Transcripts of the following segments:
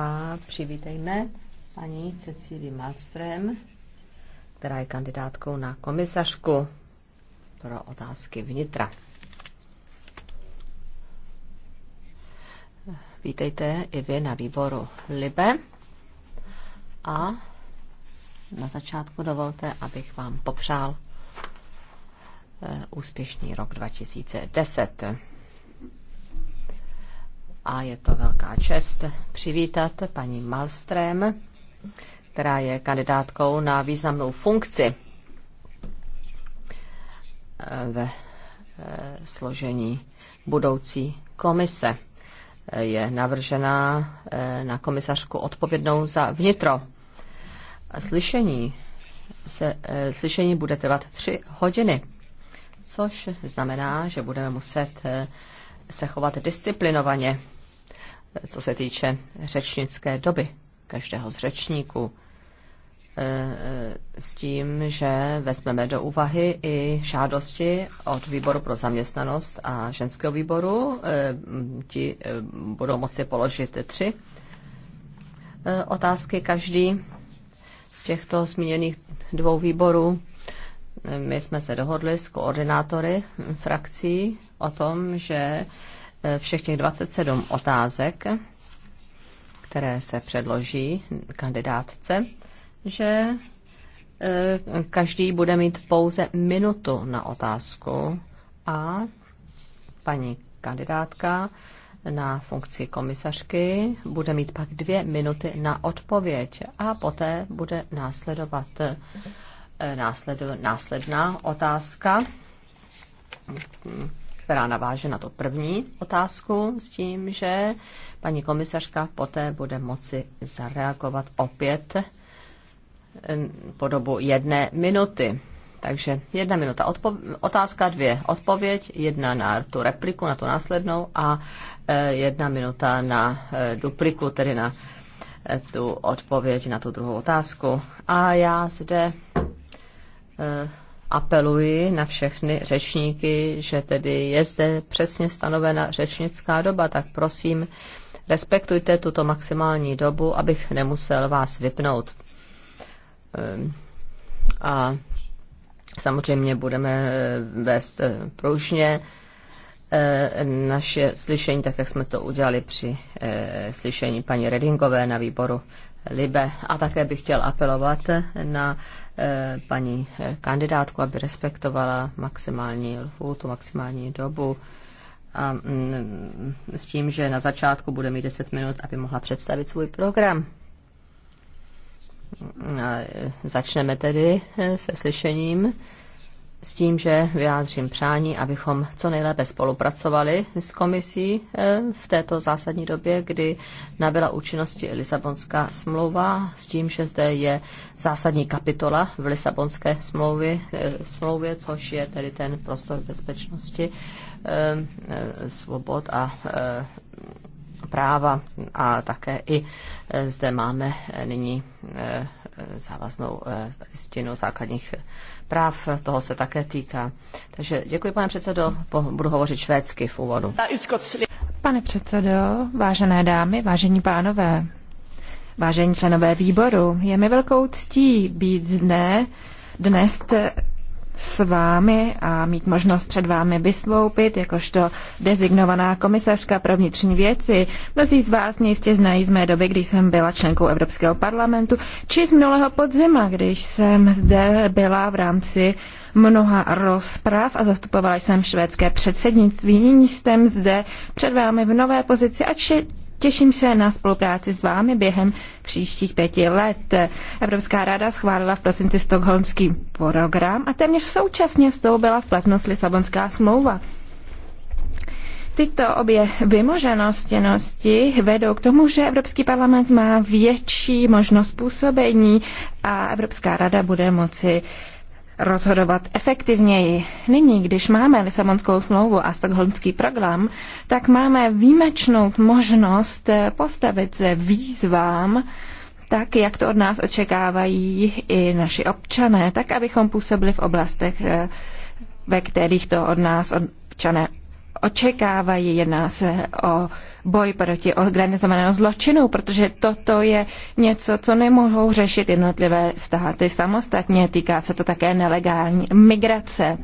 A přivítejme paní Cecílii Malström, která je kandidátkou na komisařku pro otázky vnitra. Vítejte i vy na výboru LIBE. A na začátku dovolte, abych vám popřál eh, úspěšný rok 2010 a je to velká čest přivítat paní Malström, která je kandidátkou na významnou funkci ve eh, složení budoucí komise. Je navržená eh, na komisařku odpovědnou za vnitro. Slyšení, se, eh, slyšení bude trvat tři hodiny, což znamená, že budeme muset se chovat disciplinovaně co se týče řečnické doby každého z řečníků e, e, s tím, že vezmeme do úvahy i žádosti od výboru pro zaměstnanost a ženského výboru. E, ti budou moci položit tři otázky každý z těchto zmíněných dvou výborů. My jsme se dohodli s koordinátory frakcí o tom, že Eh, všech těch 27 otázek, které se předloží kandidátce, že eh, každý bude mít pouze minutu na otázku a paní kandidátka na funkci komisařky bude mít pak dvě minuty na odpověď a poté bude následovat eh, následná otázka která naváže na to první otázku s tím, že paní komisařka poté bude moci zareagovat opět po dobu jedné minuty. Takže jedna minuta otázka, dvě odpověď, jedna na tu repliku, na tu následnou a e, jedna minuta na e, dupliku, tedy na e, tu odpověď na tu druhou otázku. A já zde apeluji na všechny řečníky, že tedy je zde přesně stanovena řečnická doba, tak prosím, respektujte tuto maximální dobu, abych nemusel vás vypnout. Ehm, a samozřejmě budeme eh, vést eh, průžně eh, naše slyšení, tak jak jsme to udělali při slyšení paní Redingové na výboru Libe. A také bych chtěl apelovat na Eh, paní eh, kandidátku, aby respektovala maximální lhůtu, maximální dobu a mm, s tím, že na začátku bude mít 10 minut, aby mohla představit svůj program. A eh, začneme tedy se slyšením s tím, že vyjádřím přání, abychom co nejlépe spolupracovali s komisí eh, v této zásadní době, kdy nabyla účinnosti Lisabonská smlouva, s tím, že zde je zásadní kapitola v Lisabonské smlouvě, eh, smlouvě což je tedy ten prostor bezpečnosti, eh, svobod a práva a také i zde máme nyní závaznou listinu základních práv, toho se také týká. Takže děkuji, pane předsedo, budu hovořit švédsky v úvodu. Pane předsedo, vážené dámy, vážení pánové, vážení členové výboru, je mi velkou ctí být dne, dnes s vámi a mít možnost před vámi vysvoupit jakožto dezignovaná komisařka pro vnitřní věci. Mnozí z vás mě jistě znají z mé doby, když jsem byla členkou Evropského parlamentu, či z minulého podzima, když jsem zde byla v rámci mnoha rozprav a zastupovala jsem švédské předsednictví. Nyní jsem zde před vámi v nové pozici a či Těším se na spolupráci s vámi během příštích pěti let. Evropská rada schválila v prosinci stokholmský program a téměř současně vstoupila v platnost Lisabonská smlouva. Tyto obě vymoženostěnosti vedou k tomu, že Evropský parlament má větší možnost působení a Evropská rada bude moci rozhodovat efektivněji. Nyní, když máme Lisabonskou smlouvu a Stockholmský program, tak máme výjimečnou možnost postavit se výzvám, tak, jak to od nás očekávají i naši občané, tak, abychom působili v oblastech, eh, ve kterých to od nás občané očekávají. Jedná se o boj proti organizovanému zločinu, protože toto je něco, co nemohou řešit jednotlivé státy samostatně. Týká se to také nelegální migrace.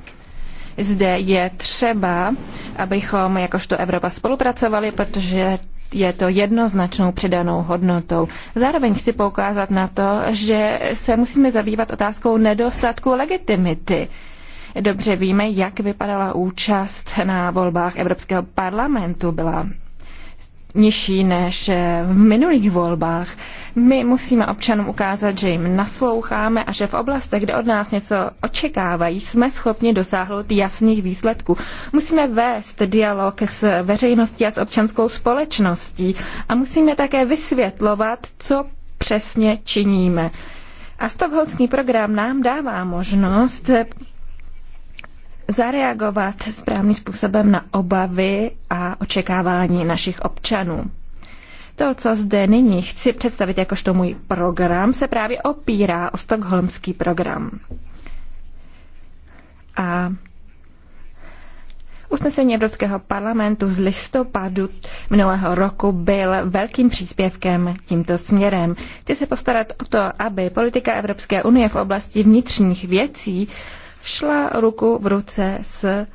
Zde je třeba, abychom jakožto Evropa spolupracovali, protože je to jednoznačnou přidanou hodnotou. Zároveň chci poukázat na to, že se musíme zabývat otázkou nedostatku legitimity dobře víme, jak vypadala účast na volbách Evropského parlamentu. Byla nižší než v minulých volbách. My musíme občanům ukázat, že jim nasloucháme a že v oblastech, kde od nás něco očekávají, jsme schopni dosáhnout jasných výsledků. Musíme vést dialog s veřejností a s občanskou společností a musíme také vysvětlovat, co přesně činíme. A stokholmský program nám dává možnost zareagovat správným způsobem na obavy a očekávání našich občanů. To, co zde nyní chci představit jakožto můj program, se právě opírá o stokholmský program. A usnesení Evropského parlamentu z listopadu minulého roku byl velkým příspěvkem tímto směrem. Chci se postarat o to, aby politika Evropské unie v oblasti vnitřních věcí šla ruku v ruce s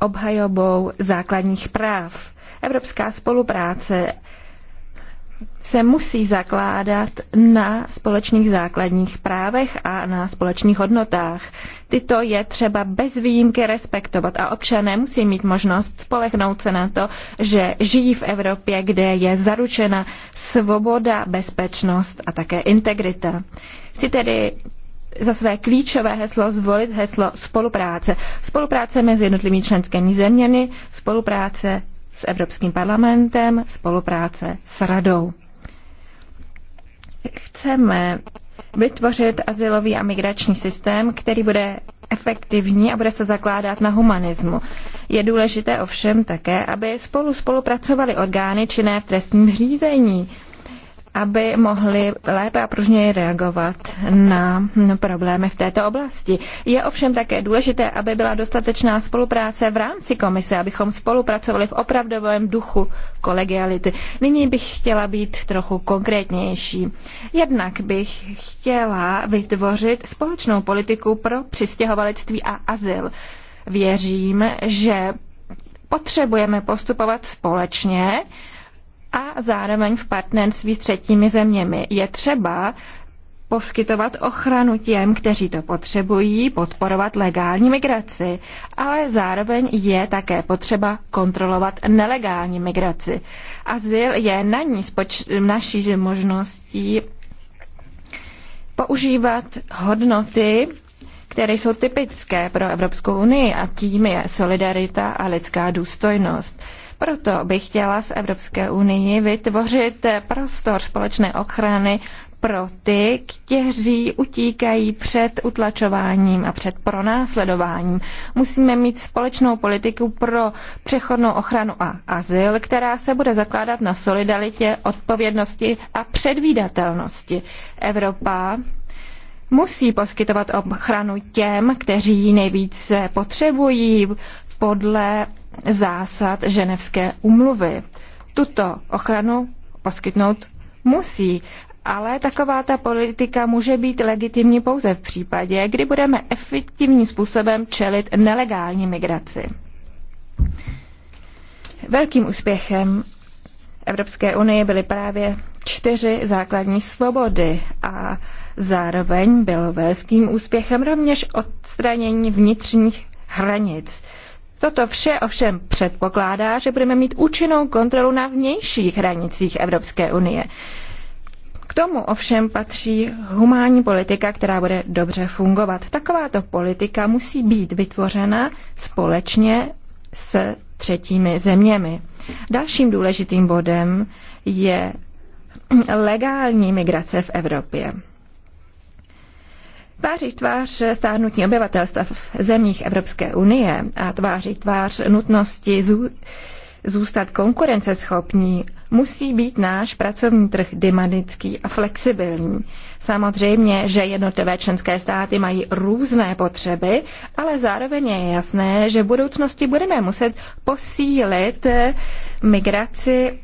obhajobou základních práv. Evropská spolupráce se musí zakládat na společných základních právech a na společných hodnotách. Tyto je třeba bez výjimky respektovat a občané musí mít možnost spolehnout se na to, že žijí v Evropě, kde je zaručena svoboda, bezpečnost a také integrita. Chci tedy za své klíčové heslo zvolit heslo spolupráce. Spolupráce mezi jednotlivými členskými zeměmi, spolupráce s Evropským parlamentem, spolupráce s radou. Chceme vytvořit asilový a migrační systém, který bude efektivní a bude se zakládat na humanismu. Je důležité ovšem také, aby spolu spolupracovaly orgány činné v trestním řízení aby mohli lépe a pružněji reagovat na problémy v této oblasti. Je ovšem také důležité, aby byla dostatečná spolupráce v rámci komise, abychom spolupracovali v opravdovém duchu kolegiality. Nyní bych chtěla být trochu konkrétnější. Jednak bych chtěla vytvořit společnou politiku pro přistěhovalectví a azyl. Věřím, že potřebujeme postupovat společně, a zároveň v partnerství s třetími zeměmi. Je třeba poskytovat ochranu těm, kteří to potřebují, podporovat legální migraci, ale zároveň je také potřeba kontrolovat nelegální migraci. Azyl je na ní spoč- naší možností používat hodnoty, které jsou typické pro Evropskou unii a tím je solidarita a lidská důstojnost. Proto bych chtěla z Evropské unii vytvořit prostor společné ochrany pro ty, kteří utíkají před utlačováním a před pronásledováním. Musíme mít společnou politiku pro přechodnou ochranu a azyl, která se bude zakládat na solidaritě, odpovědnosti a předvídatelnosti. Evropa musí poskytovat ochranu těm, kteří ji nejvíce potřebují, podle zásad ženevské umluvy. Tuto ochranu poskytnout musí, ale taková ta politika může být legitimní pouze v případě, kdy budeme efektivním způsobem čelit nelegální migraci. Velkým úspěchem Evropské unie byly právě čtyři základní svobody a zároveň bylo velkým úspěchem rovněž odstranění vnitřních hranic. Toto vše ovšem předpokládá, že budeme mít účinnou kontrolu na vnějších hranicích Evropské unie. K tomu ovšem patří humánní politika, která bude dobře fungovat. Takováto politika musí být vytvořena společně s třetími zeměmi. Dalším důležitým bodem je legální migrace v Evropě. Tváří tvář stárnutí obyvatelstva v zemích Evropské unie a tváří tvář nutnosti zů, zůstat konkurenceschopní musí být náš pracovní trh dynamický a flexibilní. Samozřejmě, že jednotlivé členské státy mají různé potřeby, ale zároveň je jasné, že v budoucnosti budeme muset posílit migraci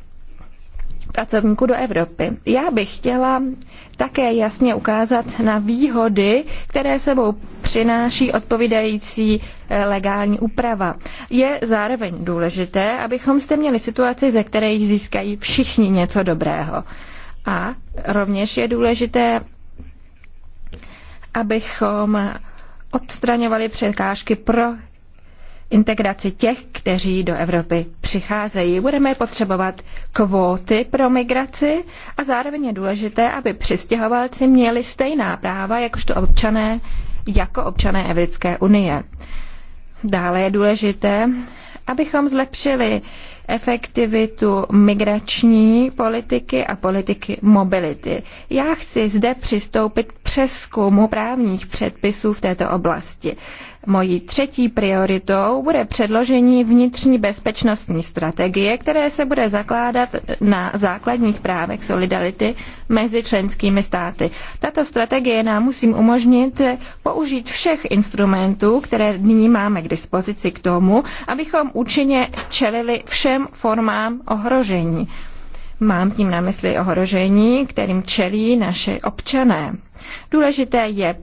pracovníků do Evropy. Já bych chtěla také jasně ukázat na výhody, které sebou přináší odpovídající eh, legální úprava. Je zároveň důležité, abychom jste měli situaci, ze které získají všichni něco dobrého. A rovněž je důležité, abychom odstraňovali překážky pro integraci těch, kteří do Evropy přicházejí. Budeme potřebovat kvóty pro migraci a zároveň je důležité, aby přistěhovalci měli stejná práva jakožto občané, jako občané Evropské unie. Dále je důležité, abychom zlepšili efektivitu migrační politiky a politiky mobility. Já chci zde přistoupit k přeskumu právních předpisů v této oblasti. Mojí třetí prioritou bude předložení vnitřní bezpečnostní strategie, které se bude zakládat na základních právech solidarity mezi členskými státy. Tato strategie nám musím umožnit použít všech instrumentů, které nyní máme k dispozici k tomu, abychom účinně čelili všem všem formám ohrožení. Mám tím na mysli ohrožení, kterým čelí naše občané. Důležité je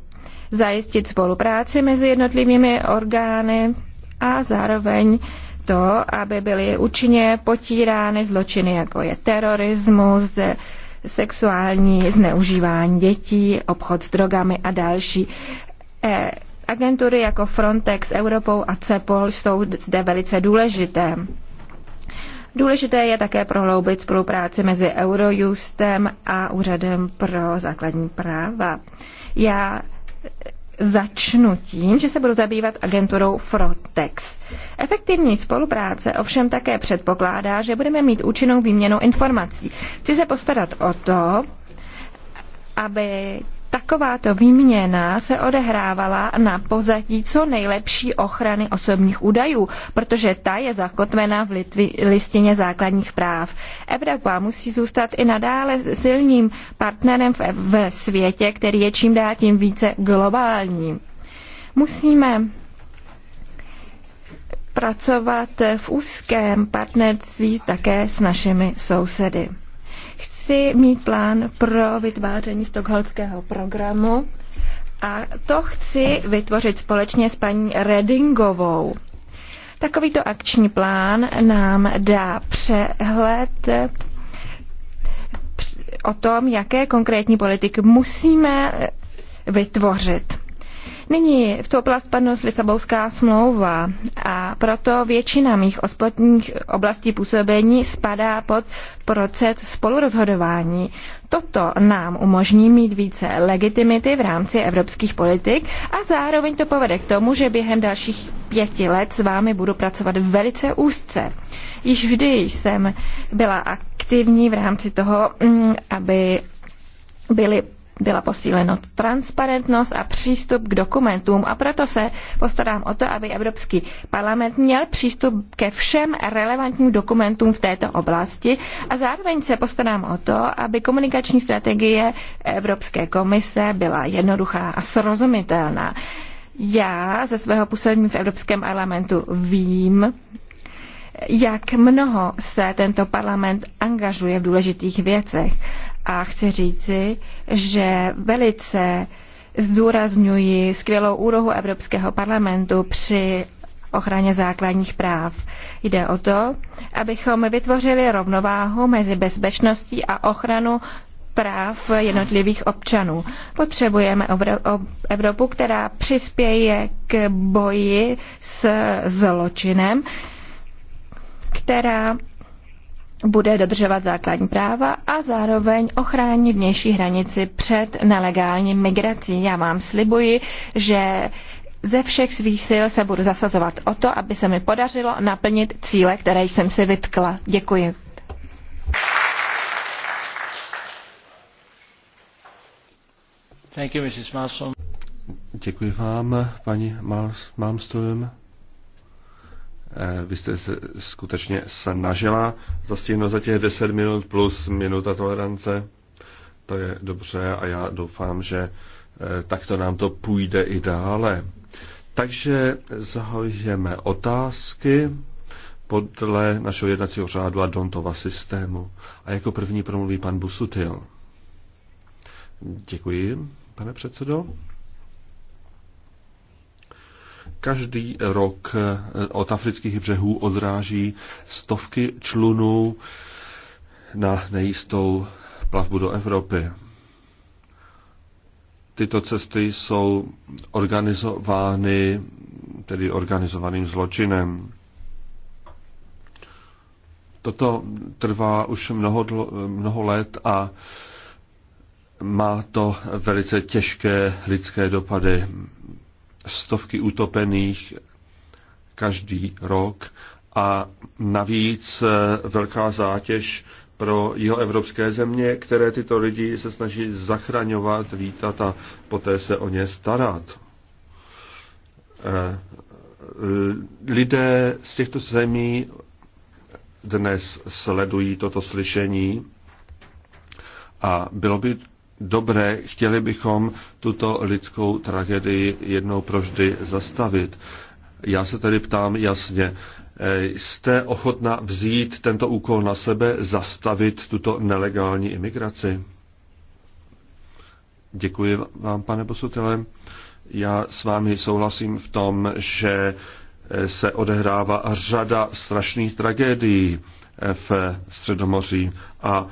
zajistit spolupráci mezi jednotlivými orgány a zároveň to, aby byly účinně potírány zločiny, jako je terorismus, sexuální zneužívání dětí, obchod s drogami a další. E, agentury jako Frontex, Europol a CEPOL jsou zde velice důležité. Důležité je také prohloubit spolupráci mezi Eurojustem a Úřadem pro základní práva. Já začnu tím, že se budu zabývat agenturou Frontex. Efektivní spolupráce ovšem také předpokládá, že budeme mít účinnou výměnu informací. Chci se postarat o to, aby Takováto výměna se odehrávala na pozadí co nejlepší ochrany osobních údajů, protože ta je zakotvena v Litvi, listině základních práv. Evropa musí zůstat i nadále silným partnerem v, v světě, který je čím dál tím více globální. Musíme pracovat v úzkém partnerství také s našimi sousedy si mít plán pro vytváření stokholmského programu a to chci vytvořit společně s paní Redingovou. Takovýto akční plán nám dá přehled o tom, jaké konkrétní politiky musíme vytvořit. Nyní v tu oblast padnou Lisabonská smlouva a proto většina mých ostatních oblastí působení spadá pod proces spolurozhodování. Toto nám umožní mít více legitimity v rámci evropských politik a zároveň to povede k tomu, že během dalších pěti let s vámi budu pracovat velice úzce. Již vždy jsem byla aktivní v rámci toho, mm, aby byly byla posílena transparentnost a přístup k dokumentům a proto se postarám o to, aby Evropský parlament měl přístup ke všem relevantním dokumentům v této oblasti a zároveň se postarám o to, aby komunikační strategie Evropské komise byla jednoduchá a srozumitelná. Já ze svého působení v Evropském parlamentu vím, jak mnoho se tento parlament angažuje v důležitých věcech. A chci říci, že velice zdůrazňuji skvělou úrohu Evropského parlamentu při ochraně základních práv. Jde o to, abychom vytvořili rovnováhu mezi bezpečností a ochranu práv jednotlivých občanů. Potřebujeme Evropu, která přispěje k boji s zločinem, která bude dodržovat základní práva a zároveň ochrání vnější hranici před nelegální migrací. Já vám slibuji, že ze všech svých sil se budu zasazovat o to, aby se mi podařilo naplnit cíle, které jsem si vytkla. Děkuji. Thank you, Mrs. Děkuji vám, paní Malmström. Eh, vy jste se skutečně snažila zastihnout za těch 10 minut plus minuta tolerance. To je dobře a já doufám, že eh, takto nám to půjde i dále. Takže zahajujeme otázky podle našeho jednacího řádu a Dontova systému. A jako první promluví pan Busutil. Děkuji, pane předsedo. Každý rok eh, od afrických břehů odráží stovky člunů na nejistou plavbu do Evropy. Tyto cesty jsou organizovány tedy organizovaným zločinem. Toto trvá už mnoho, mnoho let a má to velice těžké lidské dopady stovky utopených každý rok a navíc eh, velká zátěž pro jeho evropské země, které tyto lidi se snaží zachraňovat, vítat a poté se o ně starat. Eh, lidé z těchto zemí dnes sledují toto slyšení a bylo by dobré, chtěli bychom tuto lidskou tragédii jednou proždy zastavit. Já se tedy ptám jasně, eh, jste ochotna vzít tento úkol na sebe, zastavit tuto nelegální imigraci? Děkuji vám, pane posutele. Já s vámi souhlasím v tom, že eh, se odehrává řada strašných tragédií eh, v Středomoří a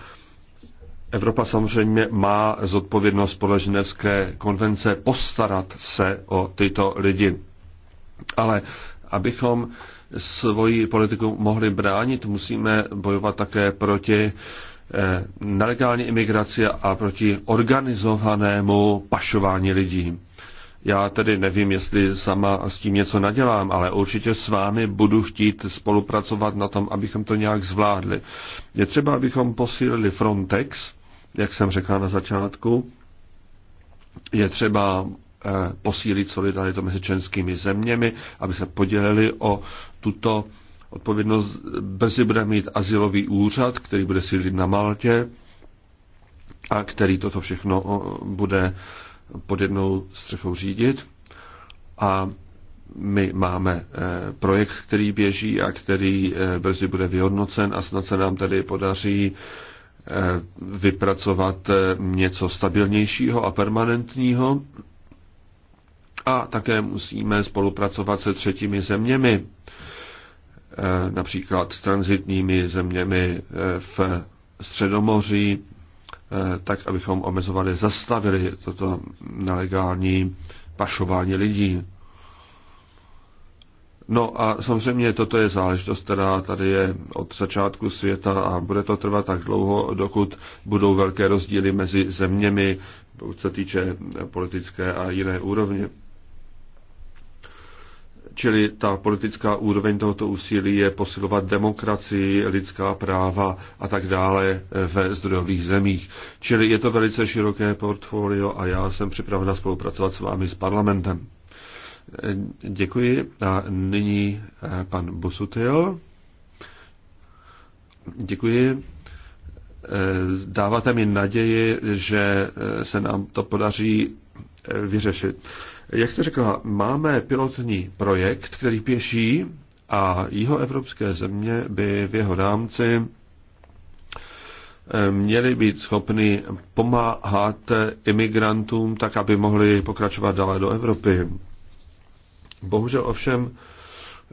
Evropa samozřejmě má zodpovědnost podle Ženevské konvence postarat se o tyto lidi. Ale abychom svoji politiku mohli bránit, musíme bojovat také proti eh, nelegální imigraci a proti organizovanému pašování lidí. Já tedy nevím, jestli sama s tím něco nadělám, ale určitě s vámi budu chtít spolupracovat na tom, abychom to nějak zvládli. Je třeba, abychom posílili Frontex, jak jsem řekla na začátku, je třeba eh, posílit solidaritu mezi členskými zeměmi, aby se podělili o tuto odpovědnost. Brzy bude mít asilový úřad, který bude sídlit na Maltě a který toto všechno eh, bude pod jednou střechou řídit. A my máme eh, projekt, který běží a který brzy bude vyhodnocen a snad se nám tady podaří Eh, vypracovat eh, něco stabilnějšího a permanentního a také musíme spolupracovat se třetími zeměmi, eh, například s transitními zeměmi v Středomoří, tak abychom omezovali, zastavili toto nelegální pašování lidí. No a samozřejmě toto je záležitost, která tady je od začátku světa a bude to trvat tak dlouho, dokud budou velké rozdíly mezi zeměmi, pokud se týče politické a jiné úrovně. Čili ta politická úroveň tohoto úsilí je posilovat demokracii, lidská práva a tak dále ve zdrojových zemích. Čili je to velice široké portfolio a já jsem připravena spolupracovat s vámi s parlamentem. Děkuji. A nyní eh, pan Bosutil. Děkuji. Eh, dáváte mi naději, že eh, se nám to podaří vyřešit. Jak jste řekla, máme pilotní projekt, který pěší a jeho evropské země by v jeho rámci měly být schopny pomáhat imigrantům tak, aby mohli pokračovat dále do Evropy. Bohužel ovšem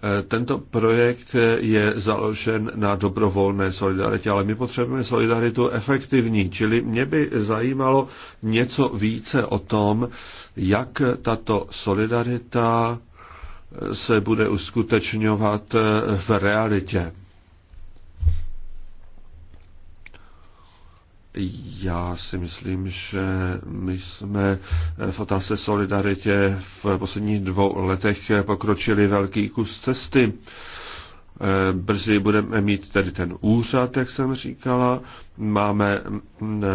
eh, tento projekt eh, je založen na dobrovolné solidaritě, ale my potřebujeme solidaritu efektivní, čili mě by zajímalo něco více o tom, jak tato solidarita eh, se bude uskutečňovat v realitě. Já si myslím, že my jsme v otázce solidaritě v posledních dvou letech pokročili velký kus cesty. Brzy budeme mít tedy ten úřad, jak jsem říkala. Máme mm, e,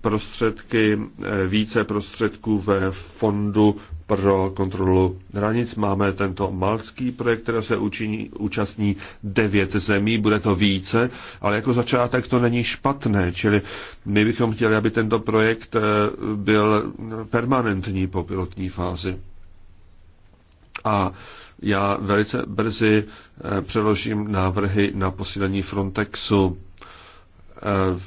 prostředky, e, více prostředků ve fondu pro kontrolu hranic. Máme tento malcký projekt, který se učiní, účastní devět zemí, bude to více, ale jako začátek to není špatné, čili my bychom chtěli, aby tento projekt eh, byl permanentní po pilotní fázi. A já velice brzy eh, přeložím návrhy na posílení Frontexu, eh,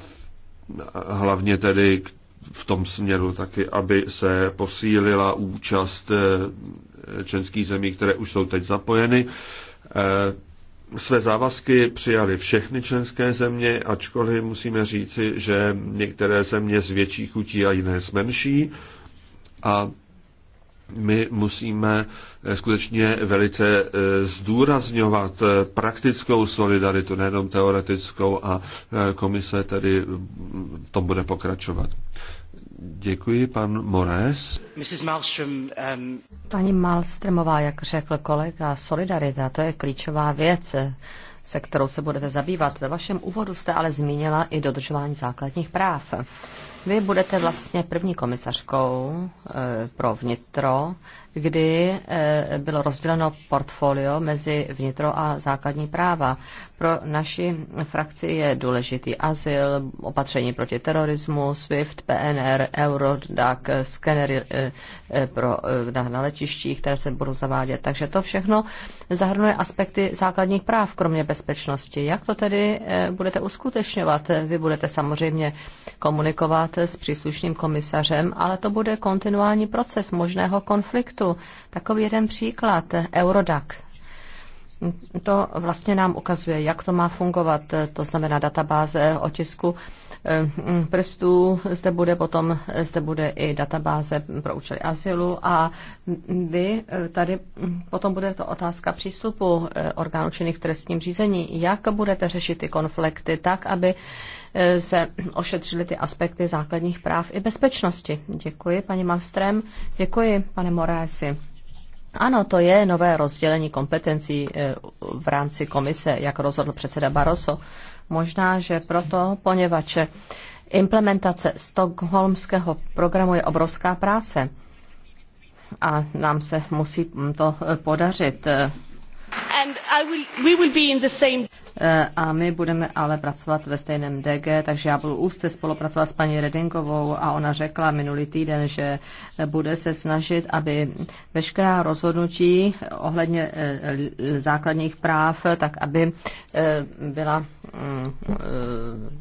hlavně tedy v tom směru taky, aby se posílila účast eh, členských zemí, které už jsou teď zapojeny. Eh, své závazky přijali všechny členské země, ačkoliv musíme říci, že některé země z větší chutí a jiné z menší. A my musíme eh, skutečně velice zdůrazňovat praktickou solidaritu, nejenom teoretickou, a komise tedy v tom bude pokračovat. Děkuji, pan Moraes. Um, Paní Malmströmová, jak řekl kolega, solidarita, to je klíčová věc, se kterou se budete zabývat. Ve vašem úvodu jste ale zmínila i dodržování základních práv. Vy budete vlastně první komisařkou eh, pro vnitro kdy eh, bylo rozděleno portfolio mezi vnitro a základní práva. Pro naši frakci je důležitý azyl, opatření proti terorismu, SWIFT, PNR, Eurodac, skenery eh, eh, pro, na letištích, které se budou zavádět. Takže to všechno zahrnuje aspekty základních práv, kromě bezpečnosti. Jak to tedy budete uskutečňovat? Vy budete samozřejmě komunikovat s příslušným komisařem, ale to bude kontinuální proces možného konfliktu státu. Takový jeden příklad, Eurodac. To vlastně nám ukazuje, jak to má fungovat, to znamená databáze otisku eh, mm, prstů, zde bude potom, zde bude i databáze pro účely asilu a vy eh, tady mm, potom bude to otázka přístupu eh, orgánů činných v trestním řízení. Jak budete řešit ty konflikty tak, aby Eh, se ošetřily ty aspekty základních práv i bezpečnosti. Děkuji, paní Malstrem. Děkuji, pane Moráši. Ano, to je nové rozdělení kompetencí eh, v rámci komise, jak rozhodl předseda Barroso. Možná, že proto, poněvadž implementace stokholmského programu je obrovská práce a nám se musí to podařit. Will, Eh, a my budeme ale pracovat ve stejném DG, takže já budu úzce spolupracovat s paní Redinkovou a ona řekla minulý týden, že bude se snažit, aby veškerá rozhodnutí ohledně eh, základních práv, tak aby eh, byla mm,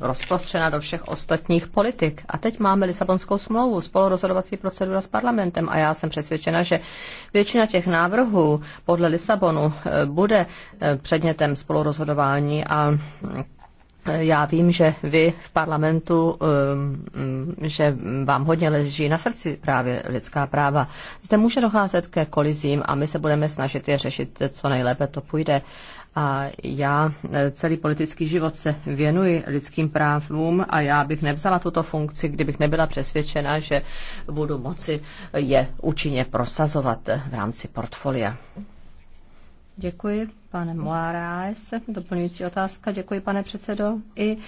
rozprostřena do všech ostatních politik. A teď máme Lisabonskou smlouvu, spolurozhodovací procedura s parlamentem a já jsem přesvědčena, že většina těch návrhů podle Lisabonu bude předmětem spolurozhodování vzdělávání a mm, já vím, že vy v parlamentu, mm, že vám hodně leží na srdci právě lidská práva. Zde může docházet ke kolizím a my se budeme snažit je řešit, co nejlépe to půjde. A já e, celý politický život se věnuji lidským právům a já bych nevzala tuto funkci, kdybych nebyla přesvědčena, že budu moci je účinně prosazovat v rámci portfolia. Děkuji, pane Moaráes. Doplňující otázka. Děkuji, pane předsedo. I e,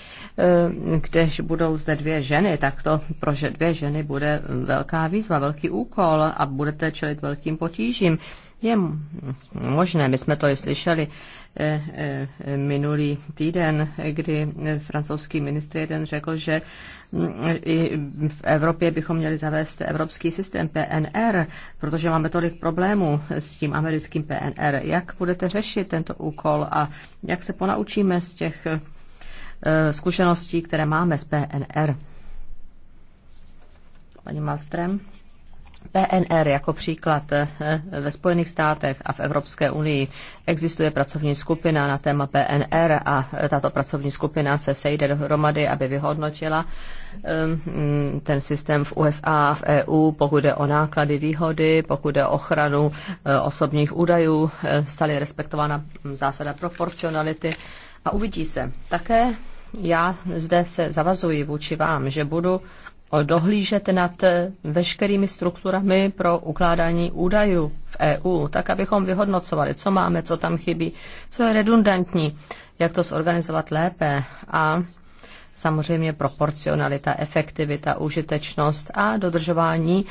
když budou zde dvě ženy, tak to pro dvě ženy bude velká výzva, velký úkol a budete čelit velkým potížím. Je možné, my jsme to i slyšeli Eh, eh, minulý týden, kdy francouzský ministr jeden řekl, že mm, i v Evropě bychom měli zavést evropský systém PNR, protože máme tolik problémů s tím americkým PNR. Jak budete řešit tento úkol a jak se ponaučíme z těch eh, zkušeností, které máme z PNR? Paní Malstrem. PNR jako příklad eh, eh, ve Spojených státech a v Evropské unii existuje pracovní skupina na téma PNR a eh, tato pracovní skupina se sejde dohromady, aby vyhodnotila ten systém v USA, v EU, pokud jde o náklady, výhody, pokud jde o ochranu osobních údajů, staly respektována hm, zásada proporcionality a uvidí se. Také já zde se zavazuji vůči vám, že budu dohlížet nad eh, veškerými strukturami pro ukládání údajů v EU, tak abychom vyhodnocovali, co máme, co tam chybí, co je redundantní, jak to zorganizovat lépe a samozřejmě proporcionalita, efektivita, užitečnost a dodržování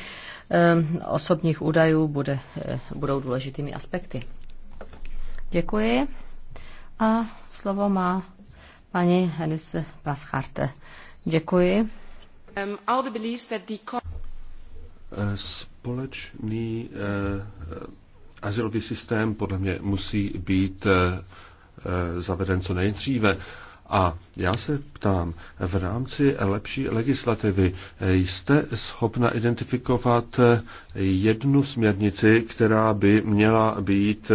eh, osobních údajů bude, eh, budou důležitými aspekty. Děkuji. A slovo má paní Henise Plascharte. Děkuji. Um, eh, společný eh, azylový systém podle mě musí být eh, zaveden co nejdříve. A já se ptám, v rámci lepší legislativy jste schopna identifikovat jednu směrnici, která by měla být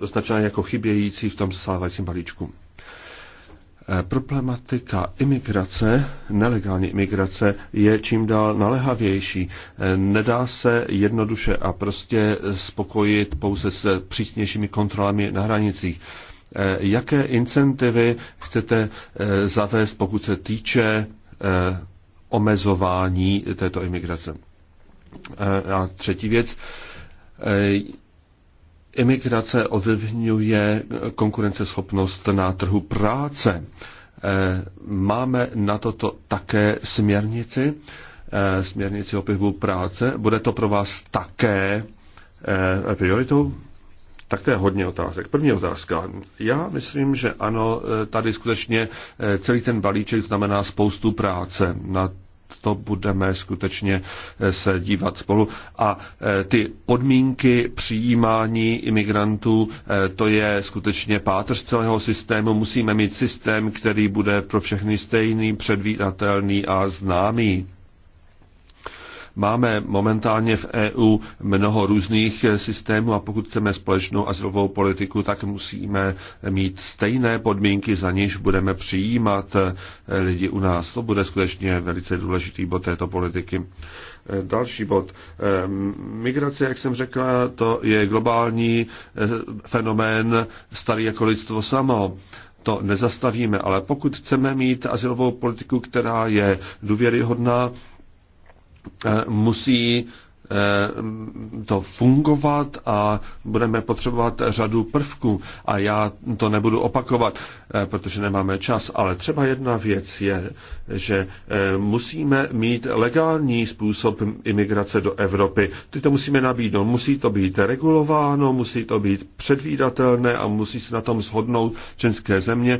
označena jako chybějící v tom zasávajícím balíčku? Eh, problematika imigrace, nelegální imigrace, je čím dál nalehavější. Eh, nedá se jednoduše a prostě spokojit pouze s přísnějšími kontrolami na hranicích. Eh, jaké incentivy chcete zavést, pokud se týče omezování této imigrace? A třetí věc, imigrace ovlivňuje konkurenceschopnost na trhu práce. Eh, máme na toto také směrnici, eh, směrnici o pohybu práce. Bude to pro vás také eh, prioritou? Tak to je hodně otázek. První otázka. Já myslím, že ano, tady skutečně celý ten balíček znamená spoustu práce. Na to budeme skutečně eh, se dívat spolu. A eh, ty podmínky přijímání imigrantů, eh, to je skutečně pátř celého systému. Musíme mít systém, který bude pro všechny stejný, předvídatelný a známý. Máme momentálně v EU mnoho různých systémů a pokud chceme společnou azylovou politiku, tak musíme mít stejné podmínky, za níž budeme přijímat eh, lidi u nás. To bude skutečně velice důležitý bod této politiky. Eh, další bod. Ehm, migrace, jak jsem řekla, to je globální eh, fenomén starý jako lidstvo samo to nezastavíme, ale pokud chceme mít asilovou politiku, která je důvěryhodná, Eh, musí Eh, to fungovat a budeme potřebovat řadu prvků. A já to nebudu opakovat, eh, protože nemáme čas, ale třeba jedna věc je, že eh, musíme mít legální způsob imigrace do Evropy. Ty to musíme nabídnout. Musí to být regulováno, musí to být předvídatelné a musí se na tom shodnout české země.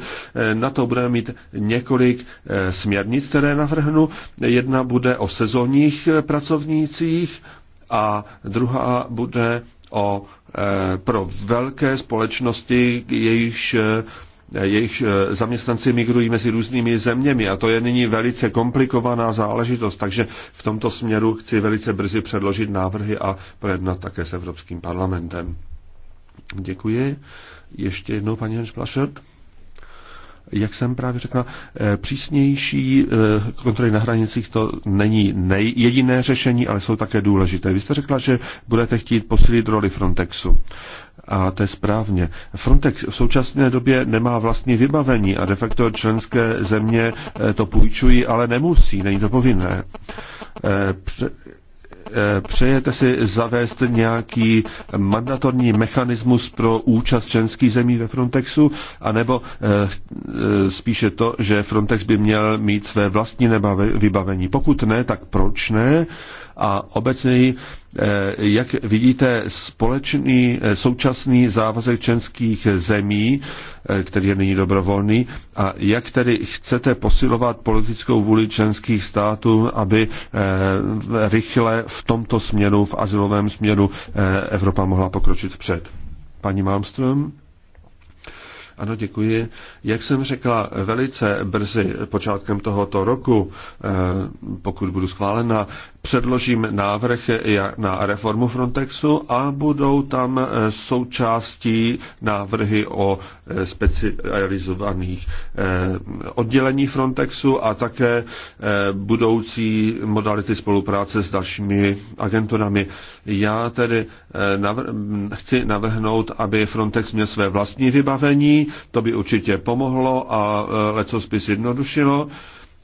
Na to budeme mít několik směrnic, které navrhnu. Jedna bude o sezónních pracovnících, a druhá bude o, e, pro velké společnosti, jejichž e, jejich e, zaměstnanci migrují mezi různými zeměmi a to je nyní velice komplikovaná záležitost, takže v tomto směru chci velice brzy předložit návrhy a projednat také s Evropským parlamentem. Děkuji. Ještě jednou, paní Hans Plašert jak jsem právě řekla, eh, přísnější eh, kontroly na hranicích to není nej, jediné řešení, ale jsou také důležité. Vy jste řekla, že budete chtít posílit roli Frontexu. A to je správně. Frontex v současné době nemá vlastní vybavení a de facto členské země eh, to půjčují, ale nemusí, není to povinné Eh, přejete si zavést nějaký mandatorní mechanismus pro účast členských zemí ve Frontexu, anebo eh, eh, spíše to, že Frontex by měl mít své vlastní vybavení. Pokud ne, tak proč ne? a obecněji, eh, jak vidíte, společný eh, současný závazek členských zemí, eh, který je nyní dobrovolný, a jak tedy chcete posilovat politickou vůli členských států, aby rychle v tomto směru, v asilovém směru, Evropa mohla pokročit vpřed. Paní Malmström? Ano, děkuji. Jak jsem řekla, velice brzy, počátkem tohoto roku, eh, pokud budu schválena, předložím návrh eh, na reformu Frontexu a budou tam eh, součástí návrhy o specializovaných oddělení Frontexu a také budoucí modality spolupráce s dalšími agenturami. Já tedy navr- chci navrhnout, aby Frontex měl své vlastní vybavení, to by určitě pomohlo a e, lecos by zjednodušilo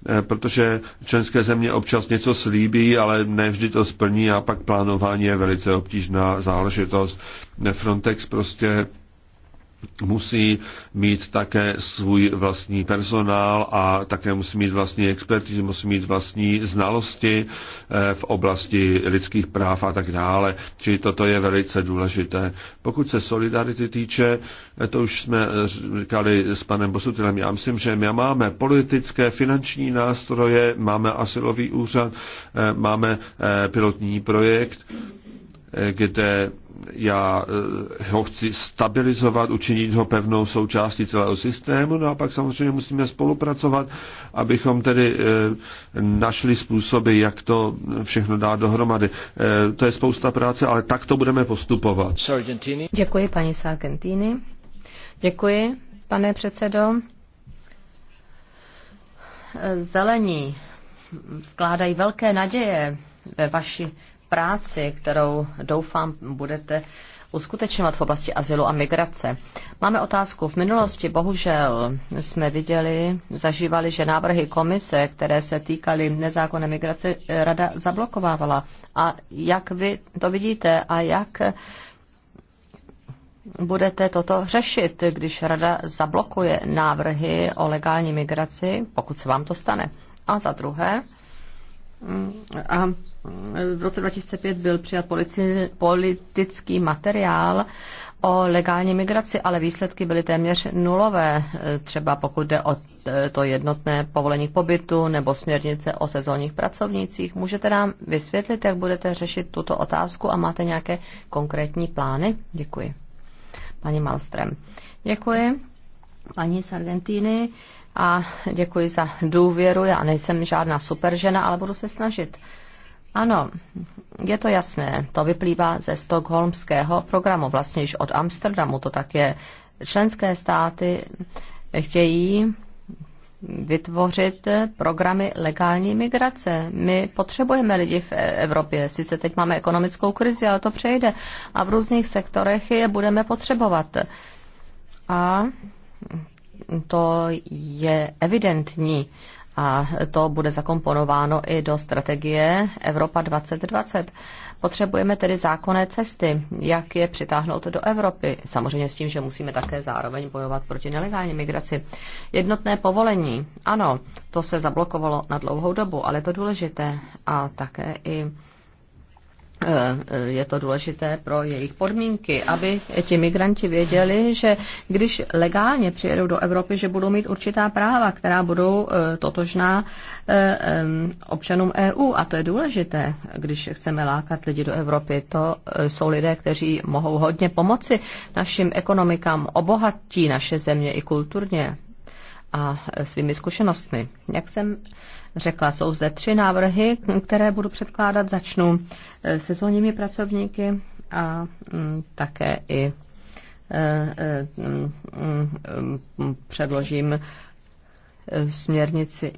e, protože členské země občas něco slíbí, ale ne vždy to splní a pak plánování je velice obtížná záležitost. Frontex prostě musí mít také svůj vlastní personál a také musí mít vlastní experti, musí mít vlastní znalosti eh, v oblasti lidských práv a tak dále. Čili toto je velice důležité. Pokud se solidarity týče, eh, to už jsme eh, říkali s panem Bosutilem, já myslím, že my máme politické, finanční nástroje, máme asilový úřad, máme pilotní projekt kde já eh, ho chci stabilizovat, učinit ho pevnou součástí celého systému, no a pak samozřejmě musíme spolupracovat, abychom tedy eh, našli způsoby, jak to všechno dá dohromady. Eh, to je spousta práce, ale tak to budeme postupovat. Děkuji, paní Sargentini. Děkuji, pane předsedo. Zelení vkládají velké naděje ve vaši práci, kterou doufám budete uskutečňovat v oblasti azylu a migrace. Máme otázku. V minulosti bohužel jsme viděli, zažívali, že návrhy komise, které se týkaly nezákonné migrace, rada zablokovávala. A jak vy to vidíte a jak budete toto řešit, když rada zablokuje návrhy o legální migraci, pokud se vám to stane? A za druhé, a v roce 2005 byl přijat polici, politický materiál o legální migraci, ale výsledky byly téměř nulové, třeba pokud jde o e, to jednotné povolení k pobytu nebo směrnice o sezónních pracovnících. Můžete nám vysvětlit, jak budete řešit tuto otázku a máte nějaké konkrétní plány? Děkuji. Pani Malstrem. Děkuji. Paní Sargentini a děkuji za důvěru. Já nejsem žádná superžena, ale budu se snažit. Ano, je to jasné. To vyplývá ze stokholmského programu, vlastně již od Amsterdamu to tak je. Členské státy chtějí vytvořit programy legální migrace. My potřebujeme lidi v Evropě. Sice teď máme ekonomickou krizi, ale to přejde. A v různých sektorech je budeme potřebovat. A to je evidentní a to bude zakomponováno i do strategie Evropa 2020. Potřebujeme tedy zákonné cesty, jak je přitáhnout do Evropy. Samozřejmě s tím, že musíme také zároveň bojovat proti nelegální migraci. Jednotné povolení, ano, to se zablokovalo na dlouhou dobu, ale je to důležité a také i Eh, je to důležité pro jejich podmínky, aby ti migranti věděli, že když legálně přijedou do Evropy, že budou mít určitá práva, která budou eh, totožná eh, občanům EU. A to je důležité, když chceme lákat lidi do Evropy. To jsou lidé, kteří mohou hodně pomoci našim ekonomikám, obohatí naše země i kulturně a svými zkušenostmi. Jak jsem řekla. Jsou zde tři návrhy, které budu předkládat. Začnu eh, se sezónními pracovníky a mm, také i eh, eh, mm, mm, předložím směrnici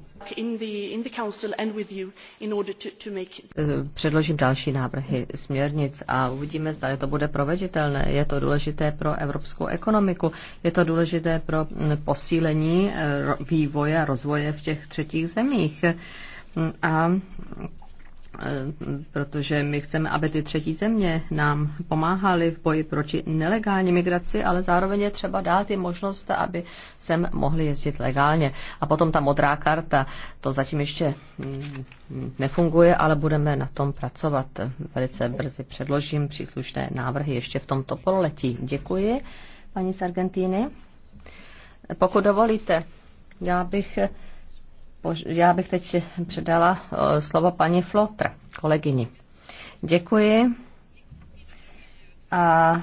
Eh, předložím další návrhy směrnic a uvidíme, zda to bude proveditelné. Je to důležité pro evropskou ekonomiku, je to důležité pro mm, posílení eh, vývoje a rozvoje v těch třetích zemích. Mm, a E, protože my chceme, aby ty třetí země nám pomáhaly v boji proti nelegální migraci, ale zároveň je třeba dát i možnost, aby sem mohli jezdit legálně. A potom ta modrá karta, to zatím ještě mm, nefunguje, ale budeme na tom pracovat. Velice brzy předložím příslušné návrhy ještě v tomto pololetí. Děkuji, paní z Argentíny. Pokud dovolíte, já bych já bych teď předala eh, slovo paní Flotr, kolegyni. Děkuji. A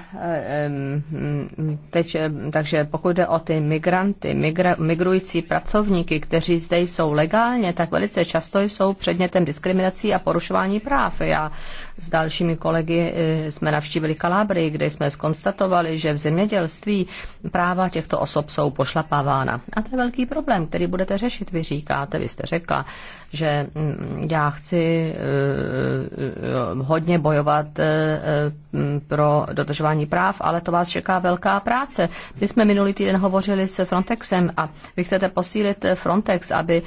teď, takže pokud jde o ty migranty, migra, migrující pracovníky, kteří zde jsou legálně, tak velice často jsou předmětem diskriminací a porušování práv. Já s dalšími kolegy e, jsme navštívili Kalábry, kde jsme skonstatovali, že v zemědělství práva těchto osob jsou pošlapávána. A to je velký problém, který budete řešit, vy říkáte, vy jste řekla že mm, já chci eh, eh, hodně bojovat eh, pro dodržování práv, ale to vás čeká velká práce. My jsme minulý týden hovořili s Frontexem a vy chcete posílit Frontex, aby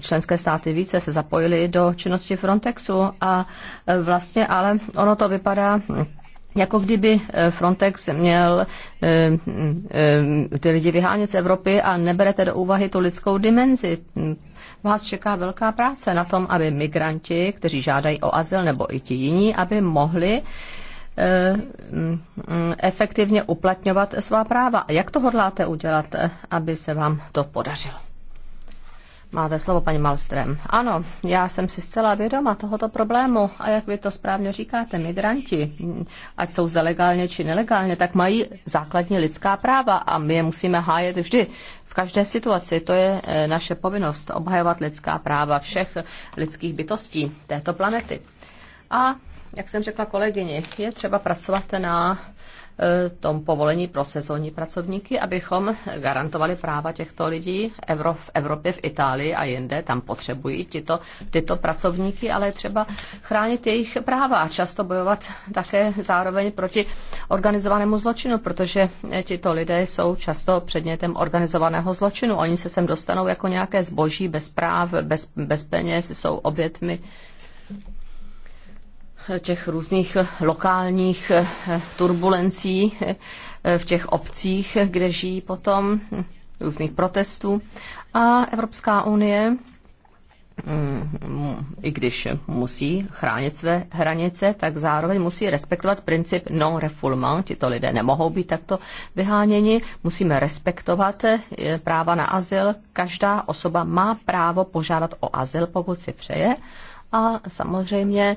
členské státy více se zapojily do činnosti Frontexu a vlastně ale ono to vypadá jako kdyby Frontex měl ty lidi vyhánět z Evropy a neberete do úvahy tu lidskou dimenzi vás čeká velká práce na tom, aby migranti, kteří žádají o azyl nebo i ti jiní, aby mohli eh, mm, mm, efektivně uplatňovat svá práva. Jak to hodláte udělat, eh, aby se vám to podařilo? Máte slovo, paní Malstrem. Ano, já jsem si zcela vědoma tohoto problému a jak vy to správně říkáte, migranti, ať jsou zde legálně či nelegálně, tak mají základní lidská práva a my je musíme hájet vždy. V každé situaci to je eh, naše povinnost obhajovat lidská práva všech lidských bytostí této planety. A jak jsem řekla kolegyni, je třeba pracovat na Eh, tom povolení pro sezónní pracovníky, abychom garantovali práva těchto lidí Evro, v Evropě, v Itálii a jinde. Tam potřebují tyto, tyto pracovníky, ale třeba chránit jejich práva a často bojovat také zároveň proti organizovanému zločinu, protože tito lidé jsou často předmětem organizovaného zločinu. Oni se sem dostanou jako nějaké zboží bez práv, bez, bez peněz, jsou obětmi těch různých lokálních eh, turbulencí eh, v těch obcích, kde žijí potom, hm, různých protestů. A Evropská unie, hm, i když musí chránit své hranice, tak zároveň musí respektovat princip non-refoulement. Tito lidé nemohou být takto vyháněni. Musíme respektovat eh, práva na azyl. Každá osoba má právo požádat o azyl, pokud si přeje. A samozřejmě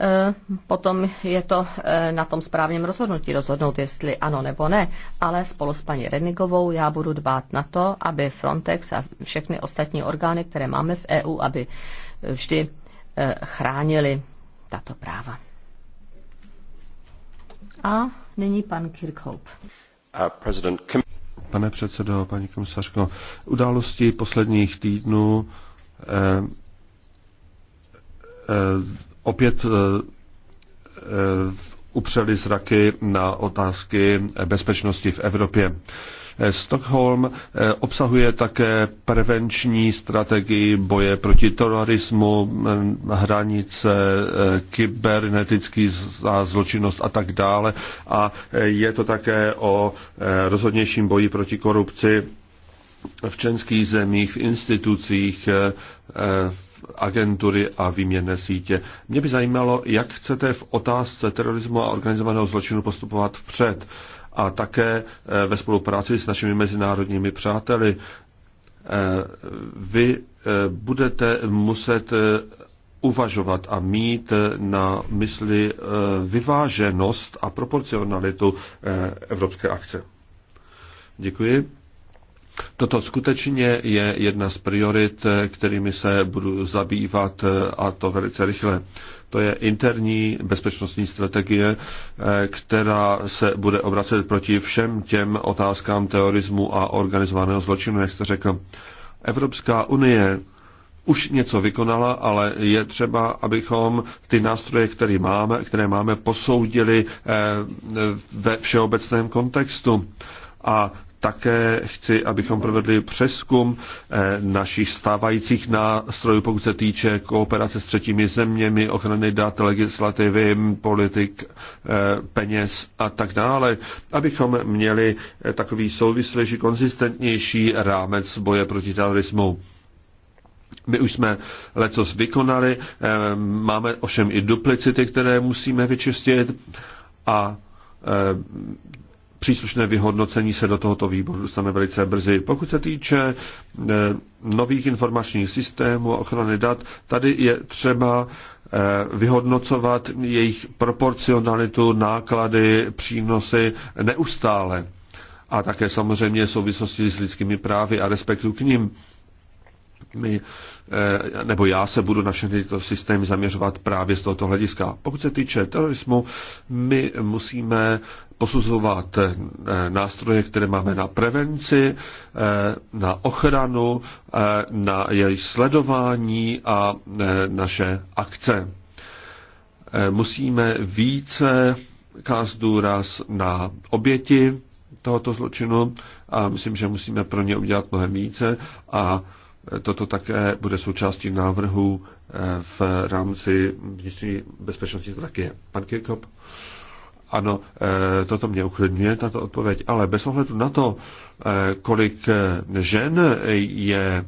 Eh, potom je to eh, na tom správném rozhodnutí rozhodnout, jestli ano nebo ne. Ale spolu s paní Renigovou já budu dbát na to, aby Frontex a všechny ostatní orgány, které máme v EU, aby vždy eh, chránili tato práva. A nyní pan Kirkhope. Uh, Pane předsedo, paní komisařko, události posledních týdnů eh, eh, opět eh, eh, upřeli zraky na otázky bezpečnosti v Evropě. Eh, Stockholm obsahuje také prevenční strategii boje proti terorismu, mm, hranice, kybernetický zločinnost a tak dále. A je to také o rozhodnějším boji proti korupci v členských zemích, v institucích, v agentury a výměnné sítě. Mě by zajímalo, jak chcete v otázce terorismu a organizovaného zločinu postupovat vpřed a také eh, ve spolupráci s našimi mezinárodními přáteli. Eh, vy eh, budete muset uvažovat a mít na mysli vyváženost a proporcionalitu evropské akce. Děkuji. Toto skutečně je jedna z priorit, kterými se budu zabývat a to velice rychle. To je interní bezpečnostní strategie, eh, která se bude obracet proti všem těm otázkám terorismu a organizovaného zločinu, jak jste řekl. Evropská unie už něco vykonala, ale je třeba, abychom ty nástroje, které máme, které máme posoudili eh, ve všeobecném kontextu. A také chci, abychom provedli přeskum eh, našich stávajících nástrojů, pokud se týče kooperace s třetími zeměmi, ochrany dat, legislativy, politik, eh, peněz a tak dále, abychom měli eh, takový souvislejší, konzistentnější rámec boje proti terorismu. My už jsme lecos vykonali, máme ovšem i duplicity, které musíme vyčistit a Příslušné vyhodnocení se do tohoto výboru stane velice brzy. Pokud se týče eh, nových informačních systémů a ochrany dat, tady je třeba eh, vyhodnocovat jejich proporcionalitu, náklady, přínosy neustále. A také samozřejmě v souvislosti s lidskými právy a respektu k ním my, eh, nebo já se budu na všechny tyto systémy zaměřovat právě z tohoto hlediska. Pokud se týče terorismu, my musíme posuzovat eh, nástroje, které máme na prevenci, eh, na ochranu, na jejich sledování a naše akce. Musíme více klást důraz na oběti tohoto zločinu a myslím, že musíme pro ně udělat mnohem více a Toto také bude součástí návrhu eh, v rámci vnitřní bezpečnosti, to taky je. Pan Kirkop? Ano, eh, toto mě uklidňuje, tato odpověď, ale bez ohledu na to, eh, kolik žen je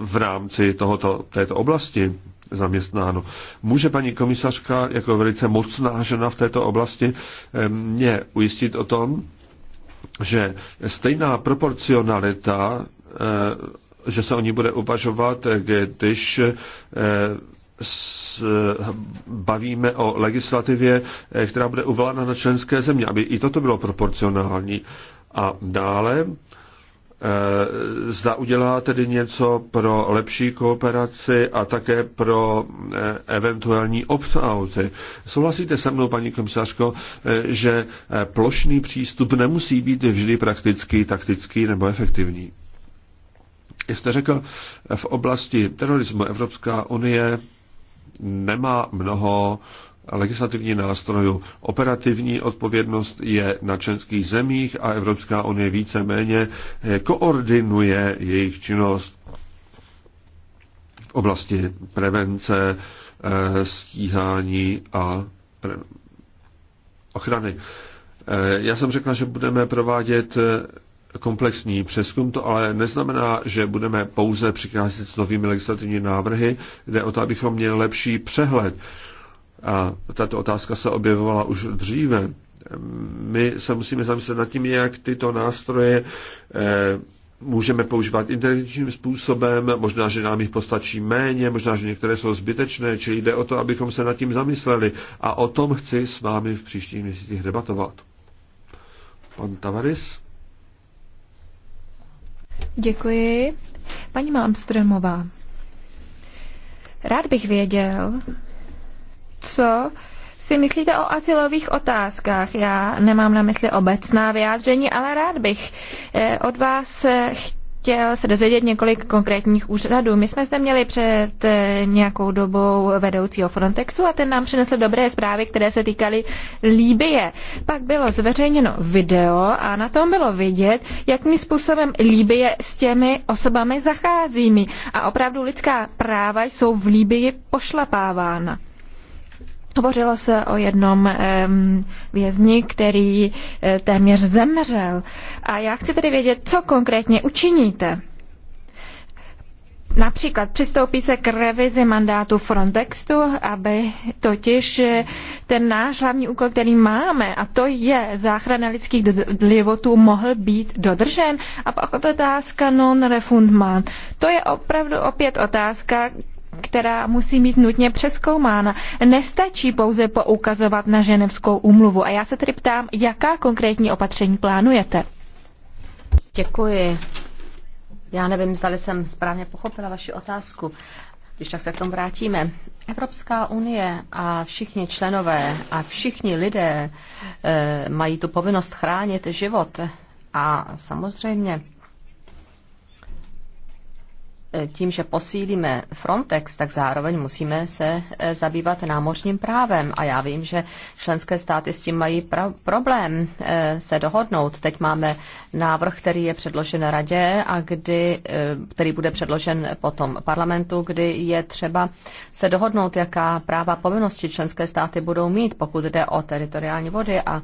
v rámci tohoto, této oblasti zaměstnáno. Může paní komisařka, jako velice mocná žena v této oblasti, mě ujistit o tom, že stejná proporcionalita že se o ní bude uvažovat, když eh, bavíme o legislativě, eh, která bude uvolána na členské země, aby i toto bylo proporcionální. A dále, eh, zda udělá tedy něco pro lepší kooperaci a také pro eventuální opt Souhlasíte se mnou, paní komisařko, že plošný přístup nemusí být vždy praktický, taktický nebo efektivní? Jak jste řekl, v oblasti terorismu Evropská unie nemá mnoho legislativní nástrojů. Operativní odpovědnost je na členských zemích a Evropská unie víceméně eh, koordinuje jejich činnost v oblasti prevence, eh, stíhání a ochrany. Eh, já jsem řekla, že budeme provádět komplexní přeskum. To ale neznamená, že budeme pouze přicházet s novými legislativními návrhy. Jde o to, abychom měli lepší přehled. A tato otázka se objevovala už dříve. My se musíme zamyslet nad tím, jak tyto nástroje eh, můžeme používat inteligentním způsobem, možná, že nám jich postačí méně, možná, že některé jsou zbytečné, čili jde o to, abychom se nad tím zamysleli. A o tom chci s vámi v příštích měsících debatovat. Pan Tavaris? Děkuji. Paní Malmströmová, rád bych věděl, co si myslíte o asilových otázkách? Já nemám na mysli obecná vyjádření, ale rád bych eh, od vás chtěl chtěl se dozvědět několik konkrétních úřadů. My jsme zde měli před eh, nějakou dobou vedoucího Frontexu a ten nám přinesl dobré zprávy, které se týkaly Líbie. Pak bylo zveřejněno video a na tom bylo vidět, jakým způsobem Líbie s těmi osobami zachází. A opravdu lidská práva jsou v Líbii pošlapávána. Hovořilo se o jednom um, vězni, který uh, téměř zemřel. A já chci tedy vědět, co konkrétně učiníte. Například přistoupí se k revizi mandátu Frontextu, aby totiž eh, ten náš hlavní úkol, který máme, a to je záchrana lidských životů, mohl být dodržen. A pak otázka non refundman To je opravdu opět otázka, která musí být nutně přeskoumána. Nestačí pouze poukazovat na ženevskou úmluvu. A já se tedy ptám, jaká konkrétní opatření plánujete? Děkuji. Já nevím, zda jsem správně pochopila vaši otázku. Když tak se k tomu vrátíme. Evropská unie a všichni členové a všichni lidé e, mají tu povinnost chránit život. A samozřejmě tím, že posílíme Frontex, tak zároveň musíme se e, zabývat námořním právem. A já vím, že členské státy s tím mají problém e, se dohodnout. Teď máme návrh, který je předložen radě a kdy, e, který bude předložen potom parlamentu, kdy je třeba se dohodnout, jaká práva povinnosti členské státy budou mít, pokud jde o teritoriální vody. A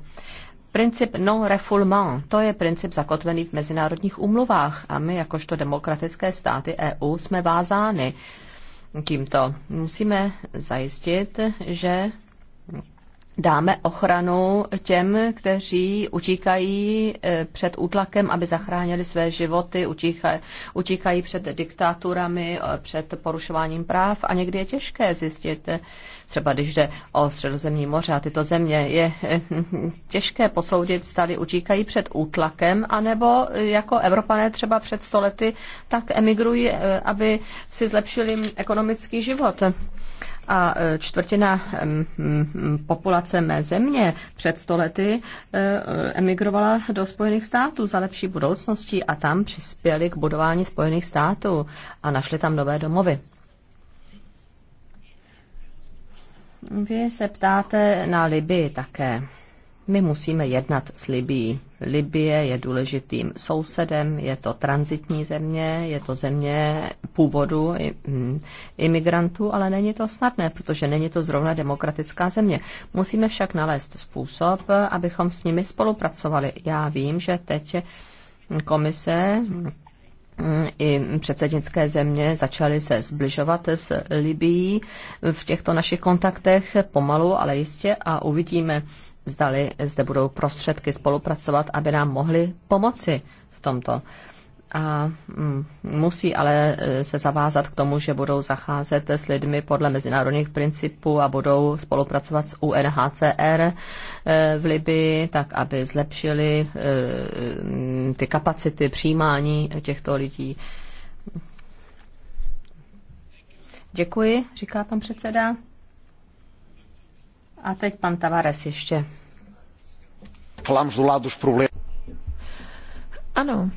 Princip non-refoulement, to je princip zakotvený v mezinárodních umluvách a my, jakožto demokratické státy EU, jsme vázány tímto. Musíme zajistit, že dáme ochranu těm, kteří utíkají eh, před útlakem, aby zachránili své životy, utíkají, před diktaturami, eh, před porušováním práv a někdy je těžké zjistit, eh, třeba když jde o středozemní moře a tyto země, je těžké posoudit, zdali utíkají před útlakem, anebo jako Evropané třeba před stolety tak emigrují, aby si zlepšili ekonomický život a e, čtvrtina populace mé země před stolety e, emigrovala do Spojených států za lepší budoucností a tam přispěli k budování Spojených států a našli tam nové domovy. Vy se ptáte na Libii také. My musíme jednat s Libií. Libie je důležitým sousedem, je to transitní země, je to země původu hm, imigrantů, ale není to snadné, protože není to zrovna demokratická země. Musíme však nalézt způsob, abychom s nimi spolupracovali. Já vím, že teď komise hm, i předsednické země začaly se zbližovat s Libií v těchto našich kontaktech pomalu, ale jistě a uvidíme, zdali zde budou prostředky spolupracovat, aby nám mohli pomoci v tomto. A mm, musí ale e, se zavázat k tomu, že budou zacházet s lidmi podle mezinárodních principů a budou spolupracovat s UNHCR e, v Libii, tak aby zlepšili e, ty kapacity přijímání těchto lidí. Děkuji, říká pan předseda. A teď pan Tavares ještě. Ano,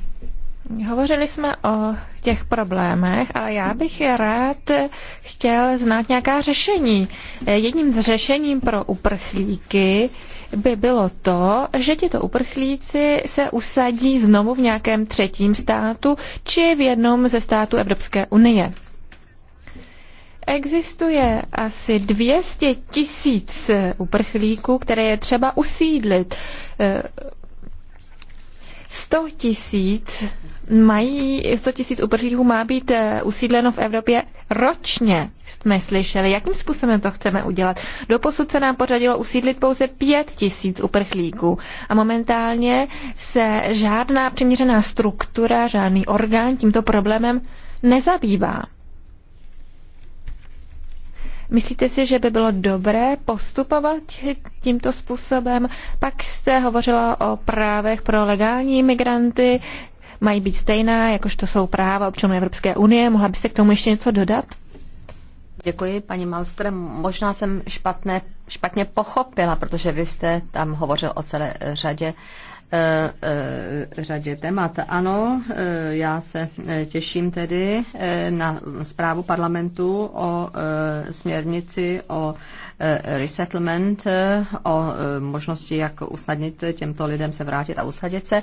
Hovořili jsme o těch problémech, ale já bych rád chtěl znát nějaká řešení. Jedním z řešením pro uprchlíky by bylo to, že tito uprchlíci se usadí znovu v nějakém třetím státu či v jednom ze států Evropské unie. Existuje asi 200 tisíc eh, uprchlíků, které je třeba usídlit. 100 eh, tisíc mají, 100 tisíc uprchlíků má být eh, usídleno v Evropě ročně, jsme slyšeli. Jakým způsobem to chceme udělat? Doposud se nám pořadilo usídlit pouze 5 tisíc uprchlíků a momentálně se žádná přiměřená struktura, žádný orgán tímto problémem nezabývá. Myslíte si, že by bylo dobré postupovat tímto způsobem? Pak jste hovořila o právech pro legální migranty, mají být stejná, jakožto jsou práva občanů Evropské unie. Mohla byste k tomu ještě něco dodat? Děkuji, paní Malster. Možná jsem špatné, špatně pochopila, protože vy jste tam hovořil o celé řadě uh, Eh, eh, řadě témat. Ano, eh, já se těším tedy na zprávu parlamentu o směrnici o resettlement, o možnosti, jak usnadnit těmto lidem se vrátit a usadit se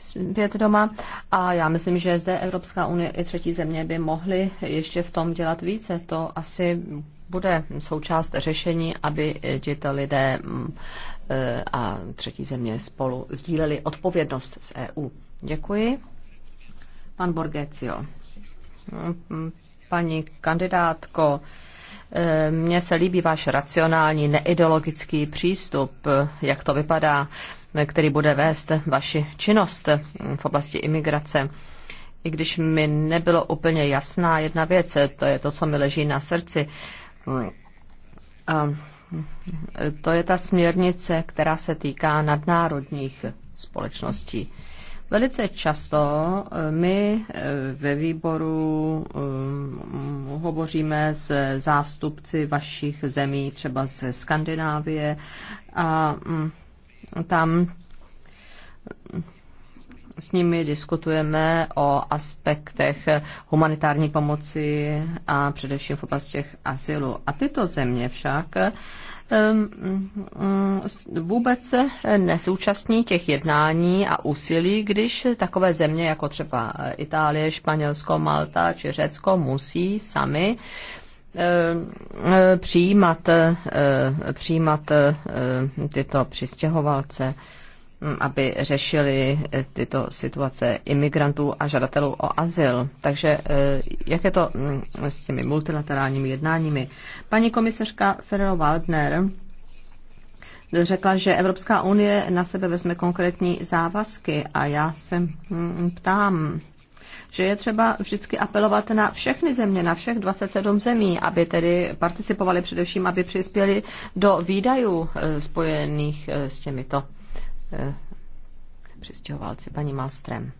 zpět doma. A já myslím, že zde Evropská unie i třetí země by mohly ještě v tom dělat více. To asi bude součást řešení, aby tito lidé mm, Eh, a třetí země spolu sdíleli odpovědnost s EU. Děkuji. Pan Borgecio. Mm, paní kandidátko, eh, mně se líbí váš racionální, neideologický přístup, eh, jak to vypadá, který bude vést vaši činnost mm, v oblasti imigrace i když mi nebylo úplně jasná jedna věc, to je to, co mi leží na srdci. Mm, a to je ta směrnice, která se týká nadnárodních společností. Velice často eh, my eh, ve výboru eh, hovoříme s zástupci vašich zemí, třeba ze Skandinávie, a mm, tam s nimi diskutujeme o aspektech humanitární pomoci a především v oblastech asilu. A tyto země však mm, vůbec se nesúčastní těch jednání a úsilí, když takové země jako třeba Itálie, Španělsko, Malta či Řecko musí sami přijímat, přijímat tyto přistěhovalce aby řešili e, tyto situace imigrantů a žadatelů o azyl. Takže e, jak je to s těmi multilaterálními jednáními? Paní komisařka Ferro waldner řekla, že Evropská unie na sebe vezme konkrétní závazky a já se ptám, že je třeba vždycky apelovat na všechny země, na všech 27 zemí, aby tedy participovali především, aby přispěli do výdajů e, spojených s těmito Eh, přistěhovalci, paní Malstrem.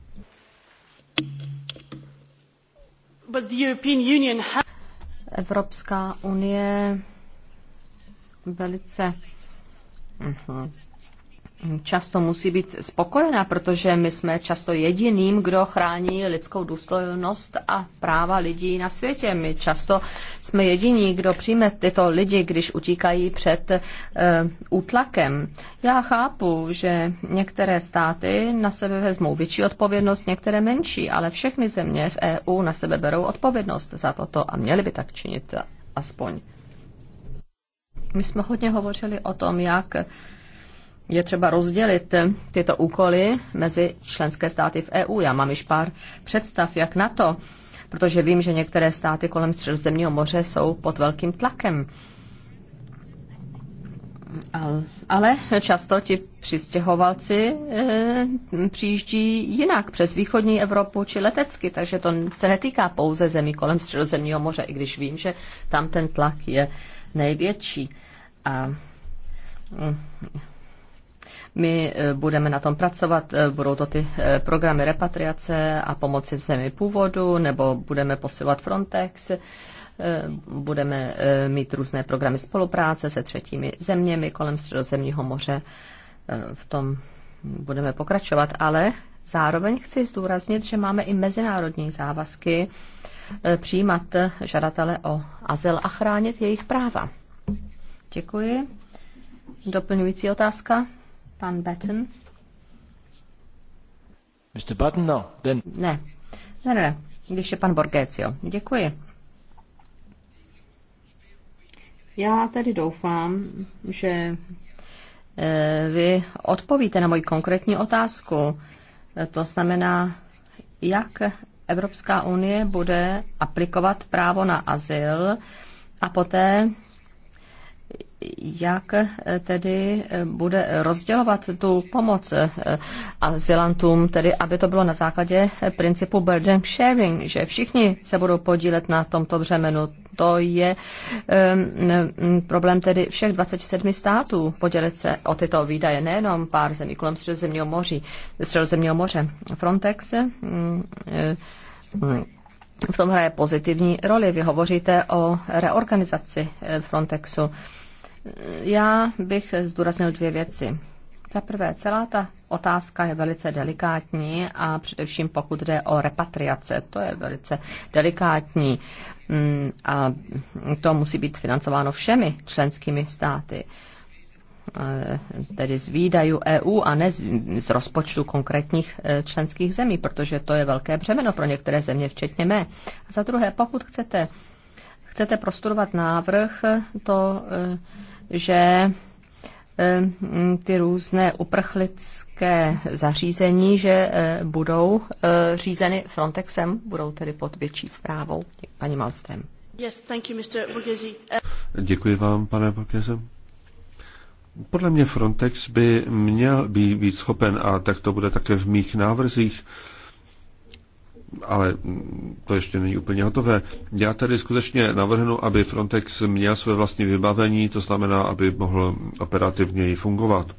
Evropská unie velice uh-huh často musí být spokojená, protože my jsme často jediným, kdo chrání lidskou důstojnost a práva lidí na světě. My často jsme jediní, kdo přijme tyto lidi, když utíkají před e, útlakem. Já chápu, že některé státy na sebe vezmou větší odpovědnost, některé menší, ale všechny země v EU na sebe berou odpovědnost za toto a měly by tak činit aspoň. My jsme hodně hovořili o tom, jak je třeba rozdělit tyto úkoly mezi členské státy v EU. Já mám již pár představ, jak na to, protože vím, že některé státy kolem Středozemního moře jsou pod velkým tlakem. Ale často ti přistěhovalci e, přijíždí jinak přes východní Evropu či letecky, takže to se netýká pouze zemí kolem Středozemního moře, i když vím, že tam ten tlak je největší. A mm, my eh, budeme na tom pracovat, eh, budou to ty eh, programy repatriace a pomoci v zemi původu, nebo budeme posilovat Frontex, budeme mít různé programy spolupráce se třetími zeměmi kolem Středozemního moře. V tom budeme pokračovat, ale zároveň chci zdůraznit, že máme i mezinárodní závazky přijímat žadatele o azyl a chránit jejich práva. Děkuji. Doplňující otázka? Pan Batten. Mr. Button, no. Then... Ne. Ne, ne, ne. Když je pan Borgécio. Děkuji. Já tedy doufám, že eh, vy odpovíte na moji konkrétní otázku. Eh, to znamená, jak Evropská unie bude aplikovat právo na azyl a poté jak eh, tedy eh, bude rozdělovat tu pomoc eh, azylantům, tedy aby to bylo na základě principu burden sharing, že všichni se budou podílet na tomto břemenu. To je problém tedy všech 27 států podělit se o tyto výdaje, nejenom pár zemí kolem Středozemního moří, Středozemního moře. Frontex v tom hraje pozitivní roli. Vy hovoříte o reorganizaci Frontexu. Já bych zdůraznil dvě věci. Za prvé, celá ta otázka je velice delikátní a především pokud jde o repatriace, to je velice delikátní mm, a to musí být financováno všemi členskými státy e, tedy z výdajů EU a ne z, z rozpočtu konkrétních e, členských zemí, protože to je velké břemeno pro některé země, včetně mé. A za druhé, pokud chcete, chcete prostudovat návrh, to e, že eh, ty různé uprchlické zařízení, že eh, budou eh, řízeny Frontexem, budou tedy pod větší zprávou. Paní Malstrem. Yes, thank you, Mr. Děkuji vám, pane Bokezem. Podle mě Frontex by měl být schopen, a tak to bude také v mých návrzích, ale to ještě není úplně hotové. Já tady skutečně navrhnu, aby Frontex měl své vlastní vybavení, to znamená, aby mohl operativněji fungovat.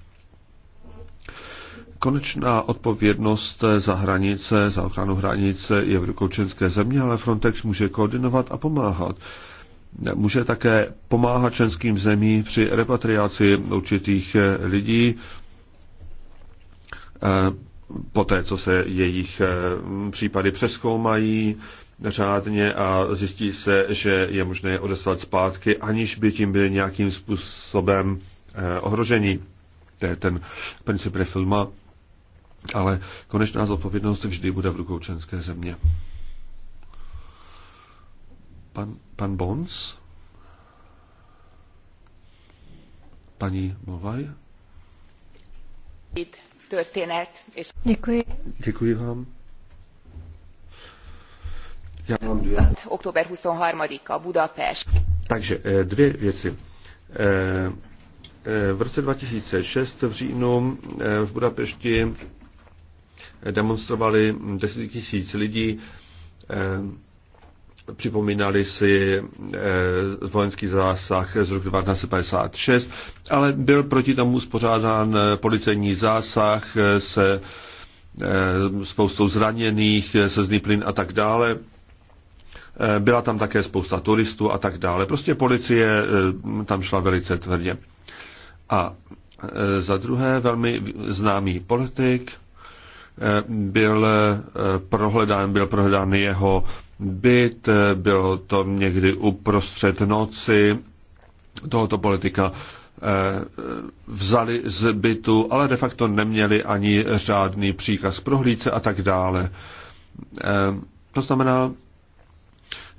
Konečná odpovědnost za hranice, za ochranu hranice je v rukou členské země, ale Frontex může koordinovat a pomáhat. Může také pomáhat členským zemím při repatriaci určitých lidí, poté, co se jejich eh, případy přeskoumají řádně a zjistí se, že je možné je odeslat zpátky, aniž by tím byly nějakým způsobem eh, ohrožení. To je ten princip refilma. Ale konečná zodpovědnost vždy bude v rukou členské země. Pan, pan Bons? Paní Movaj? történet. És... Děkuji. Děkuji vám. Já mám dvě. Október 23-a Budapest. Takže eh, dvě věci. Eh, eh, v roce 2006 v říjnu v Budapešti demonstrovali desítky tisíc lidí připomínali si eh, vojenský zásah z roku 1956, ale byl proti tomu spořádán eh, policejní zásah eh, se spoustou zraněných, se plyn a tak dále. Byla tam také spousta turistů a tak dále. Prostě policie tam šla velice tvrdě. A za druhé velmi známý politik byl prohledán, byl prohledán jeho byt, bylo to někdy uprostřed noci tohoto politika eh, vzali z bytu, ale de facto neměli ani řádný příkaz prohlídce a tak dále. Eh, to znamená,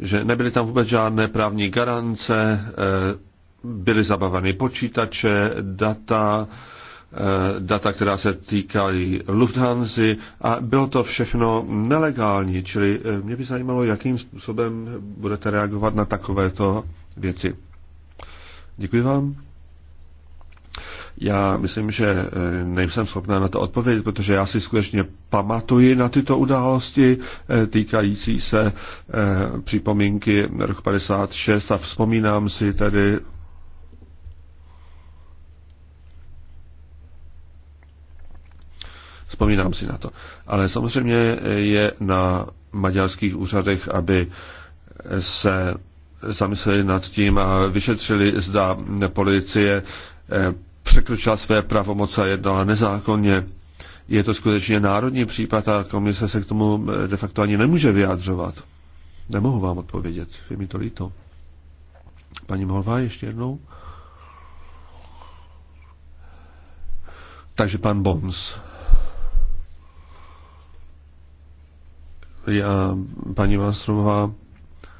že nebyly tam vůbec žádné právní garance, eh, byly zabaveny počítače, data, Eh, data, která se týkají Lufthansa a bylo to všechno nelegální, čili eh, mě by zajímalo, jakým způsobem budete reagovat na takovéto věci. Děkuji vám. Já myslím, že eh, nejsem schopná na to odpovědět, protože já si skutečně pamatuji na tyto události týkající se připomínky roku 56 a vzpomínám si tedy Vzpomínám si na to. Ale samozřejmě je na maďarských úřadech, aby se zamysleli nad tím a vyšetřili, zda policie eh, překročila své pravomoce a jednala nezákonně. Je to skutečně národní případ a komise se k tomu eh, de facto ani nemůže vyjádřovat. Nemohu vám odpovědět, je mi to líto. Paní Molvá ještě jednou. Takže pan Bons. Já, paní Masrová, eh,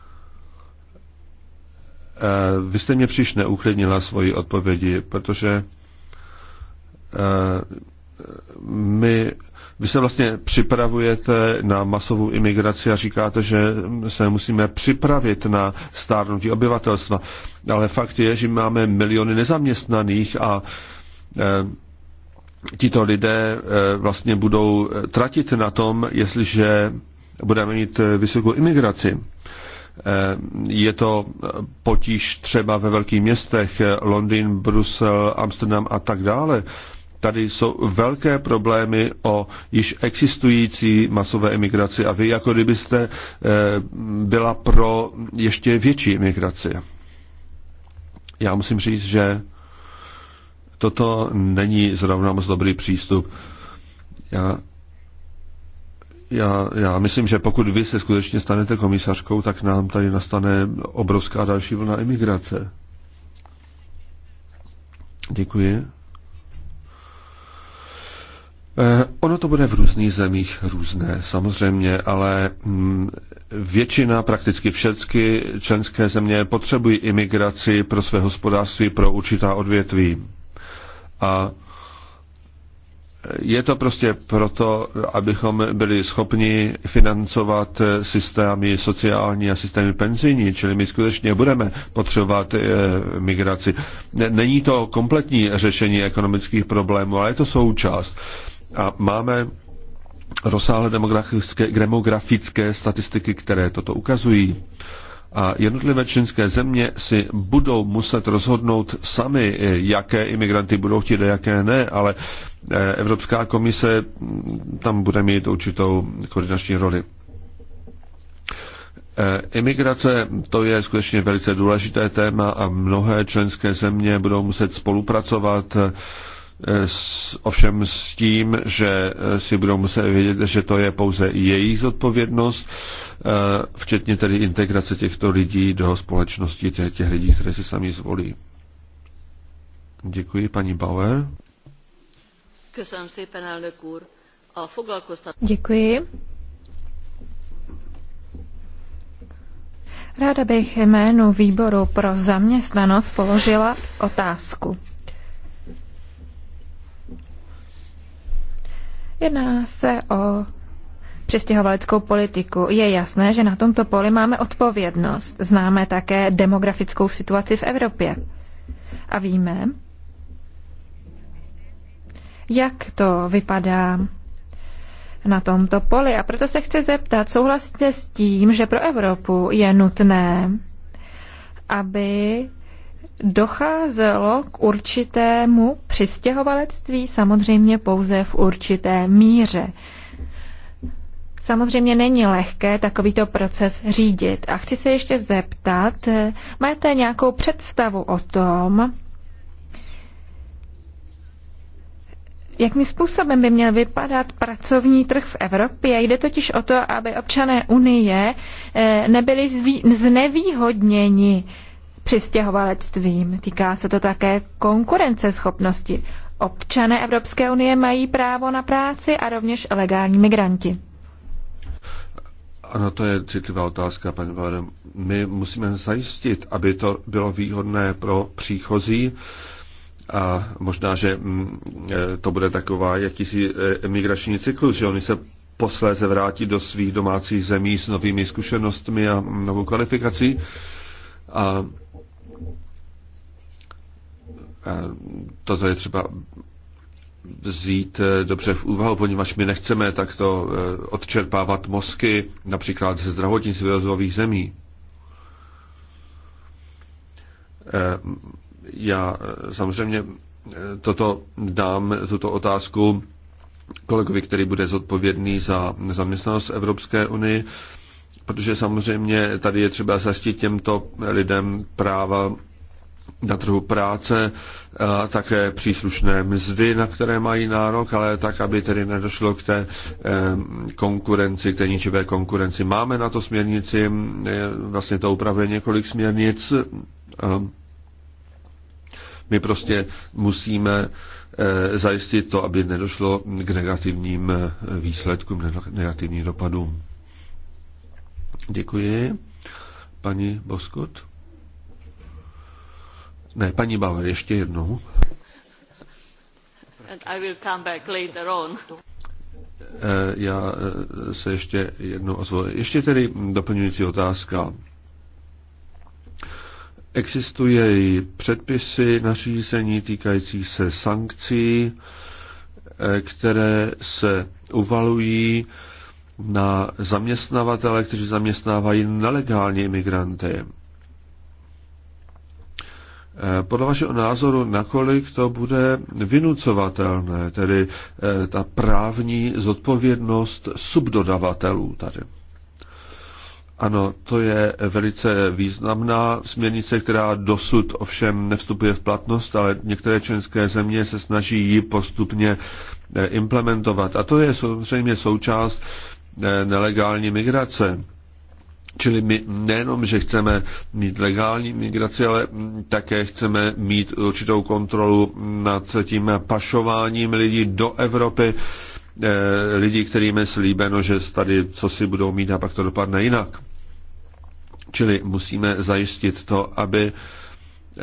vy jste mě příliš neuklidnila svoji odpovědi, protože eh, my, vy se vlastně připravujete na masovou imigraci a říkáte, že se musíme připravit na stárnutí obyvatelstva. Ale fakt je, že máme miliony nezaměstnaných a eh, tito lidé vlastně budou tratit na tom, jestliže budeme mít eh, vysokou imigraci. Eh, je to eh, potíž třeba ve velkých městech, Londýn, Brusel, Amsterdam a tak dále. Tady jsou velké problémy o již existující masové imigraci a vy jako kdybyste byla pro ještě větší imigraci. Já musím říct, že toto není zrovna moc dobrý přístup. Já já, já myslím, že pokud vy se skutečně stanete komisařkou, tak nám tady nastane obrovská další vlna imigrace. Děkuji. Eh, ono to bude v různých zemích různé, samozřejmě, ale mm, většina, prakticky všechny členské země potřebují imigraci pro své hospodářství, pro určitá odvětví. A je to prostě proto, abychom byli schopni financovat systémy sociální a systémy penzijní, čili my skutečně budeme potřebovat eh, migraci. Není to kompletní řešení ekonomických problémů, ale je to součást. A máme rozsáhlé demografické, demografické statistiky, které toto ukazují. A jednotlivé členské země si budou muset rozhodnout sami, eh, jaké imigranty budou chtít a jaké ne, ale Eh, Evropská komise tam bude mít určitou koordinační roli. Eh, imigrace to je skutečně velice důležité téma a mnohé členské země budou muset spolupracovat eh, s, ovšem s tím, že si budou muset vědět, že to je pouze jejich zodpovědnost, včetně tedy integrace těchto lidí do společnosti těch, těch lidí, které si sami zvolí. Děkuji, paní Bauer. Děkuji. Ráda bych jménu výboru pro zaměstnanost položila otázku. Jedná se o přistěhovaleckou politiku. Je jasné, že na tomto poli máme odpovědnost. Známe také demografickou situaci v Evropě. A víme, jak to vypadá na tomto poli. A proto se chci zeptat, souhlasíte s tím, že pro Evropu je nutné, aby docházelo k určitému přistěhovalectví, samozřejmě pouze v určité míře. Samozřejmě není lehké takovýto proces řídit. A chci se ještě zeptat, máte nějakou představu o tom, Jakým způsobem by měl vypadat pracovní trh v Evropě? Jde totiž o to, aby občané Unie eh, nebyli znevýhodněni přistěhovalectvím. Týká se to také konkurenceschopnosti. Občané Evropské unie mají právo na práci a rovněž legální migranti. Ano, to je citlivá otázka, paní Vláda. My musíme zajistit, aby to bylo výhodné pro příchozí, a možná, že mm, e, to bude taková jakýsi e, emigrační cyklus, že oni se posléze vrátí do svých domácích zemí s novými zkušenostmi a novou kvalifikací. A to, je třeba vzít e, dobře v úvahu, poněvadž my nechceme takto odčerpávat mozky například ze zdravotnictví rozvojových zemí já eh, samozřejmě eh, toto dám, tuto otázku kolegovi, který bude zodpovědný za zaměstnanost Evropské unii, protože samozřejmě tady je třeba zastit těmto lidem práva na trhu práce, a také příslušné mzdy, na které mají nárok, ale tak, aby tedy nedošlo k té eh, konkurenci, k té ničivé konkurenci. Máme na to směrnici, vlastně to upravuje několik směrnic. A my prostě musíme eh, zajistit to, aby nedošlo k negativním eh, výsledkům, negativním dopadům. Děkuji. Paní Boskot? Ne, paní Bauer, ještě jednou. And I will come back later on. Eh, já se ještě jednou ozvolím. Ještě tedy doplňující otázka. Existují předpisy nařízení týkající se sankcí, eh, které se uvalují na zaměstnavatele, kteří zaměstnávají nelegální imigranty. Eh, podle vašeho názoru, nakolik to bude vynucovatelné, tedy eh, ta právní zodpovědnost subdodavatelů tady? Ano, to je velice významná směrnice, která dosud ovšem nevstupuje v platnost, ale některé členské země se snaží ji postupně eh, implementovat. A to je samozřejmě součást eh, nelegální migrace. Čili my nejenom, že chceme mít legální migraci, ale mm, také chceme mít určitou kontrolu nad tím pašováním lidí do Evropy Eh, lidi, kterým je slíbeno, že tady co si budou mít a pak to dopadne jinak. Čili musíme zajistit to, aby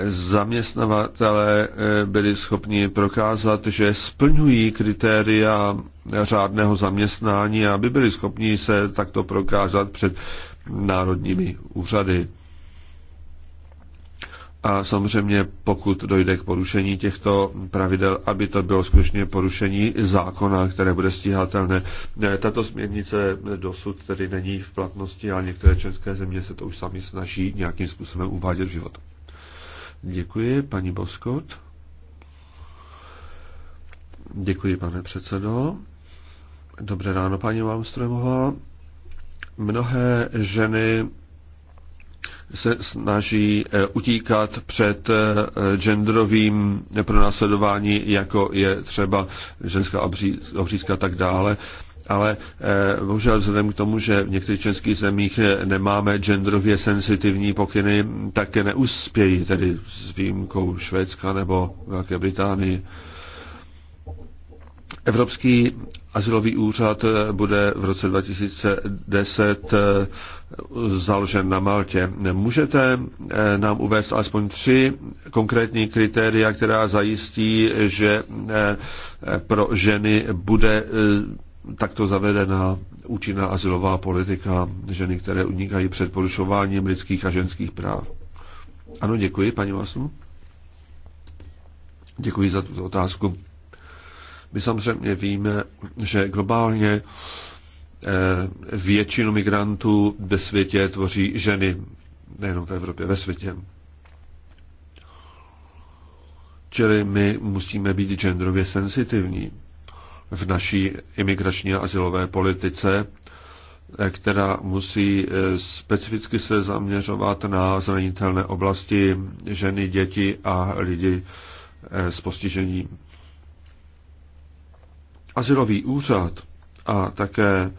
zaměstnavatele eh, byli schopni prokázat, že splňují kritéria řádného zaměstnání a aby byli schopni se takto prokázat před národními úřady a samozřejmě pokud dojde k porušení těchto pravidel, aby to bylo skutečně porušení zákona, které bude stíhatelné. Tato směrnice dosud tedy není v platnosti, ale některé české země se to už sami snaží nějakým způsobem uvádět v život. Děkuji, paní Boskot. Děkuji, pane předsedo. Dobré ráno, paní Malmströmová. Mnohé ženy se snaží eh, utíkat před eh, genderovým pronásledování, jako je třeba ženská obřízka a tak dále. Ale eh, bohužel vzhledem k tomu, že v některých českých zemích nemáme genderově sensitivní pokyny, tak neuspějí, tedy s výjimkou Švédska nebo Velké Británie. Evropský asilový úřad bude v roce 2010 založen na Maltě. Můžete eh, nám uvést alespoň tři konkrétní kritéria, která zajistí, že eh, pro ženy bude eh, takto zavedena účinná asilová politika ženy, které unikají před porušováním lidských a ženských práv. Ano, děkuji, paní Vásnu. Děkuji za tuto otázku. My samozřejmě víme, že globálně Eh, většinu migrantů ve světě tvoří ženy, nejenom v Evropě, ve světě. Čili my musíme být genderově sensitivní v naší imigrační a asilové politice, eh, která musí eh, specificky se zaměřovat na zranitelné oblasti ženy, děti a lidi s postižením. Asilový úřad a také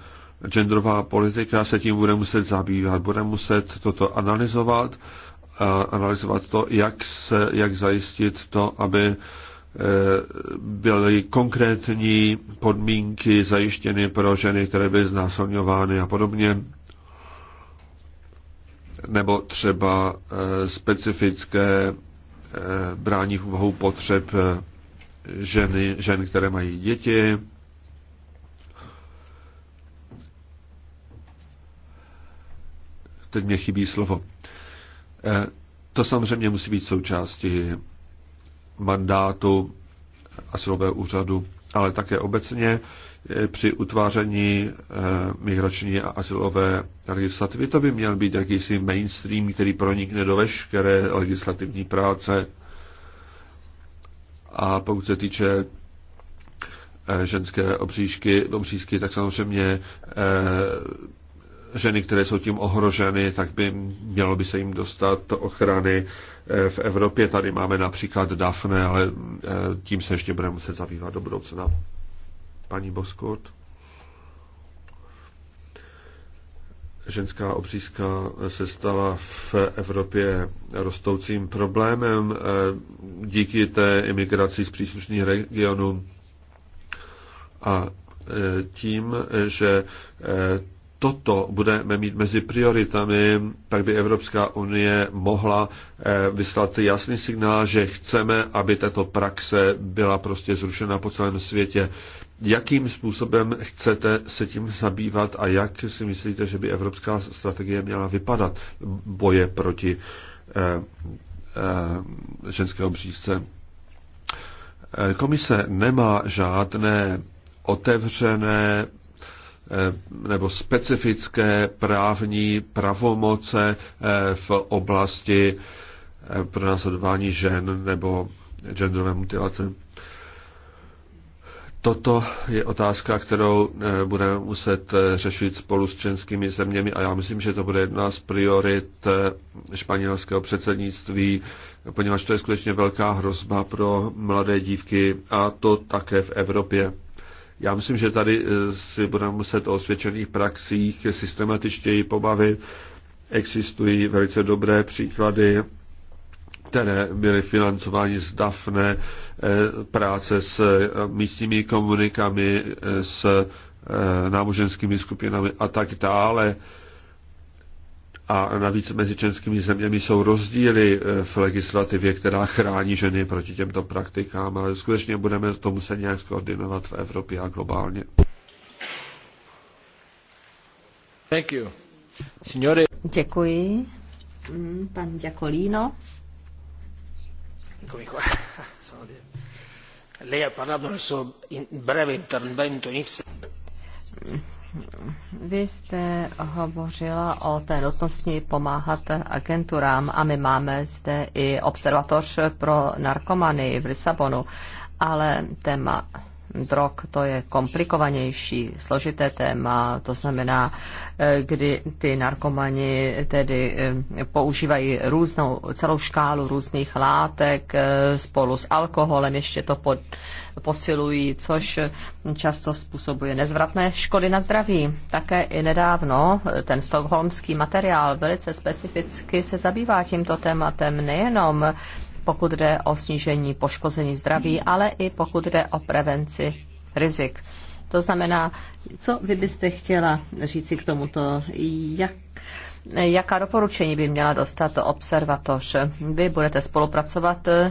genderová politika se tím bude muset zabývat, bude muset toto analyzovat, analyzovat to, jak, se, jak zajistit to, aby e, byly konkrétní podmínky zajištěny pro ženy, které byly znásilňovány a podobně. Nebo třeba e, specifické e, brání v úvahu potřeb ženy, žen, které mají děti, teď mě chybí slovo. Eh, to samozřejmě musí být součástí mandátu asilového úřadu, ale také obecně eh, při utváření eh, migrační a asilové legislativy. To by měl být jakýsi mainstream, který pronikne do veškeré legislativní práce. A pokud se týče ženské obřížky, obřížky tak samozřejmě ženy, které jsou tím ohroženy, tak by mělo by se jim dostat ochrany eh, v Evropě. Tady máme například Dafne, ale eh, tím se ještě budeme muset zabývat do budoucna. Paní Boskot. ženská obřízka se stala v Evropě rostoucím problémem eh, díky té imigraci z příslušných regionů a tím, že toto budeme mít mezi prioritami, tak by Evropská unie mohla eh, vyslat jasný signál, že chceme, aby tato praxe byla prostě zrušena po celém světě. Jakým způsobem chcete se tím zabývat a jak si myslíte, že by evropská strategie měla vypadat boje proti eh, eh, ženského břízce? Eh, komise nemá žádné otevřené Eh, nebo specifické právní pravomoce eh, v oblasti eh, pronásledování žen nebo genderové mutilace. Toto je otázka, kterou budeme muset řešit spolu s členskými zeměmi a já myslím, že to bude jedna z priorit španělského předsednictví, poněvadž to je skutečně velká hrozba pro mladé dívky a to také v Evropě. Já myslím, že tady eh, si budeme muset o osvědčených praxích systematičtěji pobavit. Existují velice dobré příklady, které byly financovány z DAFNE, eh, práce s eh, místními komunikami, s náboženskými skupinami a tak dále a navíc mezi členskými zeměmi jsou rozdíly eh, v legislativě, která chrání ženy proti těmto praktikám, ale skutečně budeme to muset nějak skoordinovat v Evropě a globálně. Thank you. Signore... Děkuji. Mm, pan Giacolino. Lei ha parlato nel suo breve intervento iniziale. Vy jste hovořila o té nutnosti pomáhat agenturám a my máme zde i observatoř pro narkomany v Lisabonu, ale téma drog, to je komplikovanější, složité téma, to znamená, eh, kdy ty narkomani tedy eh, používají různou, celou škálu různých látek eh, spolu s alkoholem, ještě to pod, posilují, což často způsobuje nezvratné škody na zdraví. Také i nedávno ten stokholmský materiál velice specificky se zabývá tímto tématem nejenom pokud jde o snížení poškození zdraví, ale i pokud jde o prevenci rizik. To znamená, co vy byste chtěla říci k tomuto, jak, jaká doporučení by měla dostat observatoř? Vy budete spolupracovat eh,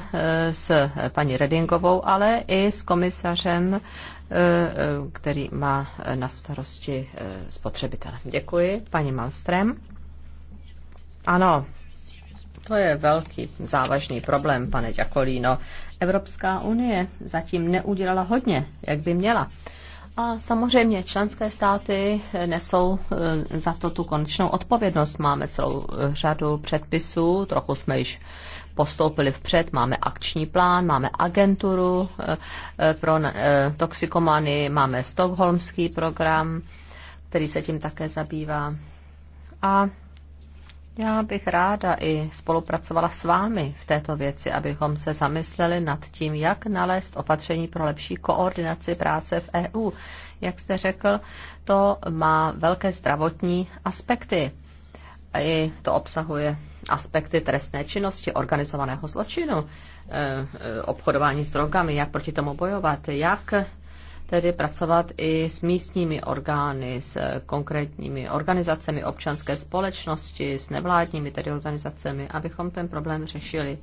s paní Redingovou, ale i s komisařem, eh, eh, který má na starosti spotřebitele. Děkuji, paní Malstrem. Ano, to je velký závažný problém, pane Ďakolíno. Evropská unie zatím neudělala hodně, jak by měla. A samozřejmě členské státy nesou eh, za to tu konečnou odpovědnost. Máme celou eh, řadu předpisů, trochu jsme již postoupili vpřed, máme akční plán, máme agenturu eh, pro toxikomany, máme stokholmský program, který se tím také zabývá. A já bych ráda i spolupracovala s vámi v této věci, abychom se zamysleli nad tím, jak nalézt opatření pro lepší koordinaci práce v EU. Jak jste řekl, to má velké zdravotní aspekty. I to obsahuje aspekty trestné činnosti, organizovaného zločinu, eh, eh, obchodování s drogami, jak proti tomu bojovat, jak tedy pracovat i s místními orgány, s konkrétními organizacemi občanské společnosti, s nevládními tedy organizacemi, abychom ten problém řešili.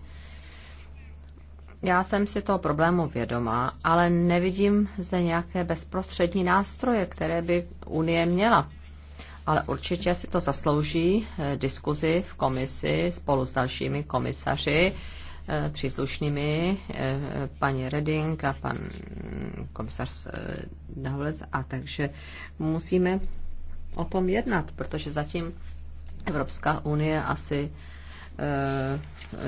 Já jsem si toho problému vědomá, ale nevidím zde nějaké bezprostřední nástroje, které by Unie měla. Ale určitě si to zaslouží eh, diskuzi v komisi spolu s dalšími komisaři, Eh, příslušnými eh, paní Reding a pan komisař eh, Dahlec a takže musíme o tom jednat, protože zatím Evropská unie asi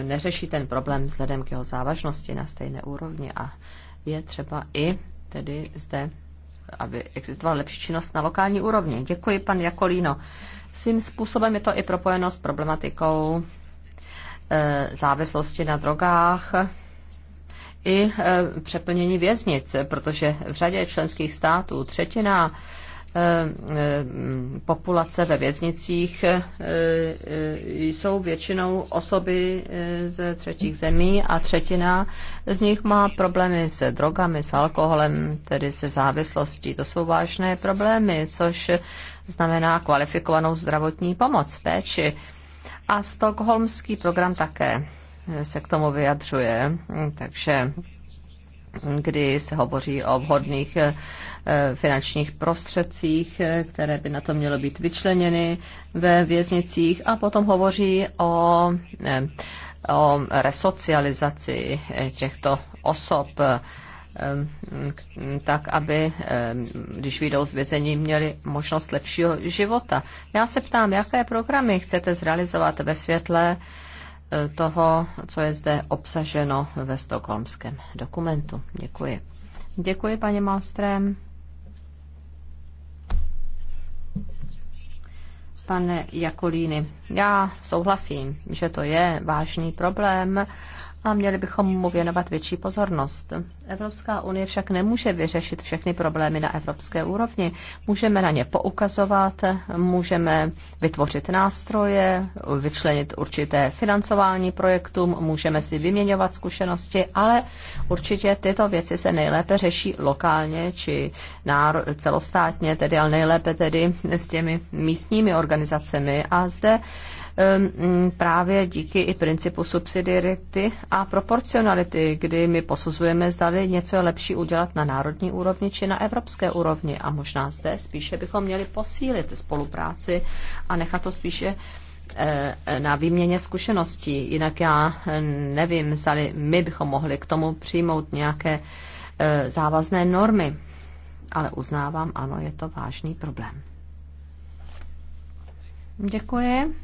neřeší ten problém vzhledem k jeho závažnosti na stejné úrovni a je třeba i tedy zde aby existovala lepší činnost na lokální úrovni. Děkuji, pan Jakolíno. Svým způsobem je to i propojeno s problematikou E, závislosti na drogách i e, přeplnění věznic, protože v řadě členských států třetina e, populace ve věznicích jsou většinou osoby ze třetích zemí a třetina z nich má problémy s drogami, s alkoholem, tedy se závislostí. To jsou vážné problémy, což znamená kvalifikovanou zdravotní pomoc, péči a stokholmský program také se k tomu vyjadřuje, takže kdy se hovoří o vhodných eh, finančních prostředcích, eh, které by na to mělo být vyčleněny ve věznicích a potom hovoří o, eh, o resocializaci těchto osob Ehm, tak aby, ehm, když vyjdou z vězení, měli možnost lepšího života. Já se ptám, jaké programy chcete zrealizovat ve světle eh, toho, co je zde obsaženo ve stokholmském dokumentu. Děkuji. Děkuji, paní Malstrém. Pane Jakolíny, já souhlasím, že to je vážný problém a měli bychom mu věnovat větší pozornost. Evropská unie však nemůže vyřešit všechny problémy na evropské úrovni. Můžeme na ně poukazovat, můžeme vytvořit nástroje, vyčlenit určité financování projektům, můžeme si vyměňovat zkušenosti, ale určitě tyto věci se nejlépe řeší lokálně či celostátně, tedy ale nejlépe tedy s těmi místními organizacemi. A zde Ehm, mm, právě díky i principu subsidiarity a proporcionality, kdy my posuzujeme, zda něco je lepší udělat na národní úrovni či na evropské úrovni. A možná zde spíše bychom měli posílit spolupráci a nechat to spíše eh, na výměně zkušeností. Jinak já eh, nevím, zda my bychom mohli k tomu přijmout nějaké eh, závazné normy. Ale uznávám, ano, je to vážný problém. Děkuji.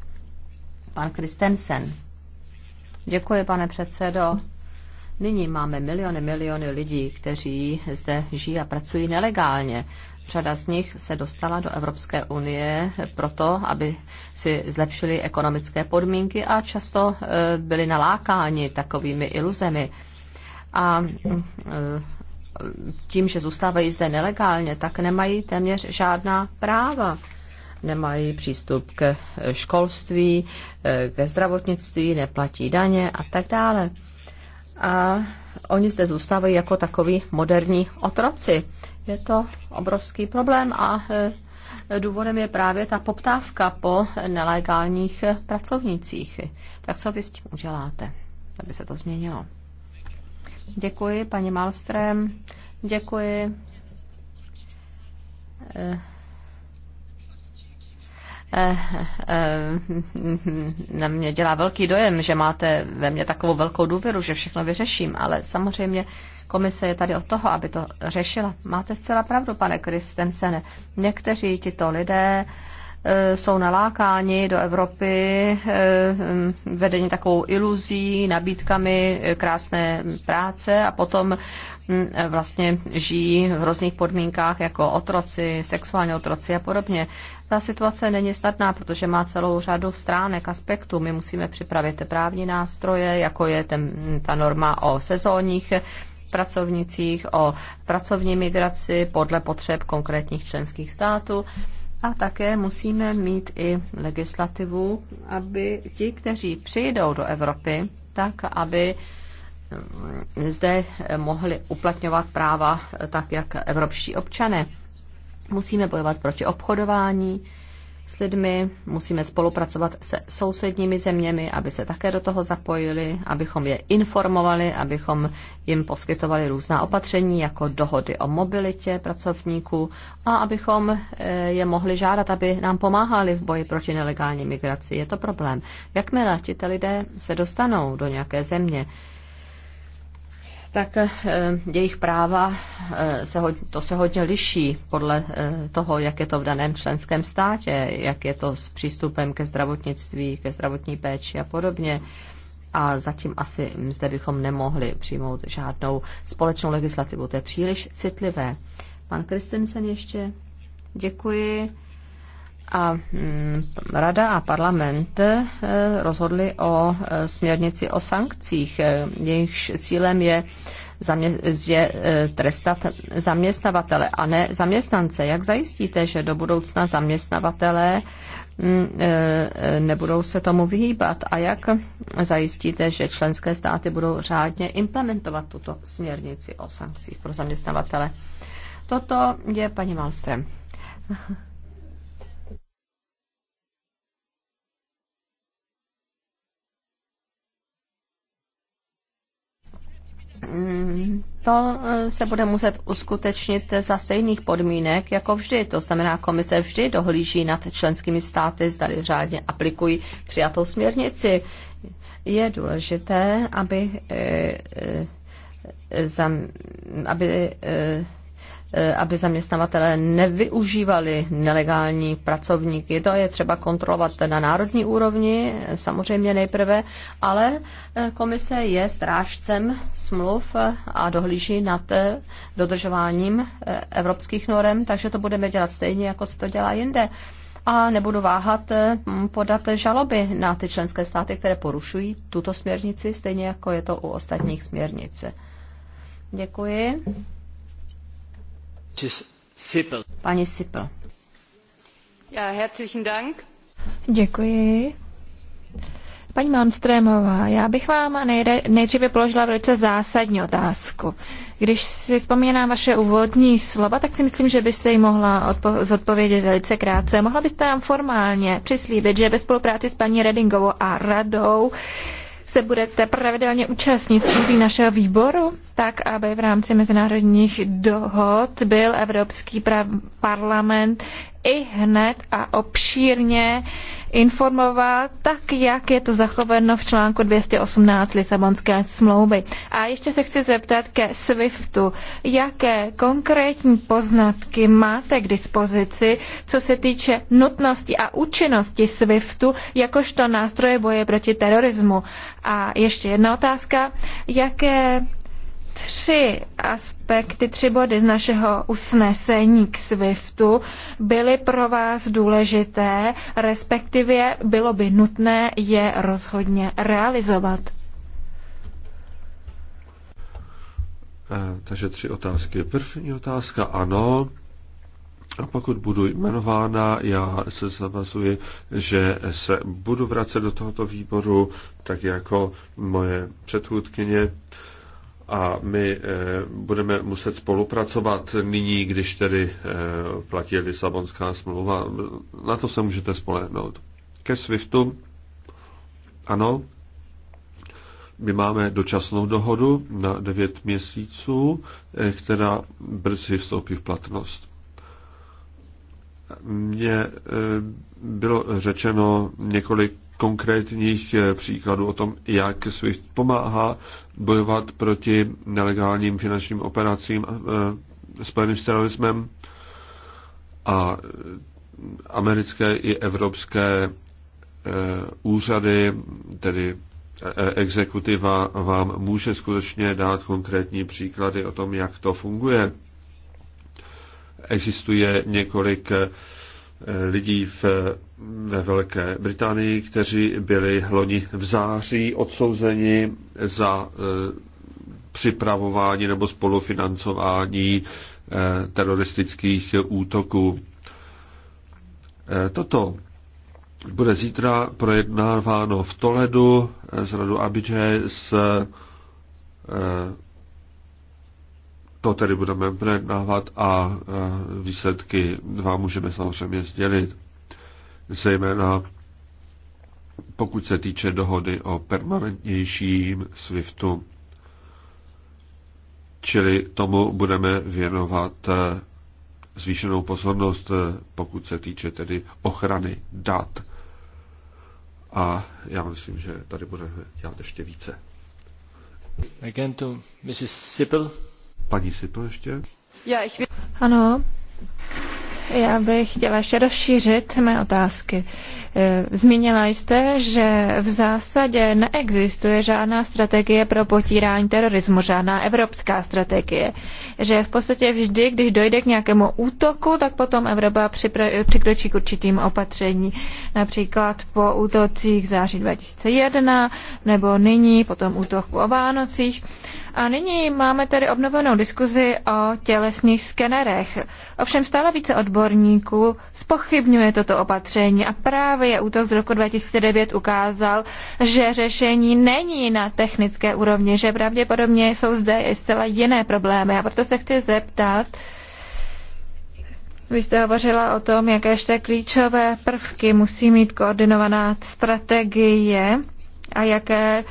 Pan Kristensen. Děkuji, pane předsedo. Nyní máme miliony, miliony lidí, kteří zde žijí a pracují nelegálně. Řada z nich se dostala do Evropské unie proto, aby si zlepšili ekonomické podmínky a často eh, byli nalákáni takovými iluzemi. A eh, tím, že zůstávají zde nelegálně, tak nemají téměř žádná práva nemají přístup ke školství, eh, ke zdravotnictví, neplatí daně a tak dále. A oni zde zůstávají jako takoví moderní otroci. Je to obrovský problém a eh, důvodem je právě ta poptávka po nelegálních eh, pracovnicích. Tak co vy s tím uděláte, aby se to změnilo? Děkuji, paní Malstrem. Děkuji Eh, eh, na mě dělá velký dojem, že máte ve mně takovou velkou důvěru, že všechno vyřeším, ale samozřejmě komise je tady od toho, aby to řešila. Máte zcela pravdu, pane Kristensene. Někteří tito lidé eh, jsou nalákáni do Evropy, vedení takovou iluzí, nabídkami krásné práce a potom vlastně žijí v hrozných podmínkách jako otroci, sexuální otroci a podobně. Ta situace není snadná, protože má celou řadu stránek, aspektů. My musíme připravit právní nástroje, jako je ten, ta norma o sezónních pracovnicích, o pracovní migraci podle potřeb konkrétních členských států. A také musíme mít i legislativu, aby ti, kteří přijdou do Evropy, tak aby zde mohli uplatňovat práva tak, jak evropští občané. Musíme bojovat proti obchodování s lidmi, musíme spolupracovat se sousedními zeměmi, aby se také do toho zapojili, abychom je informovali, abychom jim poskytovali různá opatření, jako dohody o mobilitě pracovníků a abychom eh, je mohli žádat, aby nám pomáhali v boji proti nelegální migraci. Je to problém. Jakmile tito lidé se dostanou do nějaké země, tak eh, jejich práva eh, se, to se hodně liší podle eh, toho, jak je to v daném členském státě, jak je to s přístupem ke zdravotnictví, ke zdravotní péči a podobně. A zatím asi zde bychom nemohli přijmout žádnou společnou legislativu. To je příliš citlivé. Pan Kristensen ještě. Děkuji. A mm, Rada a parlament eh, rozhodli o eh, směrnici o sankcích. Jejichž cílem je, zamě- je eh, trestat zaměstnavatele a ne zaměstnance. Jak zajistíte, že do budoucna zaměstnavatele mm, nebudou se tomu vyhýbat a jak zajistíte, že členské státy budou řádně implementovat tuto směrnici o sankcích pro zaměstnavatele. Toto je paní Malstrem. to eh, se bude muset uskutečnit za stejných podmínek jako vždy. To znamená, komise vždy dohlíží nad členskými státy, zda řádně aplikují přijatou směrnici. Je důležité, aby, eh, eh, aby E, aby zaměstnavatele nevyužívali nelegální pracovníky. To je třeba kontrolovat na národní úrovni, samozřejmě nejprve, ale e, komise je strážcem smluv a dohlíží nad e, dodržováním evropských norem, takže to budeme dělat stejně, jako se to dělá jinde a nebudu váhat podat žaloby na ty členské státy, které porušují tuto směrnici, stejně jako je to u ostatních směrnic. Děkuji. Pani Sipel. Děkuji. Paní Malmströmová, já bych vám nejdříve položila velice zásadní otázku. Když si vzpomínám vaše úvodní slova, tak si myslím, že byste ji mohla odpo- zodpovědět velice krátce. Mohla byste nám formálně přislíbit, že ve spolupráci s paní Redingovou a radou se budete pravidelně účastnit schůzí našeho výboru? tak aby v rámci mezinárodních dohod byl Evropský parlament i hned a obšírně informoval, tak jak je to zachoveno v článku 218 Lisabonské smlouvy. A ještě se chci zeptat ke SWIFTu. Jaké konkrétní poznatky máte k dispozici, co se týče nutnosti a účinnosti SWIFTu jakožto nástroje boje proti terorismu? A ještě jedna otázka. Jaké tři aspekty, tři body z našeho usnesení k SWIFTu byly pro vás důležité, respektive bylo by nutné je rozhodně realizovat. Eh, takže tři otázky. První otázka ano. A pokud budu jmenována, já se zavazuji, že se budu vracet do tohoto výboru, tak jako moje předchůdkyně a my eh, budeme muset spolupracovat nyní, když tedy eh, platí Lisabonská smlouva. Na to se můžete spolehnout. Ke SWIFTu, ano, my máme dočasnou dohodu na 9 měsíců, eh, která brzy vstoupí v platnost. Mně bylo řečeno několik konkrétních eh, příkladů o tom, jak SWIFT pomáhá bojovat proti nelegálním finančním operacím eh, spojeným s terorismem a eh, americké i evropské úřady, tedy exekutiva vám může skutečně dát konkrétní příklady o tom, jak to funguje. Existuje několik Eh, lidí v, ve Velké Británii, kteří byli loni v září odsouzeni za eh, připravování nebo spolufinancování eh, teroristických útoků. Toto bude zítra projednáváno v Toledu z Radu Abidže s to tedy budeme projednávat a e, výsledky vám můžeme samozřejmě sdělit. Zejména pokud se týče dohody o permanentnějším SWIFTu, čili tomu budeme věnovat e, zvýšenou pozornost, e, pokud se týče tedy ochrany dat. A já myslím, že tady budeme dělat ještě více. Again to Mrs. Sippel. Paní Sipl ještě? Ano, já bych chtěla ještě rozšířit mé otázky. E, zmínila jste, že v zásadě neexistuje žádná strategie pro potírání terorismu, žádná evropská strategie. Že v podstatě vždy, když dojde k nějakému útoku, tak potom Evropa přikročí k určitým opatření. Například po útocích září 2001 nebo nyní, potom útoku o Vánocích. A nyní máme tady obnovenou diskuzi o tělesných skenerech. Ovšem stále více odborníků spochybňuje toto opatření a právě útok z roku 2009 ukázal, že řešení není na technické úrovni, že pravděpodobně jsou zde i zcela jiné problémy. A proto se chci zeptat, vy jste hovořila o tom, jaké ještě klíčové prvky musí mít koordinovaná strategie a jaké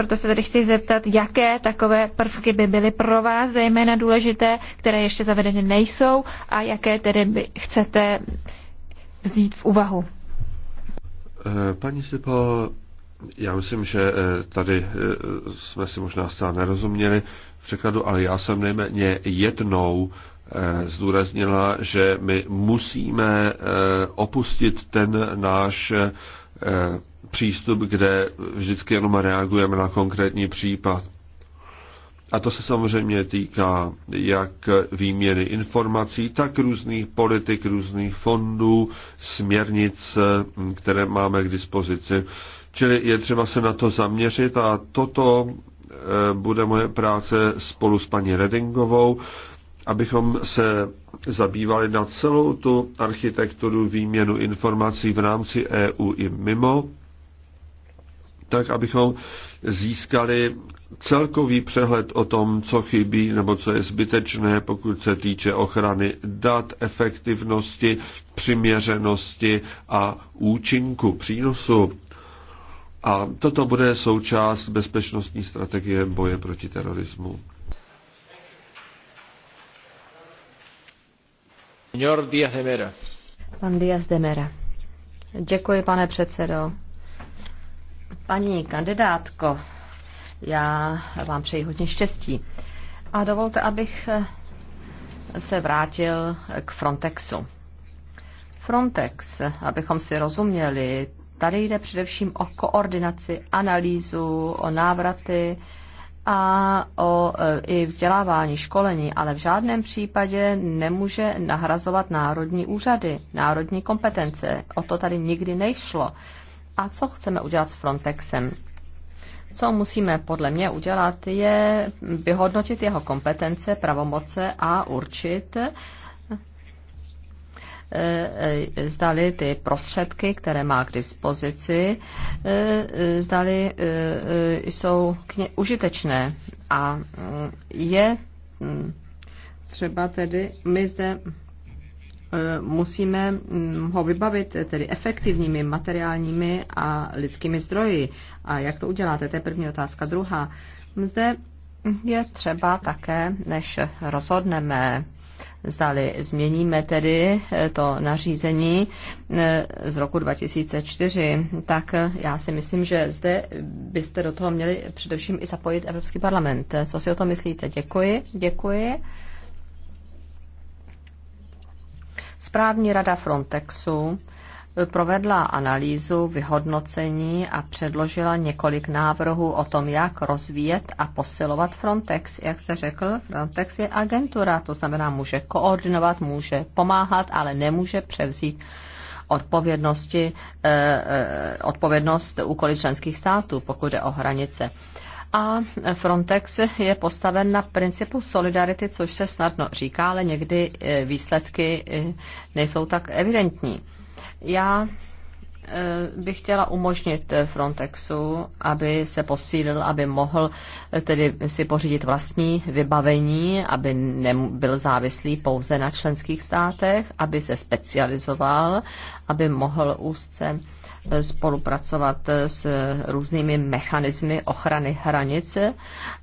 proto se tady chci zeptat, jaké takové prvky by byly pro vás zejména důležité, které ještě zavedeny nejsou a jaké tedy by chcete vzít v úvahu. Eh, paní Sipo, já myslím, že eh, tady eh, jsme si možná stále nerozuměli v překladu, ale já jsem nejméně jednou zdůraznila, že my musíme opustit ten náš přístup, kde vždycky jenom reagujeme na konkrétní případ. A to se samozřejmě týká jak výměny informací, tak různých politik, různých fondů, směrnic, které máme k dispozici. Čili je třeba se na to zaměřit a toto eh, bude moje práce spolu s paní Redingovou, abychom se zabývali na celou tu architekturu výměnu informací v rámci EU i mimo tak, abychom získali celkový přehled o tom, co chybí nebo co je zbytečné, pokud se týče ochrany dat, efektivnosti, přiměřenosti a účinku, přínosu. A toto bude součást bezpečnostní strategie boje proti terorismu. Pan Díaz de Mera. Děkuji, pane předsedo. Paní kandidátko, já vám přeji hodně štěstí. A dovolte, abych se vrátil k Frontexu. Frontex, abychom si rozuměli, tady jde především o koordinaci, analýzu, o návraty a o e, i vzdělávání, školení, ale v žádném případě nemůže nahrazovat národní úřady, národní kompetence. O to tady nikdy nešlo. A co chceme udělat s Frontexem? Co musíme podle mě udělat, je vyhodnotit jeho kompetence, pravomoce a určit, eh, eh, zdali ty prostředky, které má k dispozici, eh, zdali jsou k ně užitečné. A mm, je mm, třeba tedy, my zde Eh, musíme mm, ho vybavit tedy efektivními materiálními a lidskými zdroji. A jak to uděláte? To je první otázka. Druhá. Zde je třeba také, než rozhodneme, zdali změníme tedy eh, to nařízení eh, z roku 2004, tak já si myslím, že zde byste do toho měli především i zapojit Evropský parlament. Co si o to myslíte? Děkuji. Děkuji. Správní rada Frontexu eh, provedla analýzu, vyhodnocení a předložila několik návrhů o tom, jak rozvíjet a posilovat Frontex. Jak jste řekl, Frontex je agentura, to znamená může koordinovat, může pomáhat, ale nemůže převzít odpovědnosti, eh, eh odpovědnost úkoly členských států, pokud je o hranice. Eh, a Frontex je postaven na principu solidarity, což se snadno říká, ale někdy eh, výsledky eh, nejsou tak evidentní. Já Eh, bych chtěla umožnit eh, Frontexu, aby se posílil, aby mohl eh, tedy si pořídit vlastní vybavení, aby nebyl závislý pouze na členských státech, aby se specializoval, aby mohl úzce spolupracovat s různými mechanismy ochrany hranice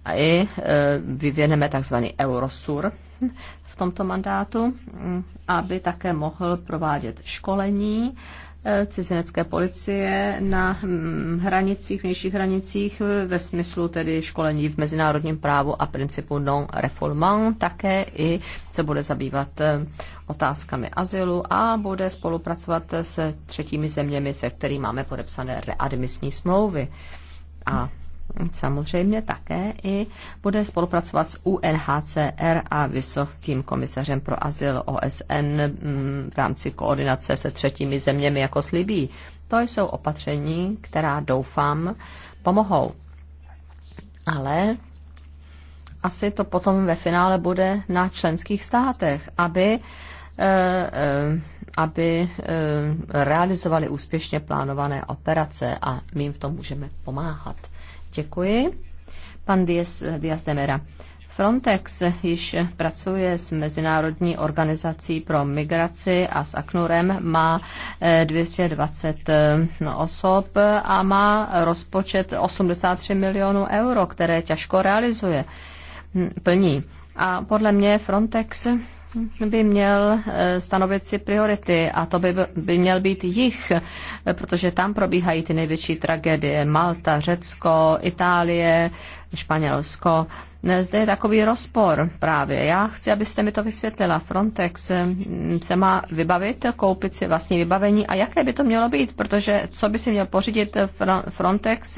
a i vyvěneme tzv. Eurosur v tomto mandátu, mm, aby také mohl provádět školení Eh, cizinecké policie na hm, hranicích, vnějších hranicích ve smyslu tedy školení v mezinárodním právu a principu non reformant Také i se bude zabývat eh, otázkami azylu a bude spolupracovat se třetími zeměmi, se kterými máme podepsané readmisní smlouvy. A samozřejmě také i bude spolupracovat s UNHCR a Vysokým komisařem pro azyl OSN mm, v rámci koordinace se třetími zeměmi jako slibí. To jsou opatření, která doufám pomohou. Ale asi to potom ve finále bude na členských státech, aby eh, eh, aby eh, realizovali úspěšně plánované operace a my jim v tom můžeme pomáhat. Děkuji. Pan Díaz de Mera. Frontex již pracuje s Mezinárodní organizací pro migraci a s Aknurem má 220 eh, eh, osob a má rozpočet 83 milionů euro, které těžko realizuje, hm, plní. A podle mě Frontex by měl eh, stanovit si priority a to by, by měl být jich, eh, protože tam probíhají ty největší tragédie. Malta, Řecko, Itálie, Španělsko. Zde je takový rozpor právě. Já chci, abyste mi to vysvětlila. Frontex mm, se má vybavit, koupit si vlastní vybavení a jaké by to mělo být, protože co by si měl pořídit Frontex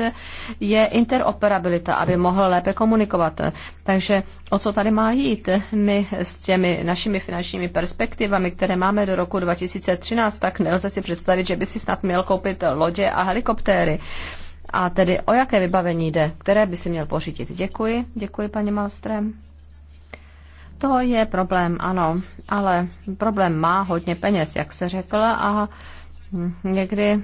je interoperabilita, aby mohl lépe komunikovat. Takže o co tady má jít? My s těmi našimi finančními perspektivami, které máme do roku 2013, tak nelze si představit, že by si snad měl koupit lodě a helikoptéry. A tedy o jaké vybavení jde, které by si měl pořídit? Děkuji, děkuji paní Malstrem. To je problém, ano, ale problém má hodně peněz, jak se řekla, a někdy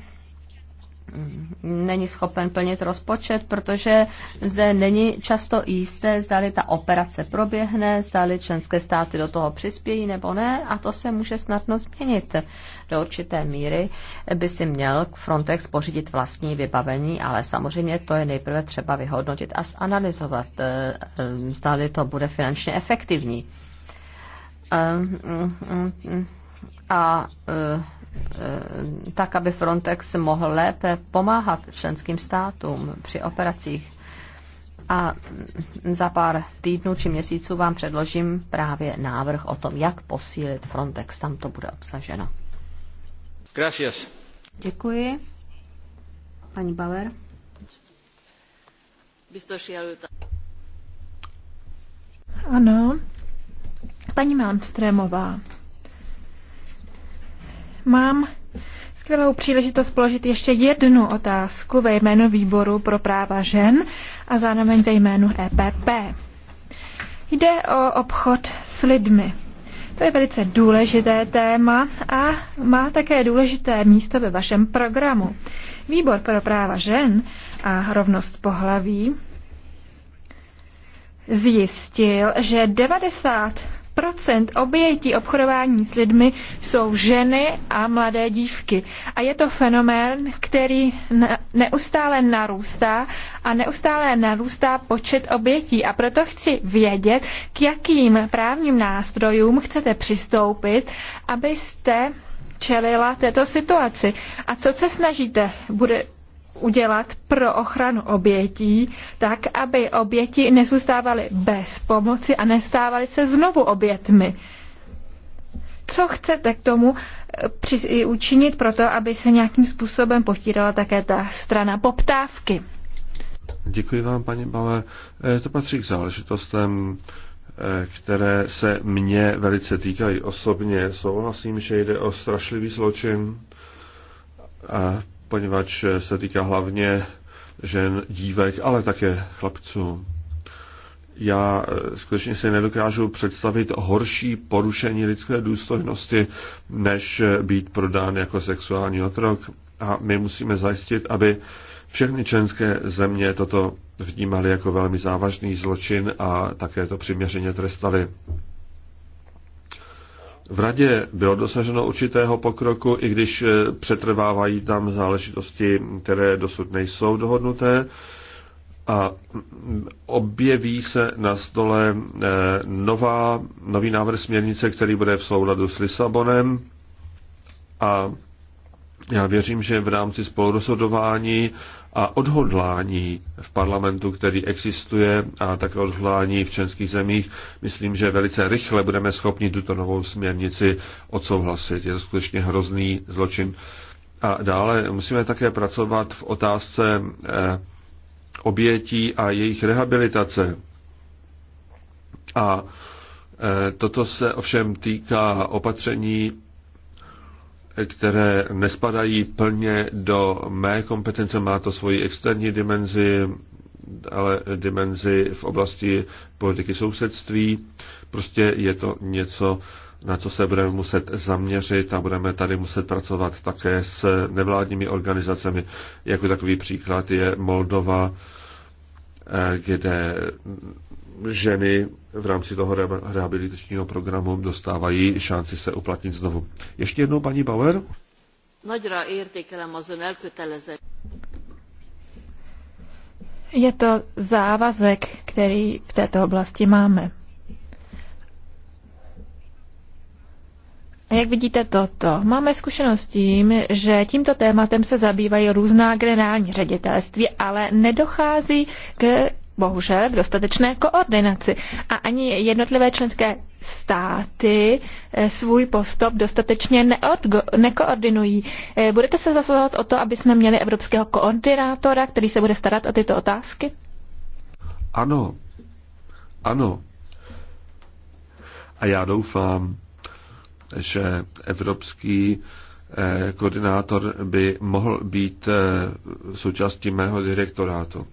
není schopen plnit rozpočet, protože zde není často jisté, zdali ta operace proběhne, zdali členské státy do toho přispějí nebo ne a to se může snadno změnit. Do určité míry by si měl Frontex pořídit vlastní vybavení, ale samozřejmě to je nejprve třeba vyhodnotit a zanalizovat, eh, eh, zdali to bude finančně efektivní. Eh, mm, mm, mm. A, a, a tak, aby Frontex mohl lépe pomáhat členským státům při operacích. A za pár týdnů či měsíců vám předložím právě návrh o tom, jak posílit Frontex. Tam to bude obsaženo. Gracias. Děkuji. Pani Bauer. Ano. Paní Malmstrémová. Mám skvělou příležitost položit ještě jednu otázku ve jménu Výboru pro práva žen a zároveň ve jménu EPP. Jde o obchod s lidmi. To je velice důležité téma a má také důležité místo ve vašem programu. Výbor pro práva žen a rovnost pohlaví zjistil, že 90 Procent obětí obchodování s lidmi jsou ženy a mladé dívky. A je to fenomén, který neustále narůstá a neustále narůstá počet obětí. A proto chci vědět, k jakým právním nástrojům chcete přistoupit, abyste čelila této situaci. A co se snažíte? Bude, udělat pro ochranu obětí, tak aby oběti nezůstávaly bez pomoci a nestávaly se znovu obětmi. Co chcete k tomu eh, učinit pro to, aby se nějakým způsobem potírala také ta strana poptávky? Děkuji vám, paní Bauer. Eh, to patří k záležitostem, eh, které se mě velice týkají osobně. Souhlasím, že jde o strašlivý zločin a poněvadž se týká hlavně žen, dívek, ale také chlapců. Já eh, skutečně si nedokážu představit horší porušení lidské důstojnosti, než eh, být prodán jako sexuální otrok. A my musíme zajistit, aby všechny členské země toto vnímali jako velmi závažný zločin a také to přiměřeně trestali. V radě bylo dosaženo určitého pokroku, i když eh, přetrvávají tam záležitosti, které dosud nejsou dohodnuté. A mm, objeví se na stole eh, nová, nový návrh směrnice, který bude v souladu s Lisabonem. A já věřím, že v rámci spolurozhodování a odhodlání v parlamentu, který existuje, a také odhodlání v členských zemích, myslím, že velice rychle budeme schopni tuto novou směrnici odsouhlasit. Je to skutečně hrozný zločin. A dále musíme také pracovat v otázce eh, obětí a jejich rehabilitace. A eh, toto se ovšem týká opatření které nespadají plně do mé kompetence, má to svoji externí dimenzi, ale dimenzi v oblasti politiky sousedství. Prostě je to něco, na co se budeme muset zaměřit a budeme tady muset pracovat také s nevládními organizacemi. Jako takový příklad je Moldova, eh, kde ženy v rámci toho rehabilitačního programu dostávají šanci se uplatnit znovu. Ještě jednou paní Bauer. Je to závazek, který v této oblasti máme. A jak vidíte toto? Máme zkušenost s tím, že tímto tématem se zabývají různá generální ředitelství, ale nedochází k bohužel v dostatečné koordinaci a ani jednotlivé členské státy eh, svůj postup dostatečně neodgo- nekoordinují. Eh, budete se zasazovat o to, aby jsme měli evropského koordinátora, který se bude starat o tyto otázky? Ano. Ano. A já doufám, že evropský eh, koordinátor by mohl být součástí mého direktorátu.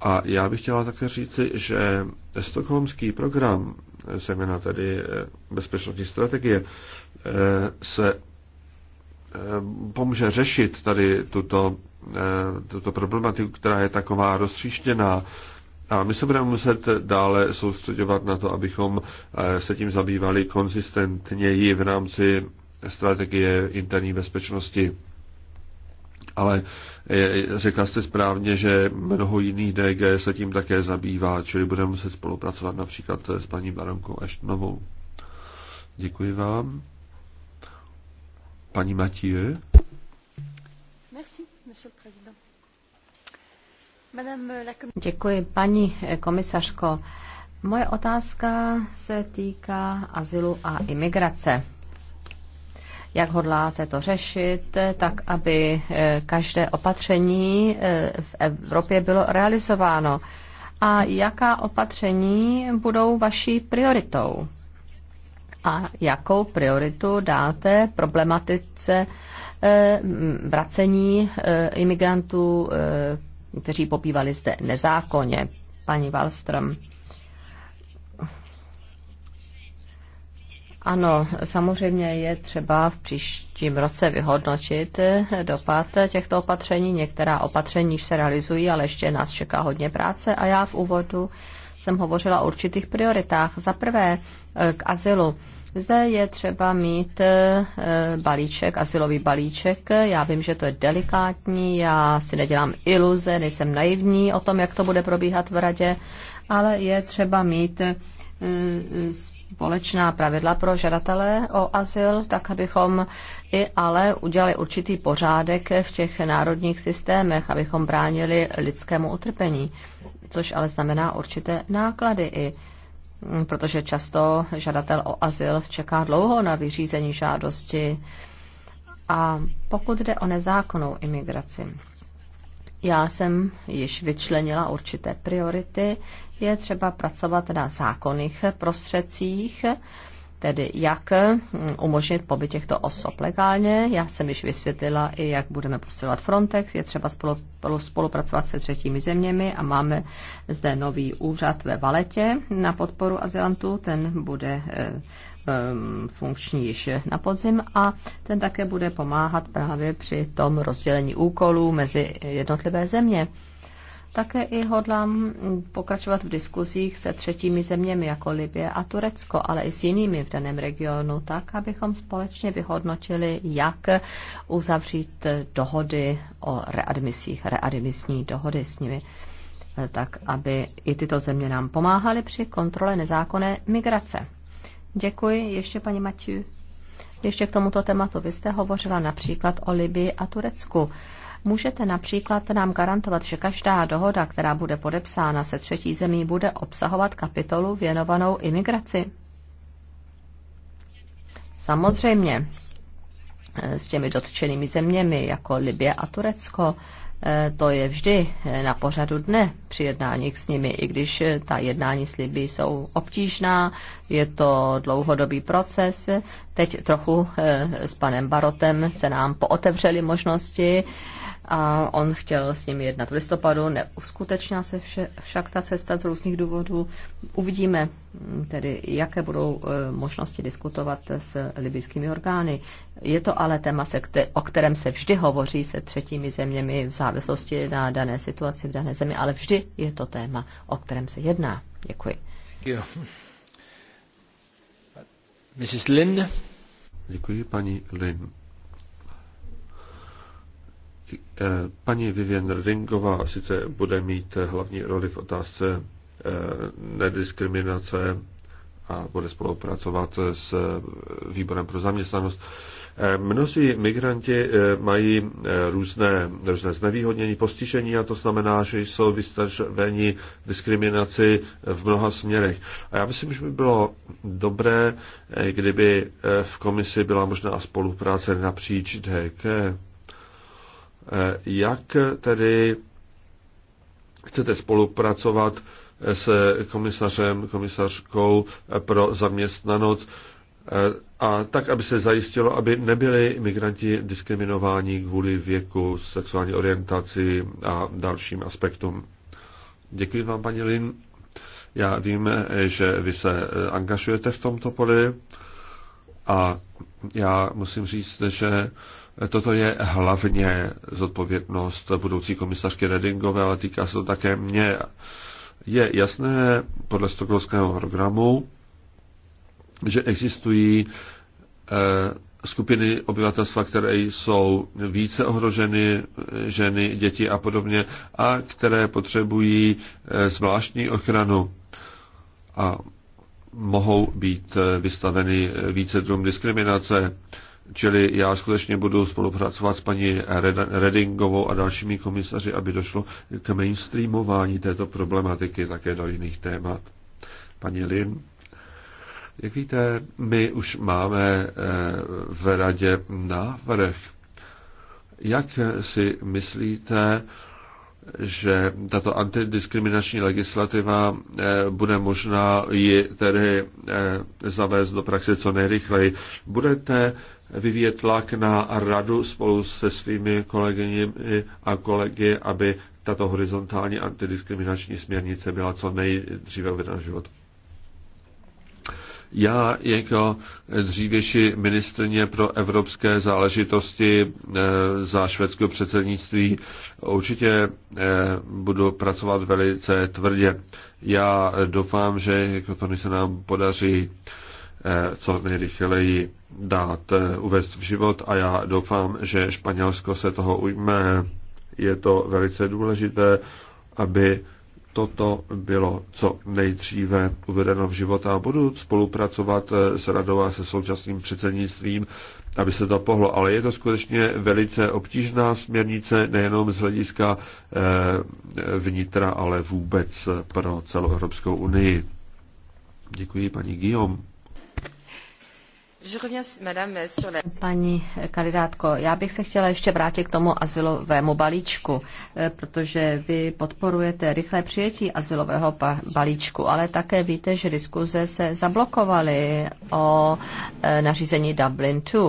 A já bych chtěla také říci, že stokholmský program, zejména tedy eh, bezpečnostní strategie, eh, se eh, pomůže řešit tady tuto, tuto problematiku, která je taková roztříštěná. A my se budeme muset dále soustředovat na to, abychom se tím zabývali konzistentněji v rámci strategie interní bezpečnosti. Ale Řekla jste správně, že mnoho jiných DG se tím také zabývá, čili budeme muset spolupracovat například s paní baronkou Eštnovou. Děkuji vám. Paní Matěje. Děkuji, paní komisařko. Moje otázka se týká azylu a imigrace jak hodláte to řešit, tak aby eh, každé opatření eh, v Evropě bylo realizováno. A jaká opatření budou vaší prioritou? A jakou prioritu dáte problematice eh, vracení imigrantů, kteří popívali zde nezákonně? Paní Wallström. Ano, samozřejmě je třeba v příštím roce vyhodnotit eh, dopad těchto opatření. Některá opatření už se realizují, ale ještě nás čeká hodně práce a já v úvodu jsem hovořila o určitých prioritách. Za prvé eh, k azylu. Zde je třeba mít eh, balíček, asilový balíček. Já vím, že to je delikátní, já si nedělám iluze, nejsem naivní o tom, jak to bude probíhat v radě, ale je třeba mít společná pravidla pro žadatele o azyl, tak abychom i ale udělali určitý pořádek v těch národních systémech, abychom bránili lidskému utrpení, což ale znamená určité náklady i mm, protože často žadatel o azyl čeká dlouho na vyřízení žádosti. A pokud jde o nezákonnou imigraci, já jsem již vyčlenila určité priority, je třeba pracovat na zákonných prostředcích, tedy jak hm, umožnit pobyt těchto osob legálně. Já jsem již vysvětlila i, jak budeme posilovat Frontex. Je třeba spolu, spolupracovat se třetími zeměmi a máme zde nový úřad ve Valetě na podporu azylantů. Ten bude eh, hm, funkční již na podzim a ten také bude pomáhat právě při tom rozdělení úkolů mezi jednotlivé země. Také i hodlám pokračovat v diskuzích se třetími zeměmi jako Libie a Turecko, ale i s jinými v daném regionu, tak, abychom společně vyhodnotili, jak uzavřít dohody o readmisích, readmisní dohody s nimi tak aby i tyto země nám pomáhaly při kontrole nezákonné migrace. Děkuji ještě paní Matiu. Ještě k tomuto tématu. Vy jste hovořila například o Libii a Turecku. Můžete například nám garantovat, že každá dohoda, která bude podepsána se třetí zemí, bude obsahovat kapitolu věnovanou imigraci? Samozřejmě eh, s těmi dotčenými zeměmi, jako Libie a Turecko, eh, to je vždy eh, na pořadu dne při jednáních s nimi, i když ta jednání s Libí jsou obtížná, je to dlouhodobý proces. Teď trochu s panem Barotem se nám pootevřely možnosti a on chtěl s nimi jednat v listopadu. Neuskutečnila se vše, však ta cesta z různých důvodů. Uvidíme mm, tedy, jaké budou e, možnosti diskutovat s libyskými orgány. Je to ale téma, se, o kterém se vždy hovoří se třetími zeměmi v závislosti na dané situaci v dané zemi, ale vždy je to téma, o kterém se jedná. Děkuji. Mrs. Lynn. Děkuji, paní Lynn. Eh, paní Vivian Ringová sice bude mít hlavní roli v otázce eh, nediskriminace a bude spolupracovat s eh, výborem pro zaměstnanost. Mnozí migranti mají různé, různé znevýhodnění, postižení a to znamená, že jsou vystaveni diskriminaci v mnoha směrech. A já myslím, že by bylo dobré, kdyby v komisi byla možná spolupráce napříč DK Eh, jak tedy chcete spolupracovat s komisařem, komisařkou pro zaměstnanost eh, a tak, aby se zajistilo, aby nebyli migranti diskriminováni kvůli věku, sexuální orientaci a dalším aspektům. Děkuji vám, paní Lin. Já vím, že vy se eh, angažujete v tomto poli a já musím říct, že Toto je hlavně zodpovědnost budoucí komisařky Redingové, ale týká se to také mě. Je jasné podle stokholmského programu, že existují eh, skupiny obyvatelstva, které jsou více ohroženy, ženy, děti a podobně, a které potřebují eh, zvláštní ochranu a mohou být eh, vystaveny více druhům diskriminace. Čili já skutečně budu spolupracovat s paní Redingovou a dalšími komisaři, aby došlo k mainstreamování této problematiky také do jiných témat. Paní Lin. Jak víte, my už máme eh, v radě návrh. Jak si myslíte, že tato antidiskriminační legislativa eh, bude možná ji tedy eh, zavést do praxe co nejrychleji. Budete vyvíjet tlak na radu spolu se svými kolegyněmi a kolegy, aby tato horizontální antidiskriminační směrnice byla co nejdříve uvedena v život. Já jako dřívější ministrně pro evropské záležitosti eh, za švédského předsednictví určitě eh, budu pracovat velice tvrdě. Já doufám, že jako to se nám podaří eh, co nejrychleji dát eh, uvést v život a já doufám, že Španělsko se toho ujme. Je to velice důležité, aby toto bylo co nejdříve uvedeno v život a budu spolupracovat eh, s radou a se současným předsednictvím, aby se to pohlo. Ale je to skutečně velice obtížná směrnice, nejenom z hlediska eh, vnitra, ale vůbec pro celou Evropskou unii. Děkuji paní Guillaume. Paní kandidátko, já bych se chtěla ještě vrátit k tomu asilovému balíčku, eh, protože vy podporujete rychlé přijetí asilového balíčku, ale také víte, že diskuze se zablokovaly o eh, nařízení Dublin II.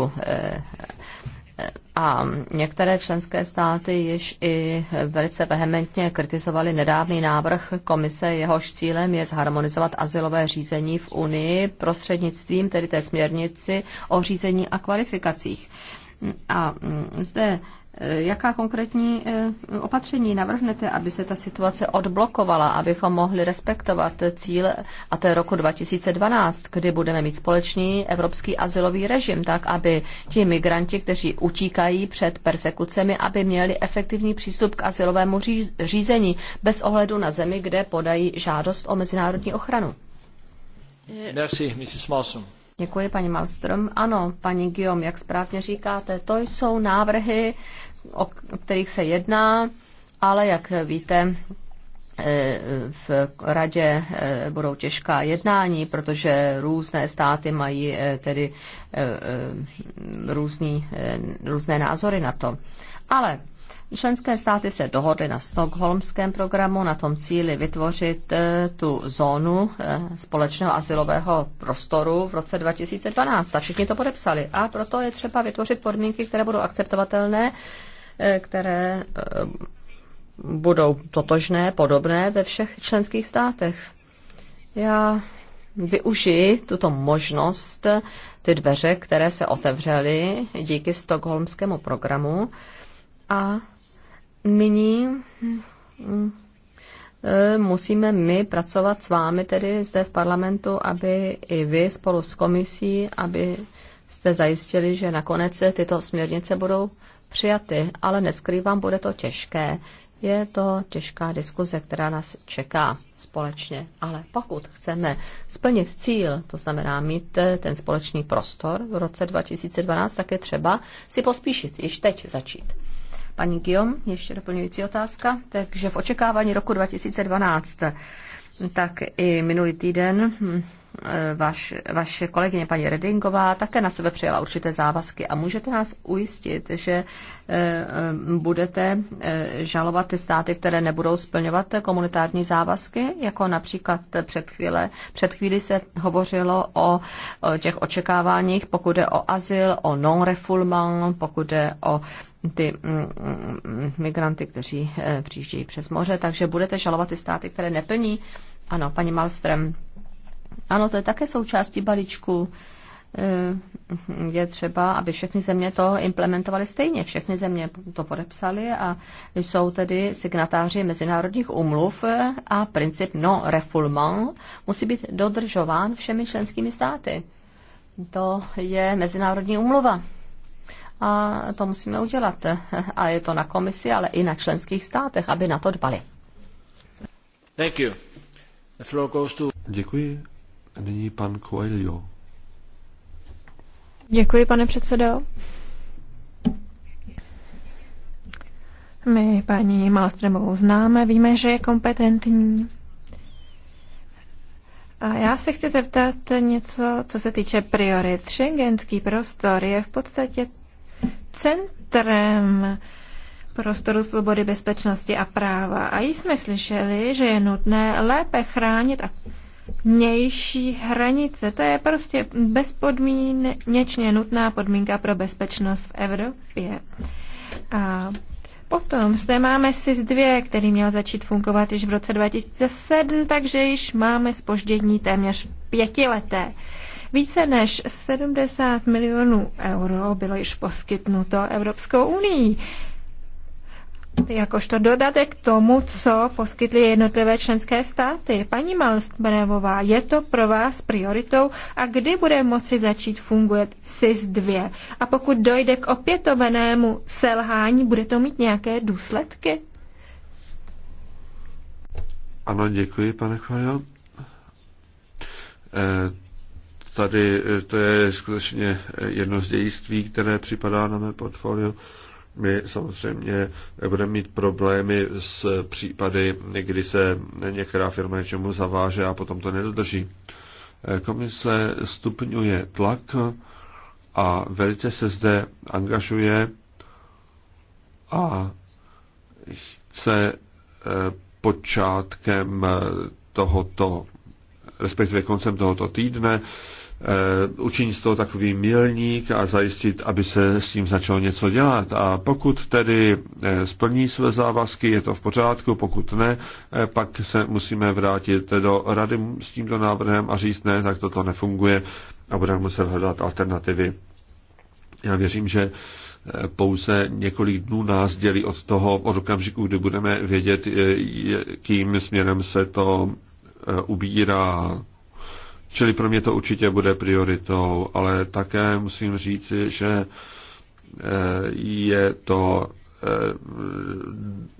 A některé členské státy již i velice vehementně kritizovaly nedávný návrh komise, jehož cílem je zharmonizovat asilové řízení v Unii prostřednictvím tedy té směrnici o řízení a kvalifikacích. A zde Eh, jaká konkrétní eh, opatření navrhnete, aby se ta situace odblokovala, abychom mohli respektovat cíl a to je roku 2012, kdy budeme mít společný evropský asilový režim, tak aby ti migranti, kteří utíkají před persekucemi, aby měli efektivní přístup k asilovému řízení bez ohledu na zemi, kde podají žádost o mezinárodní ochranu. Eh, Merci, Mrs. Malson. Děkuji, paní Malstrom. Ano, paní Giom, jak správně říkáte, to jsou návrhy, o kterých se jedná, ale jak víte, eh, v radě eh, budou těžká jednání, protože různé státy mají eh, tedy různý, různé názory na to. Ale Členské státy se dohodly na Stockholmském programu, na tom cíli vytvořit eh, tu zónu eh, společného asilového prostoru v roce 2012. A všichni to podepsali. A proto je třeba vytvořit podmínky, které budou akceptovatelné, eh, které budou totožné, podobné ve všech členských státech. Já využiji tuto možnost, ty dveře, které se otevřely díky Stockholmskému programu, a nyní hm, eh, musíme my pracovat s vámi tedy zde v parlamentu, aby i vy spolu s komisí, aby jste zajistili, že nakonec tyto směrnice budou přijaty, ale neskrývám, bude to těžké. Je to těžká diskuze, která nás čeká společně, ale pokud chceme splnit cíl, to znamená mít eh, ten společný prostor v roce 2012, tak je třeba si pospíšit, již teď začít. Paní Guillaume, ještě doplňující otázka. Takže v očekávání roku 2012, tak i minulý týden hm, Eh, vaš, vaše kolegyně paní Redingová také na sebe přijala určité závazky a můžete nás ujistit, že eh, eh, budete žalovat ty státy, které nebudou splňovat komunitární závazky, jako například před, chvíle, před chvíli se hovořilo o, o těch očekáváních, pokud je o azyl, o non-refoulement, pokud je o ty mm, mm, mm, migranty, kteří přijíždějí přes moře, takže budete žalovat ty státy, které neplní. Ano, paní Malstrem, ano, to je také součástí balíčku. Eh, je třeba, aby všechny země to implementovaly stejně. Všechny země to podepsaly a jsou tedy signatáři mezinárodních umluv a princip no refoulement musí být dodržován všemi členskými státy. To je mezinárodní umluva a to musíme udělat. A je to na komisi, ale i na členských státech, aby na to dbali. Thank you. The floor goes to... Děkuji. Nyní pan Coelho. Děkuji, pane předsedo. My paní Malstremovou známe, víme, že je kompetentní. A já se chci zeptat něco, co se týče priorit. Schengenský prostor je v podstatě centrem prostoru svobody, bezpečnosti a práva. A jsme slyšeli, že je nutné lépe chránit a vnější hranice. To je prostě bezpodmínečně nutná podmínka pro bezpečnost v Evropě. A Potom zde máme SIS-2, který měl začít fungovat již v roce 2007, takže již máme spoždění téměř pětileté. Více než 70 milionů euro bylo již poskytnuto Evropskou unii jakožto dodatek k tomu, co poskytly jednotlivé členské státy. Paní Malstbrevová, je to pro vás prioritou a kdy bude moci začít fungovat SIS 2? A pokud dojde k opětovenému selhání, bude to mít nějaké důsledky? Ano, děkuji, pane Kojo. Eh, tady eh, to je skutečně eh, jedno z dějství, které připadá na mé portfolio. My samozřejmě budeme mít problémy s případy, kdy se některá firma něčemu zaváže a potom to nedodrží. Eh, komise stupňuje tlak a velice se zde angažuje a chce eh, počátkem tohoto, respektive koncem tohoto týdne, Eh, učinit z toho takový milník a zajistit, aby se s tím začalo něco dělat. A pokud tedy eh, splní své závazky, je to v pořádku, pokud ne, eh, pak se musíme vrátit do rady s tímto návrhem a říct ne, tak toto nefunguje a budeme muset hledat alternativy. Já věřím, že pouze několik dnů nás dělí od toho, od okamžiku, kdy budeme vědět, kým směrem se to ubírá Čili pro mě to určitě bude prioritou, ale také musím říci, že eh, je to eh,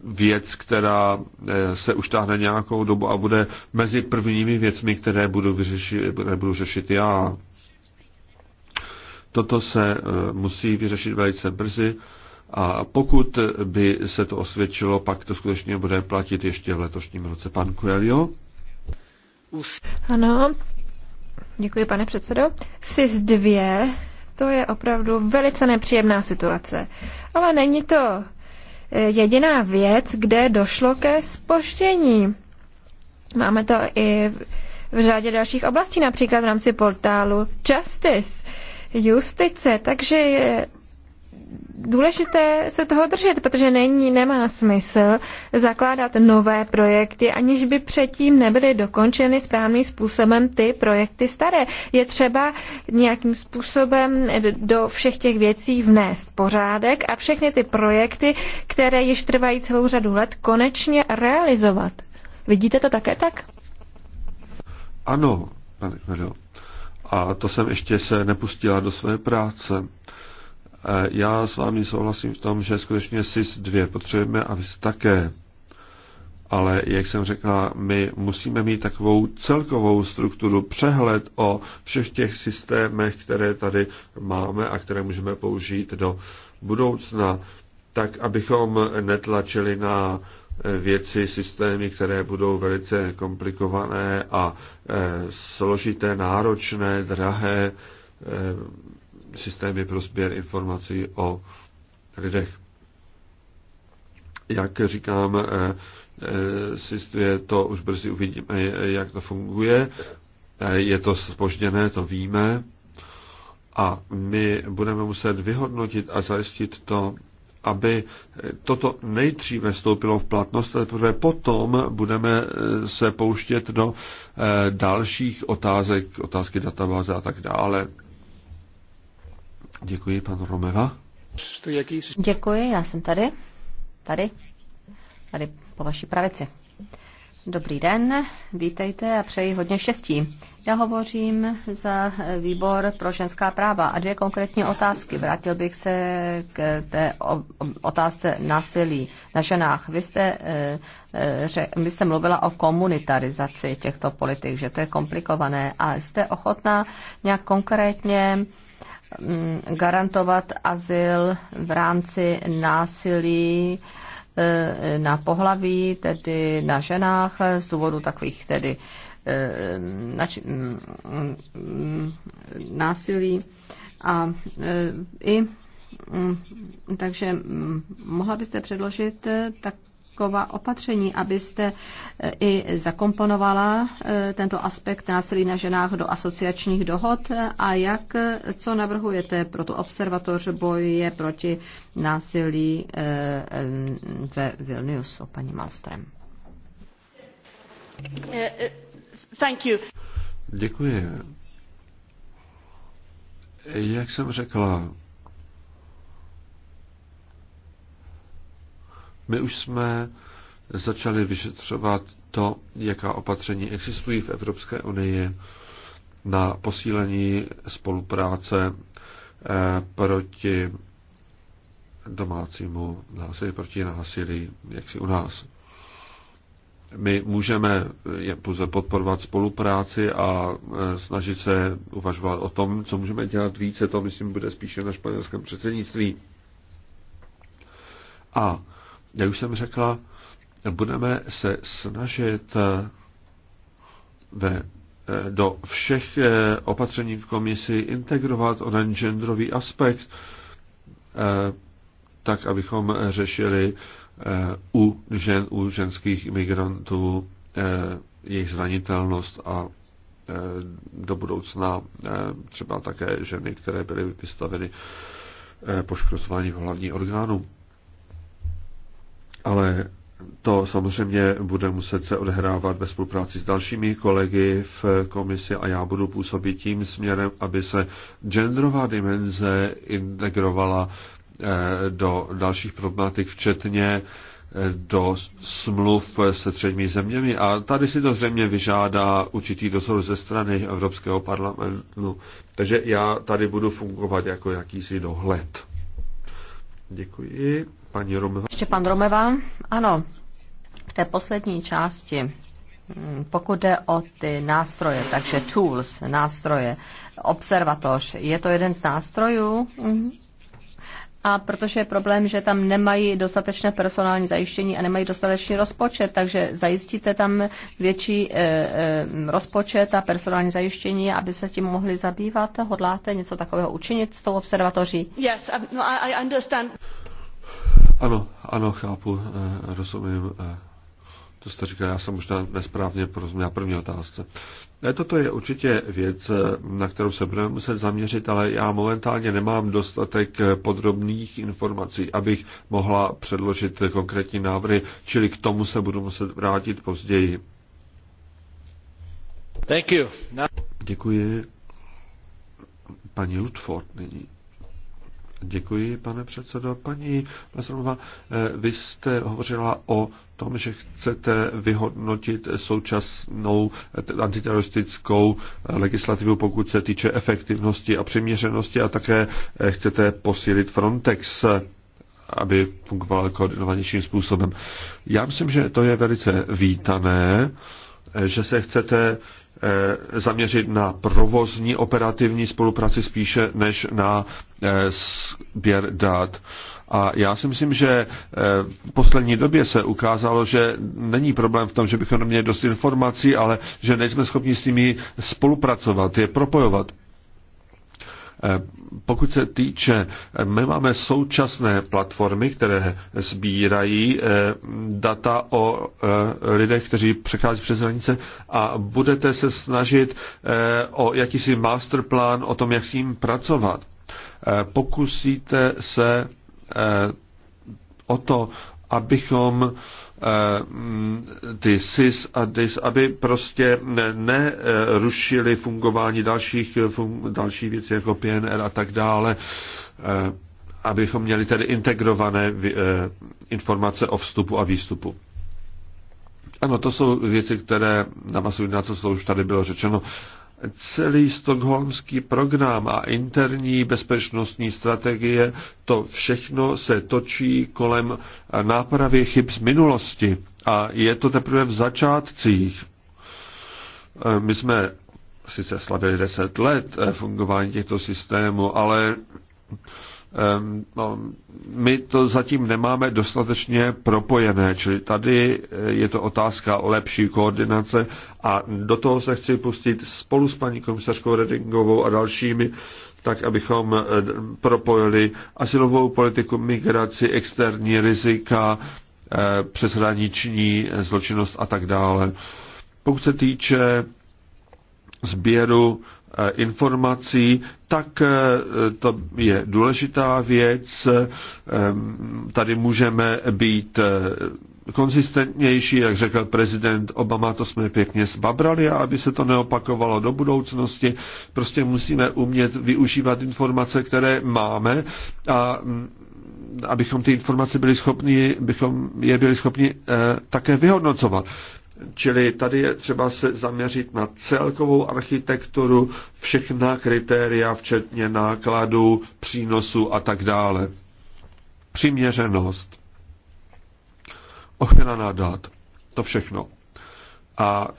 věc, která eh, se už táhne nějakou dobu a bude mezi prvními věcmi, které budu, vyřešit, které budu řešit já. Toto se musí vyřešit velice brzy a pokud by se to osvědčilo, pak to skutečně bude platit ještě v letošním roce. Pan Coelho? Ano, Děkuji, pane předsedo. SIS 2, to je opravdu velice nepříjemná situace. Ale není to eh, jediná věc, kde došlo ke spoštění. Máme to i v řádě dalších oblastí, například v rámci portálu Justice, justice, takže je důležité se toho držet, protože není, nemá smysl zakládat nové projekty, aniž by předtím nebyly dokončeny správným způsobem ty projekty staré. Je třeba nějakým způsobem do všech těch věcí vnést pořádek a všechny ty projekty, které již trvají celou řadu let, konečně realizovat. Vidíte to také tak? Ano, pane A to jsem ještě se nepustila do své práce. Já s vámi souhlasím v tom, že skutečně SIS 2 potřebujeme a vy také. Ale, jak jsem řekla, my musíme mít takovou celkovou strukturu, přehled o všech těch systémech, které tady máme a které můžeme použít do budoucna, tak abychom netlačili na věci, systémy, které budou velice komplikované a e, složité, náročné, drahé, e, systémy pro sběr informací o lidech. Jak říkám, eh, eh, je to už brzy uvidíme, jak to funguje. Eh, je to spožděné, to víme. A my budeme muset vyhodnotit a zajistit to, aby toto nejdříve vstoupilo v platnost, protože potom budeme se pouštět do dalších otázek, otázky databáze a tak dále. Děkuji, pan Romeva. Děkuji, já jsem tady. Tady. Tady po vaší pravici. Dobrý den, vítejte a přeji hodně štěstí. Já hovořím za výbor pro ženská práva a dvě konkrétní otázky. Vrátil bych se k té otázce násilí na ženách. Vy jste, eh, eh, vy jste mluvila o komunitarizaci těchto politik, že to je komplikované a jste ochotná nějak konkrétně Mm, garantovat azyl v rámci násilí e, na pohlaví, tedy na ženách, z důvodu takových tedy e, mm, mm, násilí. A e, i takže mohla byste předložit tak taková opatření, abyste eh, i zakomponovala eh, tento aspekt násilí na ženách do asociačních dohod a jak, eh, co navrhujete pro tu observatoř boje proti násilí ve Vilniusu, paní Malstrem? Thank you. Děkuji. Jak jsem řekla, My už jsme začali vyšetřovat to, jaká opatření existují v Evropské unii na posílení spolupráce eh, proti domácímu násilí, proti násilí, jak si u nás. My můžeme je pouze podporovat spolupráci a eh, snažit se uvažovat o tom, co můžeme dělat více, to myslím bude spíše na španělském předsednictví. A jak už jsem řekla, budeme se snažit eh, ve, eh, do všech eh, opatření v komisi integrovat onen genderový aspekt, tak, abychom řešili u žen, u ženských imigrantů jejich zranitelnost a do budoucna třeba také ženy, které byly vystaveny poškrocování v hlavní orgánu. Ale to samozřejmě bude muset se odehrávat ve spolupráci s dalšími kolegy v komisi a já budu působit tím směrem, aby se genderová dimenze integrovala eh, do dalších problematik, včetně eh, do smluv se třetími zeměmi. A tady si to zřejmě vyžádá určitý dozor ze strany Evropského parlamentu. Takže já tady budu fungovat jako jakýsi dohled. Děkuji paní Romeva. Ještě pan Romeva, ano, v té poslední části, hm, pokud jde o ty nástroje, takže tools, nástroje, observatoř, je to jeden z nástrojů? Mhm. A protože je problém, že tam nemají dostatečné personální zajištění a nemají dostatečný rozpočet, takže zajistíte tam větší e, e, rozpočet a personální zajištění, aby se tím mohli zabývat. Hodláte něco takového učinit s tou observatoří? Yes, um, no, I understand. Ano, ano, chápu, eh, rozumím. Eh, to jste říkal, já jsem možná nesprávně porozuměl první otázce. Toto je určitě věc, eh, na kterou se budeme muset zaměřit, ale já momentálně nemám dostatek podrobných informací, abych mohla předložit konkrétní návrhy, čili k tomu se budu muset vrátit později. Thank you. Now... Děkuji. Paní Lutford nyní. Děkuji, pane předsedo. Paní Masrova, eh, vy jste hovořila o tom, že chcete vyhodnotit současnou eh, antiteroristickou eh, legislativu, pokud se týče efektivnosti a přiměřenosti a také chcete posílit Frontex aby fungovala koordinovanějším způsobem. Já myslím, že to je velice vítané, že se chcete Eh, zaměřit na provozní operativní spolupráci spíše než na eh, sběr dat. A já si myslím, že eh, v poslední době se ukázalo, že není problém v tom, že bychom měli dost informací, ale že nejsme schopni s nimi spolupracovat, je propojovat. Eh, pokud se týče, eh, my máme současné platformy, které sbírají eh, data o lidech, kteří přechází přes hranice a budete se snažit o jakýsi masterplán o tom, jak s ním pracovat. Pokusíte se o to, abychom Eh, ty SIS a DIS, aby prostě nerušili fungování dalších, eh, fun, dalších věcí jako PNR a tak dále, eh, abychom měli tedy integrované informace o vstupu a výstupu. Ano, to jsou věci, které navazují na to, co už tady bylo řečeno celý stokholmský program a interní bezpečnostní strategie, to všechno se točí kolem nápravy chyb z minulosti a je to teprve v začátcích. My jsme sice slavili 10 let eh, fungování těchto systémů, ale no, my to zatím nemáme dostatečně propojené, čili tady eh, je to otázka lepší koordinace a do toho se chci pustit spolu s paní komisařkou Redingovou a dalšími, tak abychom eh, propojili asilovou politiku, migraci, externí rizika, eh, přeshraniční zločinnost a tak dále. Pokud se týče sběru eh, informací, tak to je důležitá věc. Ehm, tady můžeme být konzistentnější, jak řekl prezident Obama, to jsme pěkně zbabrali a aby se to neopakovalo do budoucnosti, prostě musíme umět využívat informace, které máme a mm, abychom ty informace byli schopni, bychom je byli schopni eh, také vyhodnocovat. Čili tady je třeba se zaměřit na celkovou architekturu, všechna kritéria, včetně nákladů, přínosu a tak dále. Přiměřenost ochrana dat, to všechno. A e,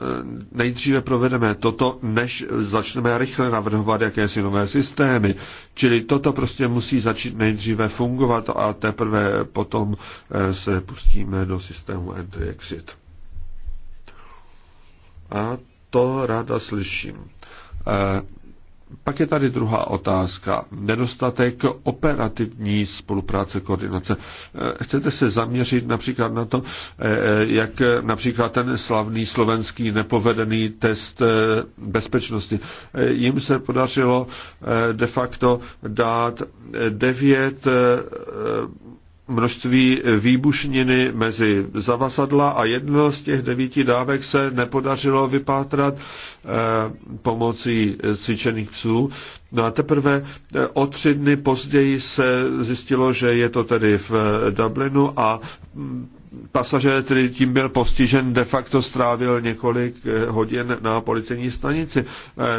nejdříve provedeme toto, než začneme rychle navrhovat jakési nové systémy. Čili toto prostě musí začít nejdříve fungovat a teprve potom e, se pustíme do systému entry-exit. A to ráda slyším. E, pak je tady druhá otázka. Nedostatek operativní spolupráce, koordinace. Eh, chcete se zaměřit například na to, eh, jak například ten slavný slovenský nepovedený test eh, bezpečnosti. Jim se podařilo de facto dát devět množství výbušniny mezi zavazadla a jedno z těch devíti dávek se nepodařilo vypátrat eh, pomocí cvičených psů. No a teprve eh, o tři dny později se zjistilo, že je to tedy v eh, Dublinu a mm, pasažér, který tím byl postižen, de facto strávil několik hodin na policejní stanici.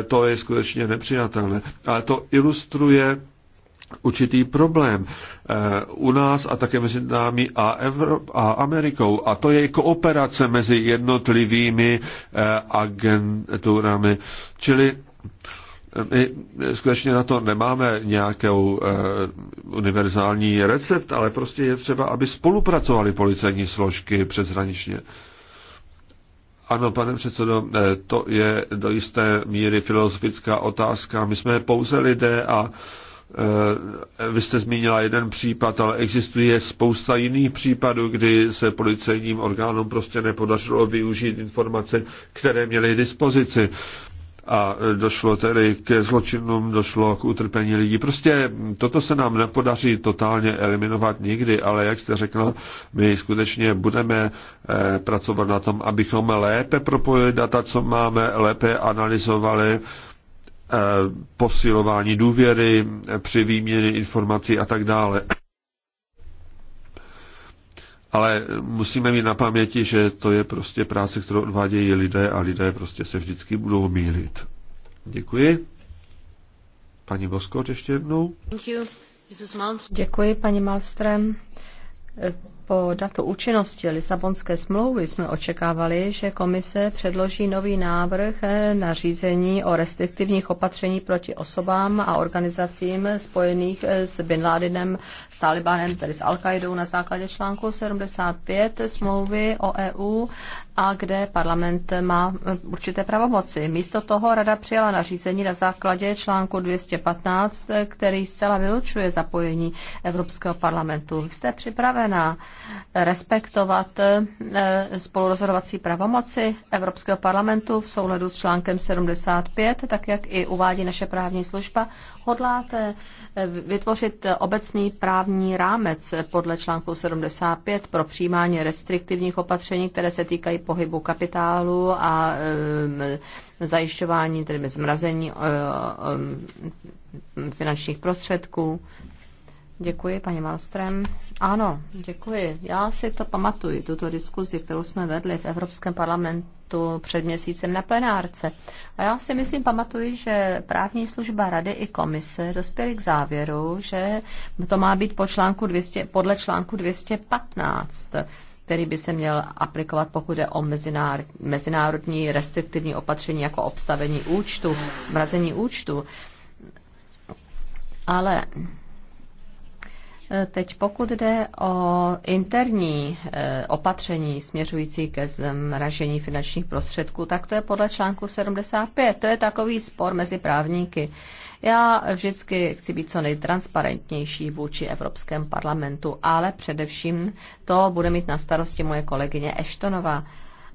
To je skutečně nepřijatelné. Ale to ilustruje určitý problém. Eh, u nás a také mezi námi a, Evrop- a Amerikou. A to je kooperace mezi jednotlivými eh, agenturami. Čili eh, my skutečně na to nemáme nějakou univerzální recept, ale prostě je třeba, aby spolupracovali policejní složky přeshraničně. Ano, pane předsedo, to je do jisté míry filozofická otázka. My jsme pouze lidé a Eh, vy jste zmínila jeden případ, ale existuje spousta jiných případů, kdy se policejním orgánům prostě nepodařilo využít informace, které měly dispozici. A došlo tedy k zločinům, došlo k utrpení lidí. Prostě toto se nám nepodaří totálně eliminovat nikdy, ale jak jste řekla, my skutečně budeme eh, pracovat na tom, abychom lépe propojili data, co máme, lépe analyzovali Eh, posilování důvěry při výměně informací a tak dále. Ale musíme mít na paměti, že to je prostě práce, kterou odvádějí lidé a lidé prostě se vždycky budou mílit. Děkuji. Paní Boskot ještě jednou. Děkuji, paní Malstrem. Po datu účinnosti Lisabonské smlouvy jsme očekávali, že komise předloží nový návrh eh, na řízení o restriktivních opatření proti osobám a organizacím spojených eh, s Bin Ladenem, s Talibanem, tedy s al qaidou na základě článku 75 smlouvy o EU a kde parlament má eh, určité pravomoci. Místo toho rada přijala nařízení na základě článku 215, který zcela vylučuje zapojení Evropského parlamentu. Jste připravená? respektovat eh, spolurozhodovací pravomoci Evropského parlamentu v souladu s článkem 75, tak jak i uvádí naše právní služba, hodláte eh, vytvořit obecný právní rámec podle článku 75 pro přijímání restriktivních opatření, které se týkají pohybu kapitálu a eh, zajišťování, tedy zmrazení finančních prostředků Děkuji, paní Malstrem. Ano, děkuji. Já si to pamatuju, tuto diskuzi, kterou jsme vedli v Evropském parlamentu před měsícem na plenárce. A já si myslím, pamatuju, že právní služba Rady i komise dospěly k závěru, že to má být po článku 200, podle článku 215 který by se měl aplikovat, pokud je o mezinárodní restriktivní opatření jako obstavení účtu, zmrazení účtu. Ale Teď pokud jde o interní eh, opatření směřující ke zmražení finančních prostředků, tak to je podle článku 75. To je takový spor mezi právníky. Já vždycky chci být co nejtransparentnější vůči Evropském parlamentu, ale především to bude mít na starosti moje kolegyně Eštonová.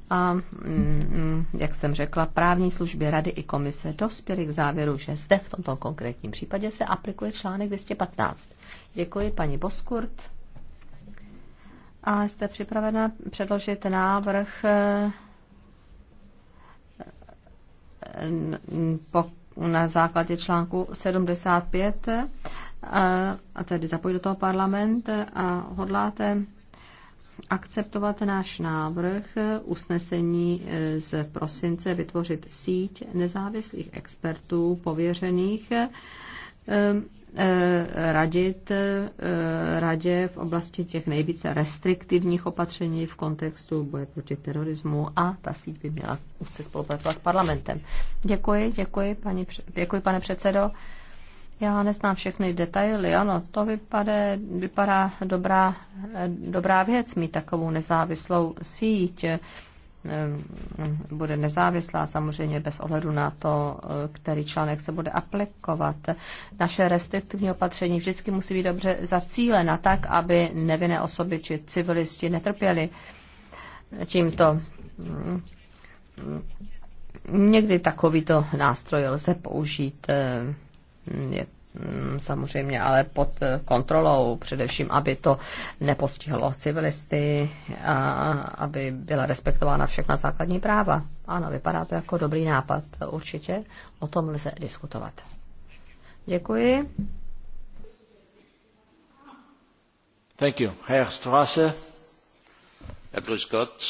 A mm, mm, jak jsem řekla, právní služby Rady i komise dospěly k závěru, že zde v tomto konkrétním případě se aplikuje článek 215. Děkuji, paní Boskurt. A jste připravena předložit návrh eh, na základě článku 75 eh, a tedy zapojit do toho parlament a hodláte akceptovat náš návrh usnesení eh, z prosince vytvořit síť nezávislých expertů pověřených Eh, radit eh, radě v oblasti těch nejvíce restriktivních opatření v kontextu boje proti terorismu a ta síť by měla úzce spolupracovat s parlamentem. Děkuji, děkuji, paní, děkuji pane předsedo. Já neznám všechny detaily, ano, to vypadá, vypadá dobrá, eh, dobrá věc mít takovou nezávislou síť. Eh, bude nezávislá, samozřejmě bez ohledu na to, eh, který článek se bude aplikovat. Naše restriktivní opatření vždycky musí být dobře zacílena tak, aby nevinné osoby či civilisti netrpěli tímto. Někdy takovýto nástroj lze použít. Eh, je Mm, samozřejmě ale pod eh, kontrolou, především, aby to nepostihlo civilisty, a aby byla respektována všechna základní práva. Ano, vypadá to jako dobrý nápad, určitě. O tom lze diskutovat. Děkuji. Thank you. Herr Strasse. Herr Brüskott.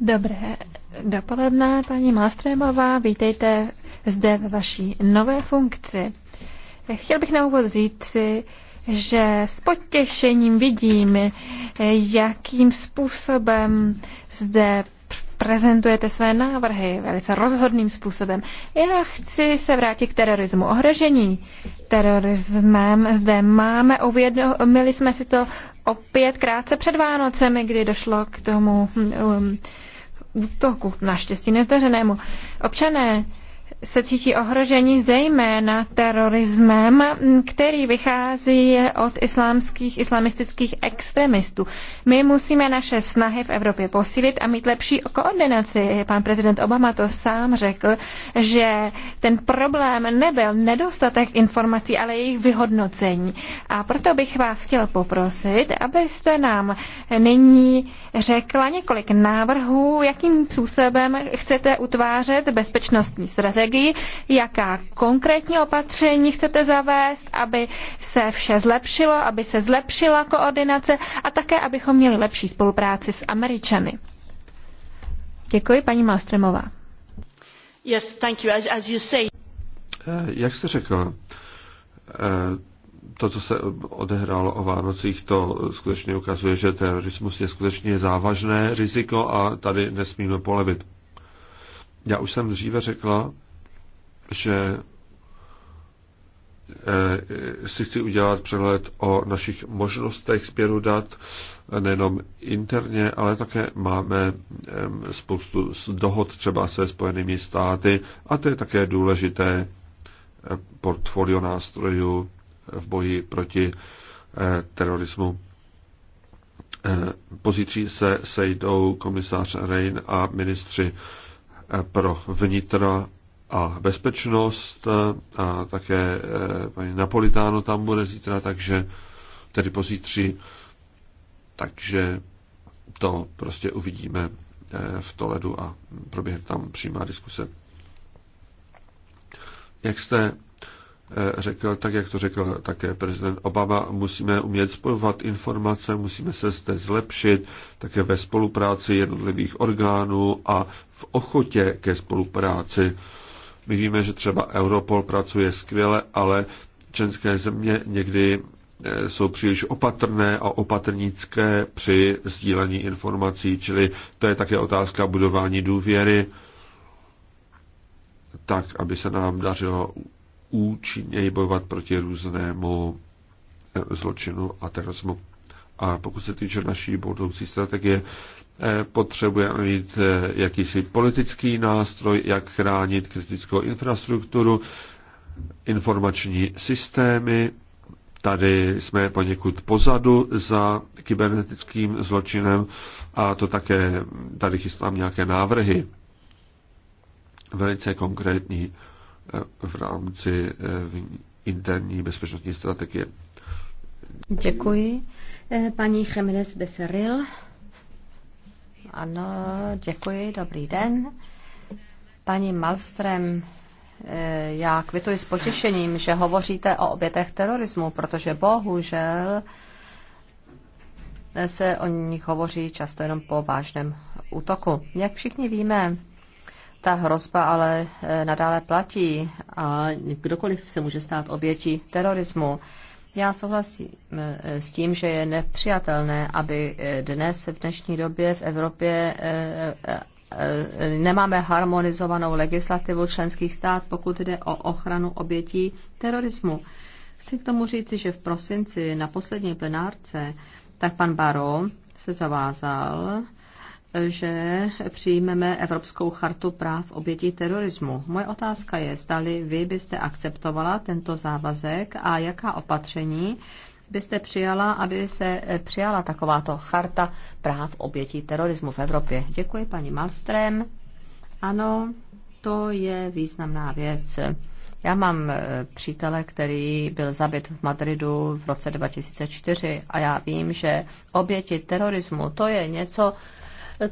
Dobré dopoledne, paní Malstrémová. Vítejte zde ve vaší nové funkci. Chtěl bych na úvod říci, že s potěšením vidím, jakým způsobem zde prezentujete své návrhy velice rozhodným způsobem. Já chci se vrátit k terorismu. Ohrožení terorismem zde máme, uvědomili jsme si to opět krátce před Vánocemi, kdy došlo k tomu um, útoku, naštěstí nezdařenému. Občané se cítí ohroženi zejména terorismem, který vychází od islámských, islamistických extremistů. My musíme naše snahy v Evropě posílit a mít lepší koordinaci. Pan prezident Obama to sám řekl, že ten problém nebyl nedostatek informací, ale jejich vyhodnocení. A proto bych vás chtěl poprosit, abyste nám nyní řekla několik návrhů, jakým způsobem chcete utvářet bezpečnostní strategii strategii, jaká konkrétní opatření chcete zavést, aby se vše zlepšilo, aby se zlepšila koordinace a také, abychom měli lepší spolupráci s Američany. Děkuji, paní Malstremová. Yes, thank you. As, as you say... Eh, jak jste řekl, eh, to, co se odehrálo o Vánocích, to skutečně ukazuje, že terorismus je skutečně závažné riziko a tady nesmíme polevit. Já už jsem dříve řekla, že eh, si chci udělat přehled o našich možnostech sběru dat, nejenom interně, ale také máme eh, spoustu dohod třeba se Spojenými státy a to je také důležité eh, portfolio nástrojů v boji proti terorismu. Pozítří se sejdou komisář Rein a ministři pro vnitra a bezpečnost eh, a také eh, paní Napolitáno tam bude zítra, takže tedy pozítří, takže to prostě uvidíme eh, v Toledu a proběhne tam přímá diskuse. Jak jste řekl, tak jak to řekl také prezident Obama, musíme umět spojovat informace, musíme se zde zlepšit také ve spolupráci jednotlivých orgánů a v ochotě ke spolupráci my víme, že třeba Europol pracuje skvěle, ale členské země někdy eh, jsou příliš opatrné a opatrnické při sdílení informací, čili to je také otázka budování důvěry, tak, aby se nám dařilo účinněji bojovat proti různému eh, zločinu a terorismu. A pokud se týče naší budoucí strategie, Eh, potřebujeme mít eh, jakýsi politický nástroj, jak chránit kritickou infrastrukturu, informační systémy. Tady jsme poněkud pozadu za kybernetickým zločinem a to také tady chystám nějaké návrhy velice konkrétní eh, v rámci interní bezpečnostní strategie. Děkuji. Paní Chemines Beseril. Ano, děkuji, dobrý den. Paní Malstrem, eh, já kvituji s potěšením, že hovoříte o obětech terorismu, protože bohužel se o nich hovoří často jenom po vážném útoku. Jak všichni víme, ta hrozba ale eh, nadále platí a kdokoliv se může stát obětí terorismu. Já souhlasím eh, s tím, že je nepřijatelné, aby eh, dnes, v dnešní době v Evropě eh, nemáme harmonizovanou legislativu členských stát, pokud jde o ochranu obětí terorismu. Chci k tomu říci, že v prosinci na poslední plenárce tak pan Baro se zavázal, že přijmeme Evropskou chartu práv obětí terorismu. Moje otázka je, zdali vy byste akceptovala tento závazek a jaká opatření byste přijala, aby se přijala takováto charta práv obětí terorismu v Evropě. Děkuji, paní Malström. Ano, to je významná věc. Já mám e, přítele, který byl zabit v Madridu v roce 2004 a já vím, že oběti terorismu to je něco, Eh,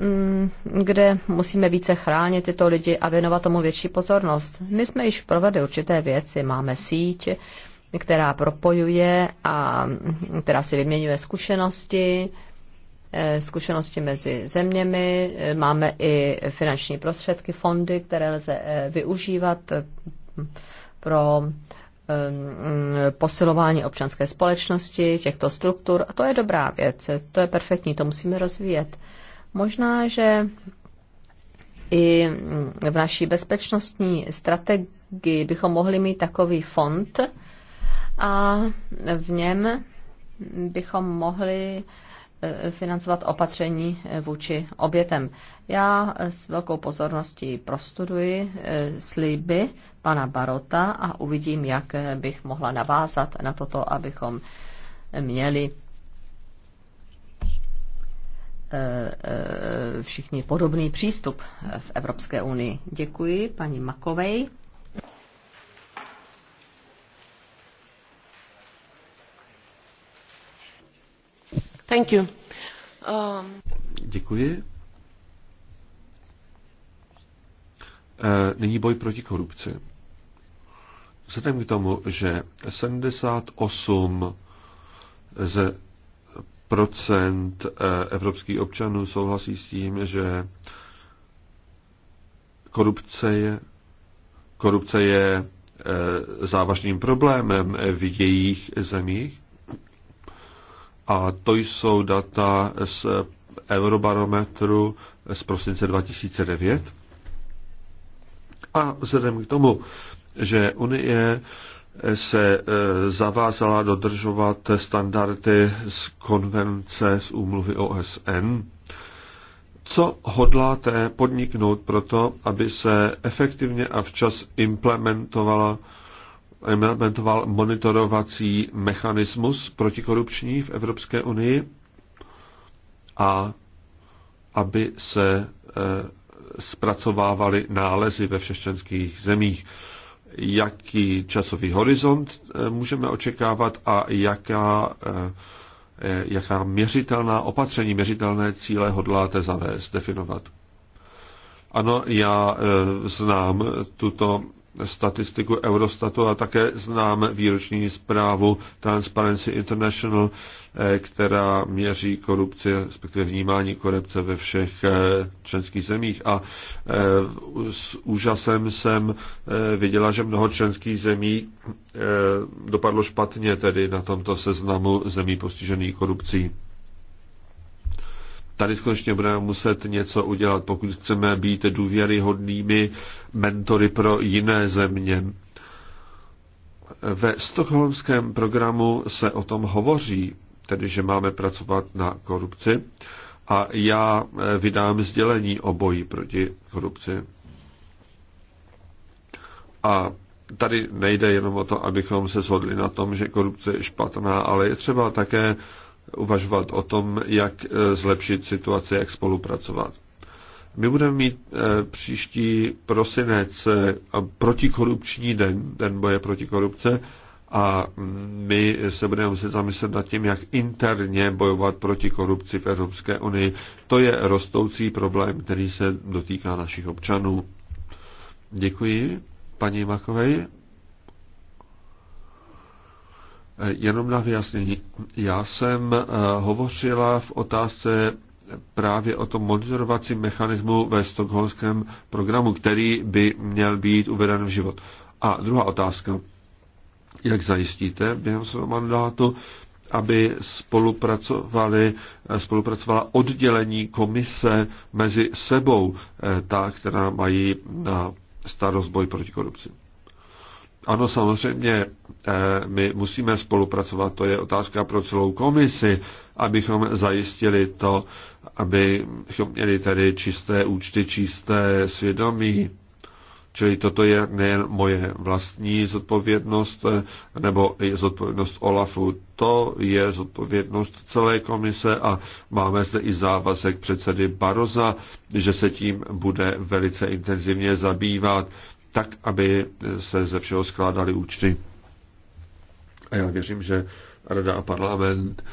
mm, kde musíme více chránit tyto lidi a věnovat tomu větší pozornost. My jsme již provedli určité věci, máme síť, která propojuje a která si vyměňuje zkušenosti, eh, zkušenosti mezi zeměmi, eh, máme i finanční prostředky, fondy, které lze využívat pro Eh, posilování občanské společnosti, těchto struktur. A to je dobrá věc, to je perfektní, to musíme rozvíjet. Možná, že i v naší bezpečnostní strategii bychom mohli mít takový fond a v něm bychom mohli Eh, financovat opatření eh, vůči obětem. Já eh, s velkou pozorností prostuduji sliby pana Barota a uvidím, jak bych mohla navázat na toto, abychom měli všichni podobný přístup v Evropské unii. Děkuji paní Makovej. Thank you. Um... Děkuji. Eh, nyní boj proti korupci. Vzhledem k tomu, že 78 ze procent eh, evropských občanů souhlasí s tím, že korupce je, korupce je eh, závažným problémem v jejich zemích, a to jsou data z Eurobarometru z prosince 2009. A vzhledem k tomu, že Unie se e, zavázala dodržovat standardy z konvence z úmluvy OSN, co hodláte podniknout proto, aby se efektivně a včas implementovala implementoval monitorovací mechanismus protikorupční v Evropské unii a aby se eh, zpracovávaly nálezy ve všech členských zemích. Jaký časový horizont eh, můžeme očekávat a jaká, eh, jaká měřitelná opatření, měřitelné cíle hodláte zavést, definovat? Ano, já znám tuto statistiku Eurostatu a také znám výroční zprávu Transparency International, eh, která měří korupci, respektive vnímání korupce ve všech eh, členských zemích. A eh, s úžasem jsem viděla, že mnoho členských zemí dopadlo špatně tedy na tomto seznamu zemí postižených korupcí tady skutečně budeme muset něco udělat, pokud chceme být důvěryhodnými mentory pro jiné země. Ve stokholmském programu se o tom hovoří, tedy že máme pracovat na korupci a já eh, vydám sdělení o boji proti korupci. A tady nejde jenom o to, abychom se shodli na tom, že korupce je špatná, ale je třeba také uvažovat o tom, jak eh, zlepšit situaci, jak spolupracovat. My budeme mít eh, příští prosinec eh, protikorupční den, den boje proti korupce, a mm, my se budeme muset zamyslet nad tím, jak interně bojovat proti korupci v Evropské unii. To je rostoucí problém, který se dotýká našich občanů. Děkuji paní Makovej. Jenom na vyjasnění. Já jsem eh, hovořila v otázce právě o tom monitorovacím mechanismu ve stokholmském programu, který by měl být uveden v život. A druhá otázka. Jak zajistíte během svého mandátu, aby spolupracovali, eh, spolupracovala oddělení komise mezi sebou, eh, ta, která mají na starost boj proti korupci? Ano, samozřejmě, eh, my musíme spolupracovat, to je otázka pro celou komisi, abychom zajistili to, abychom měli tady čisté účty, čisté svědomí. Čili toto je nejen moje vlastní zodpovědnost, eh, nebo i zodpovědnost OLAFu. To je zodpovědnost celé komise a máme zde i závazek předsedy Baroza, že se tím bude velice intenzivně zabývat tak, aby se ze všeho skládaly účty. A já věřím, že Rada a parlament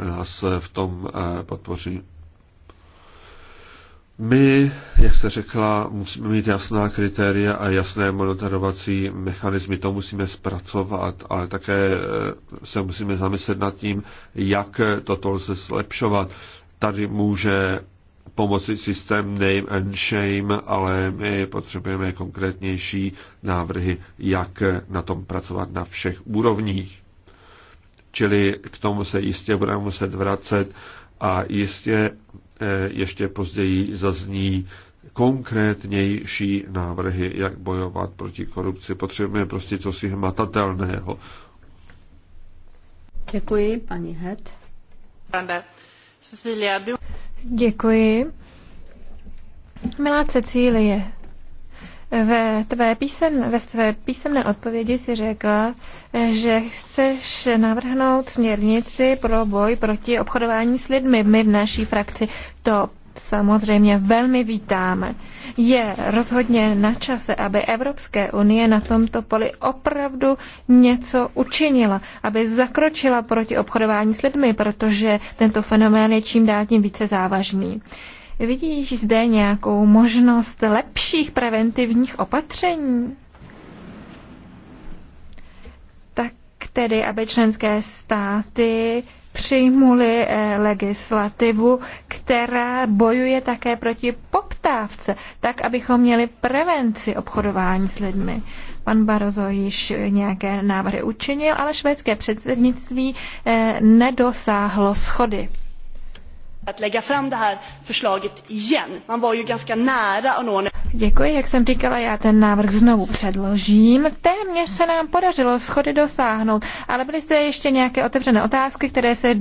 eh, nás v tom eh, podpoří. My, jak jste řekla, musíme mít jasná kritéria a jasné monitorovací mechanizmy. To musíme zpracovat, ale také eh, se musíme zamyslet nad tím, jak toto lze zlepšovat. Tady může pomoci systém name and shame, ale my potřebujeme konkrétnější návrhy, jak na tom pracovat na všech úrovních. Čili k tomu se jistě budeme muset vracet a jistě eh, ještě později zazní konkrétnější návrhy, jak bojovat proti korupci. Potřebujeme prostě si hmatatelného. Děkuji, paní Het. Pane Děkuji. Milá Cecílie, ve tvé, písemné, ve tvé písemné odpovědi si řekla, že chceš navrhnout směrnici pro boj proti obchodování s lidmi. My v naší frakci to samozřejmě velmi vítáme. Je rozhodně na čase, aby Evropské unie na tomto poli opravdu něco učinila, aby zakročila proti obchodování s lidmi, protože tento fenomén je čím dál tím více závažný. Vidíš zde nějakou možnost lepších preventivních opatření? Tak tedy, aby členské státy přijmuli eh, legislativu, která bojuje také proti poptávce, tak abychom měli prevenci obchodování s lidmi. Pan Barozo již nějaké návrhy učinil, ale švédské předsednictví eh, nedosáhlo schody att lägga fram det här förslaget igen. Man var ju ganska nära att nå en... Děkuji, jak jsem říkala, já ten návrh znovu předložím. Téměř se nám podařilo schody dosáhnout, ale byly zde ještě nějaké otevřené otázky, které se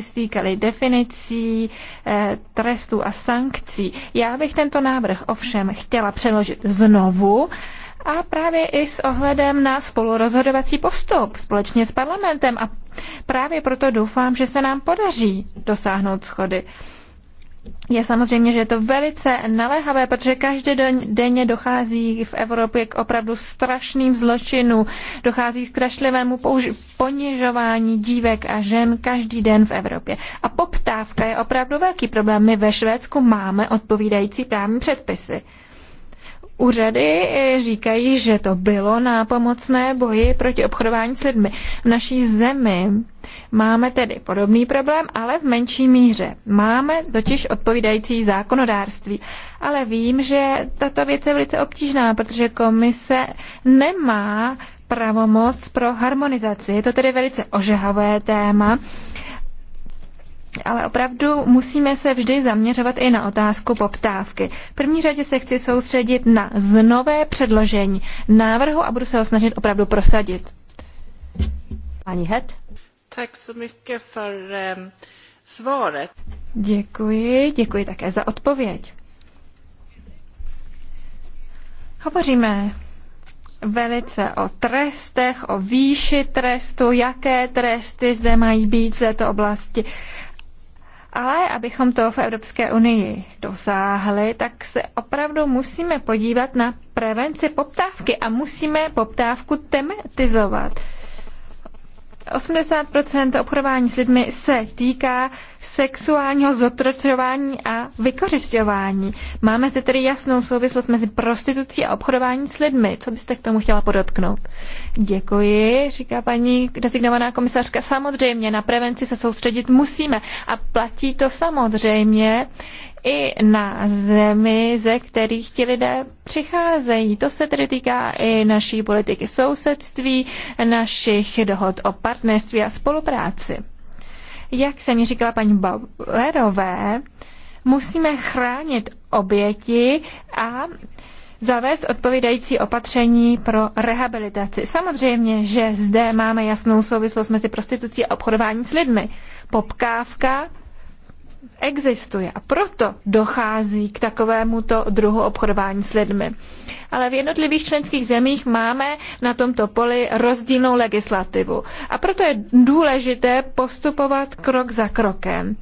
stýkaly definicí, e, eh, trestů a sankcí. Já bych tento návrh ovšem chtěla předložit znovu, a právě i s ohledem na spolurozhodovací postup společně s parlamentem a Právě proto doufám, že se nám podaří dosáhnout schody. Je samozřejmě, že je to velice naléhavé, protože každý den, denně dochází v Evropě k opravdu strašným zločinům, dochází k strašlivému ponižování dívek a žen každý den v Evropě. A poptávka je opravdu velký problém. My ve Švédsku máme odpovídající právní předpisy. Úřady eh, říkají, že to bylo na pomocné boji proti obchodování s lidmi. V naší zemi máme tedy podobný problém, ale v menší míře. Máme totiž odpovídající zákonodárství. Ale vím, že tato věc je velice obtížná, protože komise nemá pravomoc pro harmonizaci. Je to tedy velice ožehavé téma ale opravdu musíme se vždy zaměřovat i na otázku poptávky. V první řadě se chci soustředit na znové předložení návrhu a budu se ho snažit opravdu prosadit. Pani Het. Tak so for, um, ehm, svaret. Děkuji, děkuji také za odpověď. Hovoříme velice o trestech, o výši trestu, jaké tresty zde mají být v této oblasti. Ale abychom to v Evropské unii dosáhli, tak se opravdu musíme podívat na prevenci poptávky a musíme poptávku tematizovat. 80 obchodování s lidmi se týká sexuálního zotročování a vykořišťování. Máme zde tedy jasnou souvislost mezi prostitucí a obchodování s lidmi. Co byste k tomu chtěla podotknout? Děkuji, říká paní designovaná komisařka. Samozřejmě na prevenci se soustředit musíme a platí to samozřejmě i na zemi, ze kterých ti lidé přicházejí. To se tedy týká i naší politiky sousedství, našich dohod o partnerství a spolupráci. Jak jsem ji říkala paní Bauerové, musíme chránit oběti a zavést odpovídající opatření pro rehabilitaci. Samozřejmě, že zde máme jasnou souvislost mezi prostitucí a obchodováním s lidmi. Popkávka existuje a proto dochází k takovémuto druhu obchodování s lidmi. Ale v jednotlivých členských zemích máme na tomto poli rozdílnou legislativu a proto je důležité postupovat krok za krokem.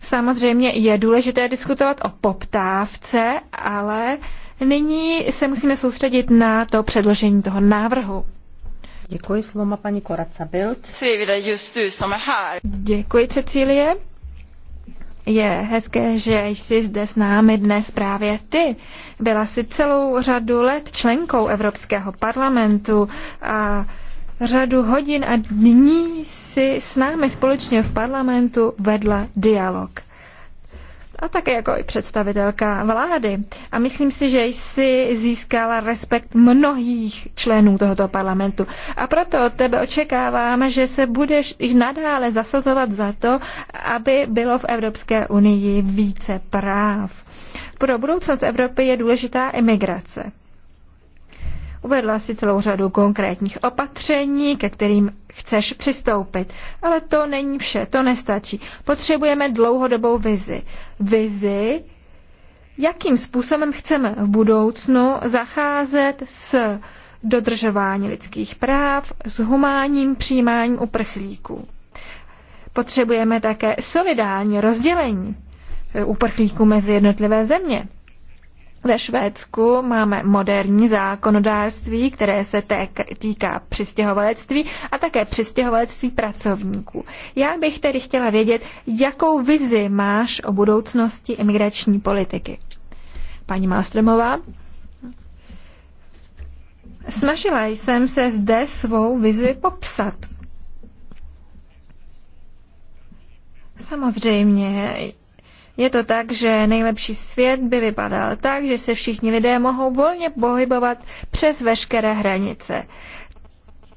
Samozřejmě je důležité diskutovat o poptávce, ale nyní se musíme soustředit na to předložení toho návrhu. Děkuji, slovo má paní Koraca Bild. Děkuji, Cecílie. Je hezké, že jsi zde s námi dnes právě ty. Byla jsi celou řadu let členkou Evropského parlamentu a řadu hodin a dní si s námi společně v parlamentu vedla dialog a také jako i představitelka vlády. A myslím si, že jsi získala respekt mnohých členů tohoto parlamentu. A proto od tebe očekáváme, že se budeš i nadále zasazovat za to, aby bylo v Evropské unii více práv. Pro budoucnost Evropy je důležitá imigrace. Uvedla si celou řadu konkrétních opatření, ke kterým chceš přistoupit. Ale to není vše, to nestačí. Potřebujeme dlouhodobou vizi. Vizi, jakým způsobem chceme v budoucnu zacházet s dodržování lidských práv, s humánním přijímáním uprchlíků. Potřebujeme také solidární rozdělení uprchlíků mezi jednotlivé země. Ve Švédsku máme moderní zákonodárství, které se týká přistěhovalectví a také přistěhovalectví pracovníků. Já bych tedy chtěla vědět, jakou vizi máš o budoucnosti imigrační politiky. Paní Malstromová, snažila jsem se zde svou vizi popsat. Samozřejmě, je to tak, že nejlepší svět by vypadal tak, že se všichni lidé mohou volně pohybovat přes veškeré hranice.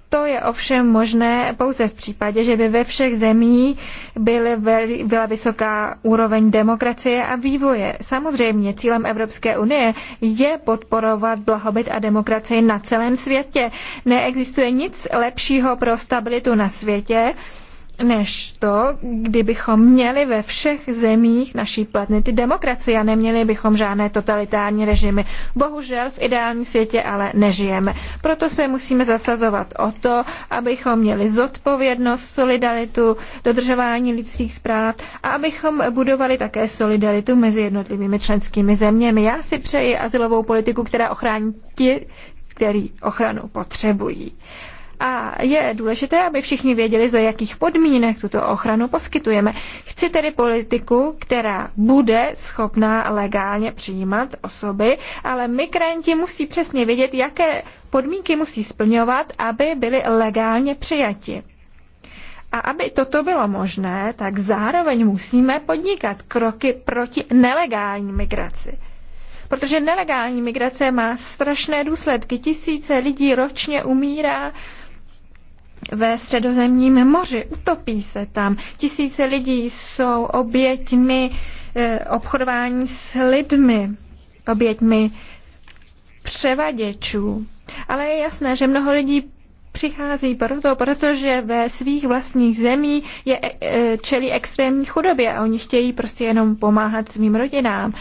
To je ovšem možné pouze v případě, že by ve všech zemích byly, byla vysoká úroveň demokracie a vývoje. Samozřejmě cílem Evropské unie je podporovat blahobyt a demokracii na celém světě. Neexistuje nic lepšího pro stabilitu na světě, než to, kdybychom měli ve všech zemích naší planety demokracii a neměli bychom žádné totalitární režimy. Bohužel v ideálním světě ale nežijeme. Proto se musíme zasazovat o to, abychom měli zodpovědnost, solidaritu, dodržování lidských zpráv a abychom budovali také solidaritu mezi jednotlivými členskými zeměmi. Já si přeji asilovou politiku, která ochrání ti, který ochranu potřebují. A je důležité, aby všichni věděli, za jakých podmínek tuto ochranu poskytujeme. Chci tedy politiku, která bude schopná legálně přijímat osoby, ale migranti musí přesně vědět, jaké podmínky musí splňovat, aby byly legálně přijati. A aby toto bylo možné, tak zároveň musíme podnikat kroky proti nelegální migraci. Protože nelegální migrace má strašné důsledky. Tisíce lidí ročně umírá ve středozemním moři, utopí se tam. Tisíce lidí jsou oběťmi eh, obchodování s lidmi, oběťmi převaděčů. Ale je jasné, že mnoho lidí přichází proto, protože ve svých vlastních zemí je, eh, čelí extrémní chudobě a oni chtějí prostě jenom pomáhat svým rodinám.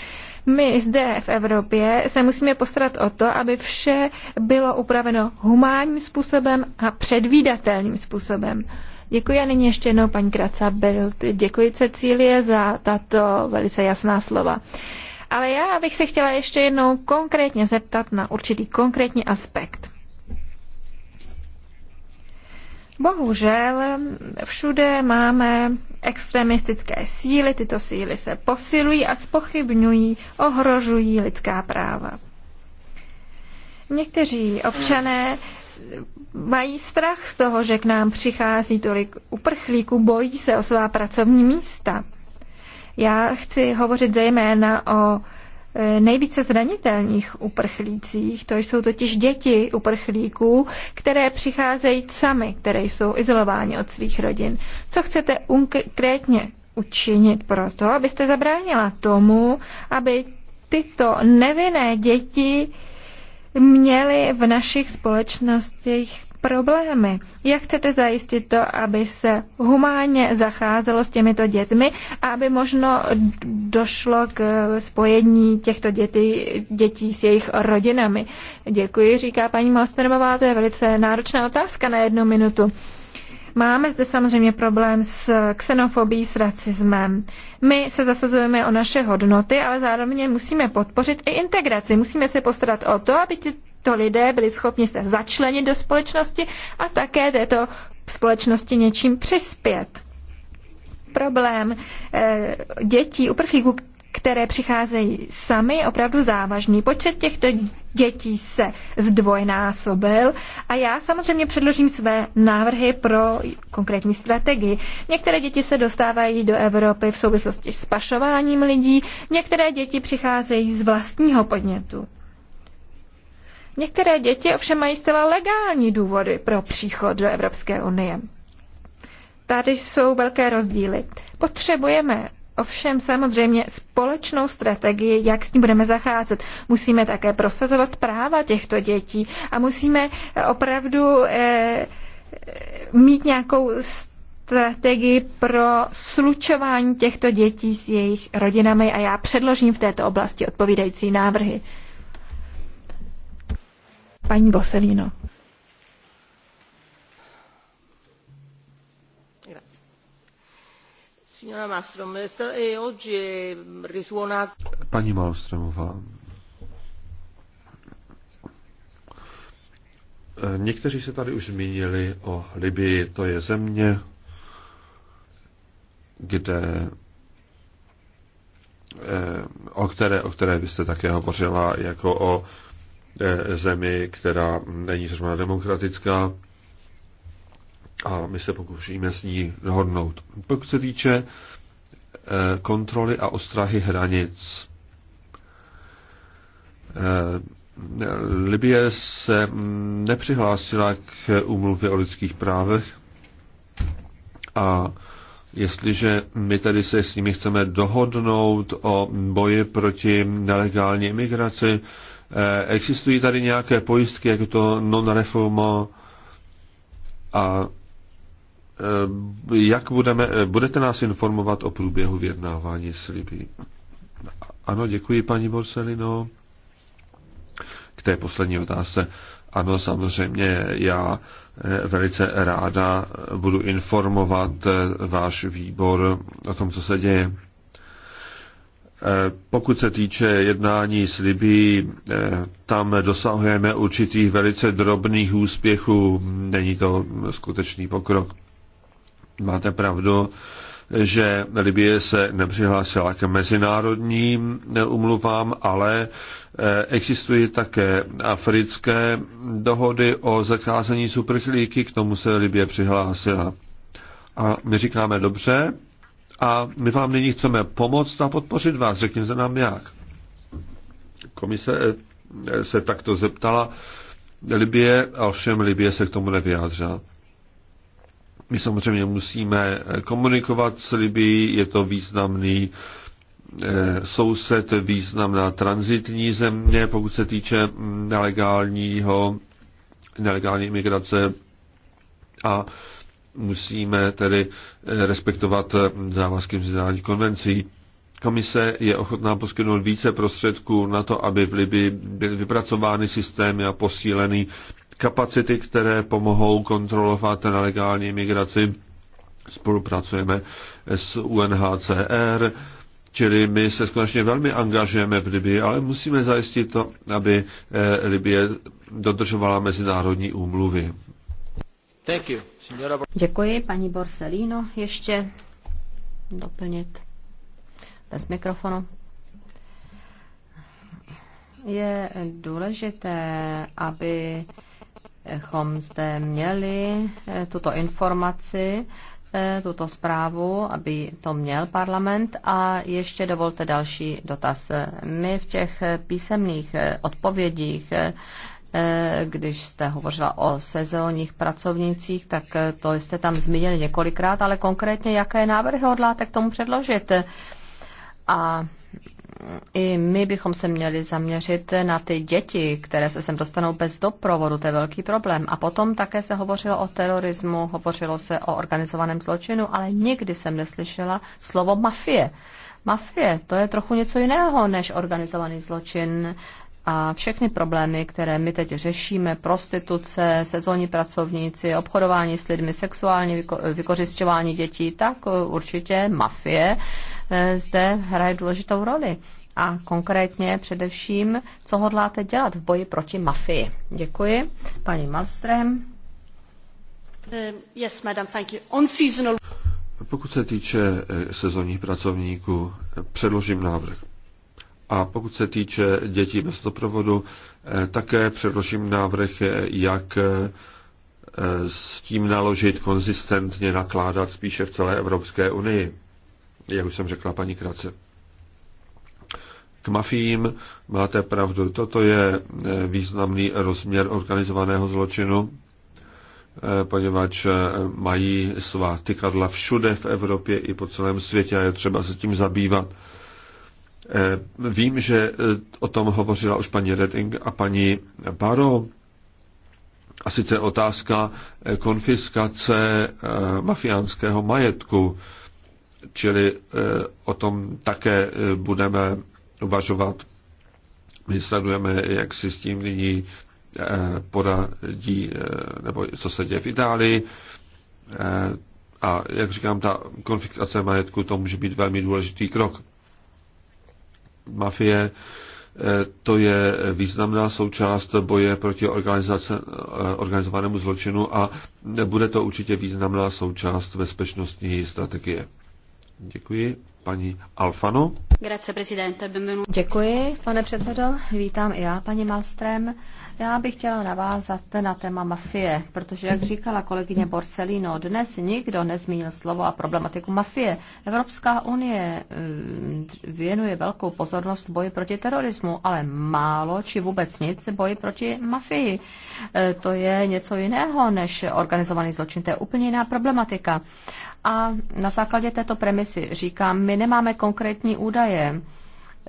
My zde v Evropě se musíme postarat o to, aby vše bylo upraveno humánním způsobem a předvídatelným způsobem. Děkuji a nyní ještě jednou paní Kraca Bild. Děkuji Cecílie za tato velice jasná slova. Ale já bych se chtěla ještě jednou konkrétně zeptat na určitý konkrétní aspekt. Bohužel všude máme extremistické síly, tyto síly se posilují a spochybňují, ohrožují lidská práva. Někteří občané mají strach z toho, že k nám přichází tolik uprchlíků, bojí se o svá pracovní místa. Já chci hovořit zejména o nejvíce zranitelných uprchlících. To jsou totiž děti uprchlíků, které přicházejí sami, které jsou izolováni od svých rodin. Co chcete konkrétně učinit pro to, abyste zabránila tomu, aby tyto nevinné děti měly v našich společnostech problémy. Jak chcete zajistit to, aby se humánně zacházelo s těmito dětmi a aby možno došlo k spojení těchto dětí, dětí s jejich rodinami? Děkuji, říká paní Malsmermová, to je velice náročná otázka na jednu minutu. Máme zde samozřejmě problém s xenofobí, s racismem. My se zasazujeme o naše hodnoty, ale zároveň musíme podpořit i integraci. Musíme se postarat o to, aby tito lidé byli schopni se začlenit do společnosti a také této společnosti něčím přispět. Problém eh, dětí uprchlíků, které přicházejí sami, opravdu závažný. Počet těchto dětí se zdvojnásobil a já samozřejmě předložím své návrhy pro konkrétní strategii. Některé děti se dostávají do Evropy v souvislosti s pašováním lidí, některé děti přicházejí z vlastního podnětu. Některé děti ovšem mají zcela legální důvody pro příchod do Evropské unie. Tady jsou velké rozdíly. Potřebujeme ovšem samozřejmě společnou strategii, jak s tím budeme zacházet. Musíme také prosazovat práva těchto dětí a musíme opravdu eh, eh mít nějakou strategii pro slučování těchto dětí s jejich rodinami a já předložím v této oblasti odpovídající návrhy. Paní Boselino. Paní Malstromová, eh, eh, někteří se tady už zmínili o Libii. To je země, kde eh, o které, o které byste také hovořila jako o Eh, zemi, která není zrovna demokratická a my se pokoušíme s ní dohodnout. Pokud se týče eh, kontroly a ostrahy hranic, eh, Libie se nepřihlásila k úmluvě o lidských právech a jestliže my tady se s nimi chceme dohodnout o boji proti nelegální imigraci, Eh, existují tady nějaké pojistky, jako to non-reforma a eh, jak budeme, eh, budete nás informovat o průběhu vyjednávání s Libí? Ano, děkuji paní Borselino. K té poslední otázce. Ano, samozřejmě já velice ráda budu informovat váš výbor o tom, co se děje. Eh, pokud se týče jednání s Libí, eh, tam dosahujeme určitých velice drobných úspěchů. Není to skutečný pokrok. Máte pravdu, že Libie se nepřihlásila k mezinárodním eh, umluvám, ale existují také africké dohody o zakázení superchlíky, k tomu se Libie přihlásila. A my říkáme dobře, a my vám nyní chceme pomoct a podpořit vás. Řekněte nám jak. Komise eh, eh, se takto zeptala Libie, a všem Libie se k tomu nevyjádřila. My samozřejmě musíme eh, komunikovat s Libií, je to významný soused, významná transitní země, pokud se týče mm, nelegálního, nelegální imigrace a musíme tedy eh, respektovat eh, závazky mezinárodních konvencí. Komise je ochotná poskytnout více prostředků na to, aby v Libii byly vypracovány systémy a posílený kapacity, které pomohou kontrolovat nelegální migraci. Spolupracujeme s UNHCR, čili my se skutečně velmi angažujeme v Libii, ale musíme zajistit to, aby eh, Libie dodržovala mezinárodní úmluvy. Děkuji, paní Borsellino. Ještě doplnit bez mikrofonu. Je důležité, abychom zde měli eh, tuto informaci, eh, tuto zprávu, aby to měl parlament. A ještě dovolte další dotaz. My v těch eh, písemných odpovědích Eh, když jste hovořila o sezónních pracovnicích, tak eh, to jste tam zmínili několikrát, ale konkrétně jaké návrhy hodláte k tomu předložit? A mm, i my bychom se měli zaměřit na ty děti, které se sem dostanou bez doprovodu, to je velký problém. A potom také se hovořilo o terorismu, hovořilo se o organizovaném zločinu, ale nikdy jsem neslyšela slovo mafie. Mafie, to je trochu něco jiného než organizovaný zločin a všechny problémy, které my teď řešíme, prostituce, sezónní pracovníci, obchodování s lidmi, sexuální vyko- vykořišťování dětí, tak eh, určitě mafie eh, zde hraje důležitou roli. A konkrétně především, co hodláte dělat v boji proti mafii? Děkuji. Paní Malström. Um, yes, madam, thank you. On seasonal... Pokud se týče eh, sezónních pracovníků, předložím návrh. A pokud se týče dětí bez doprovodu, eh, také předložím návrh, eh, jak eh, s tím naložit konzistentně nakládat spíše v celé Evropské unii, jak už jsem řekla paní Krace. K mafiím máte pravdu. Toto je významný rozměr organizovaného zločinu, poněvadž mají svá tykadla všude v Evropě i po celém světě a je třeba se tím zabývat. Eh, vím, že eh, o tom hovořila už paní Redding a paní Baro. A sice otázka eh, konfiskace mafiánského majetku, čili o tom také budeme uvažovat. My sledujeme, jak si s tím nyní poradí, nebo co se děje v Itálii. A jak říkám, ta konfiskace majetku, to může být velmi důležitý krok mafie, eh, to je významná součást boje proti eh, organizovanému zločinu a bude to určitě významná součást bezpečnostní strategie. Děkuji. Paní Alfano. Grazie Děkuji, pane předsedo. Vítám i já, paní Malstrem. Já bych chtěla navázat na téma mafie, protože, jak říkala kolegyně Borsellino, dnes nikdo nezmínil slovo a problematiku mafie. Evropská unie mm, věnuje velkou pozornost boji proti terorismu, ale málo či vůbec nic boji proti mafii. E, to je něco jiného než organizovaný zločin, to je úplně jiná problematika. A na základě této premisy říkám, my nemáme konkrétní údaje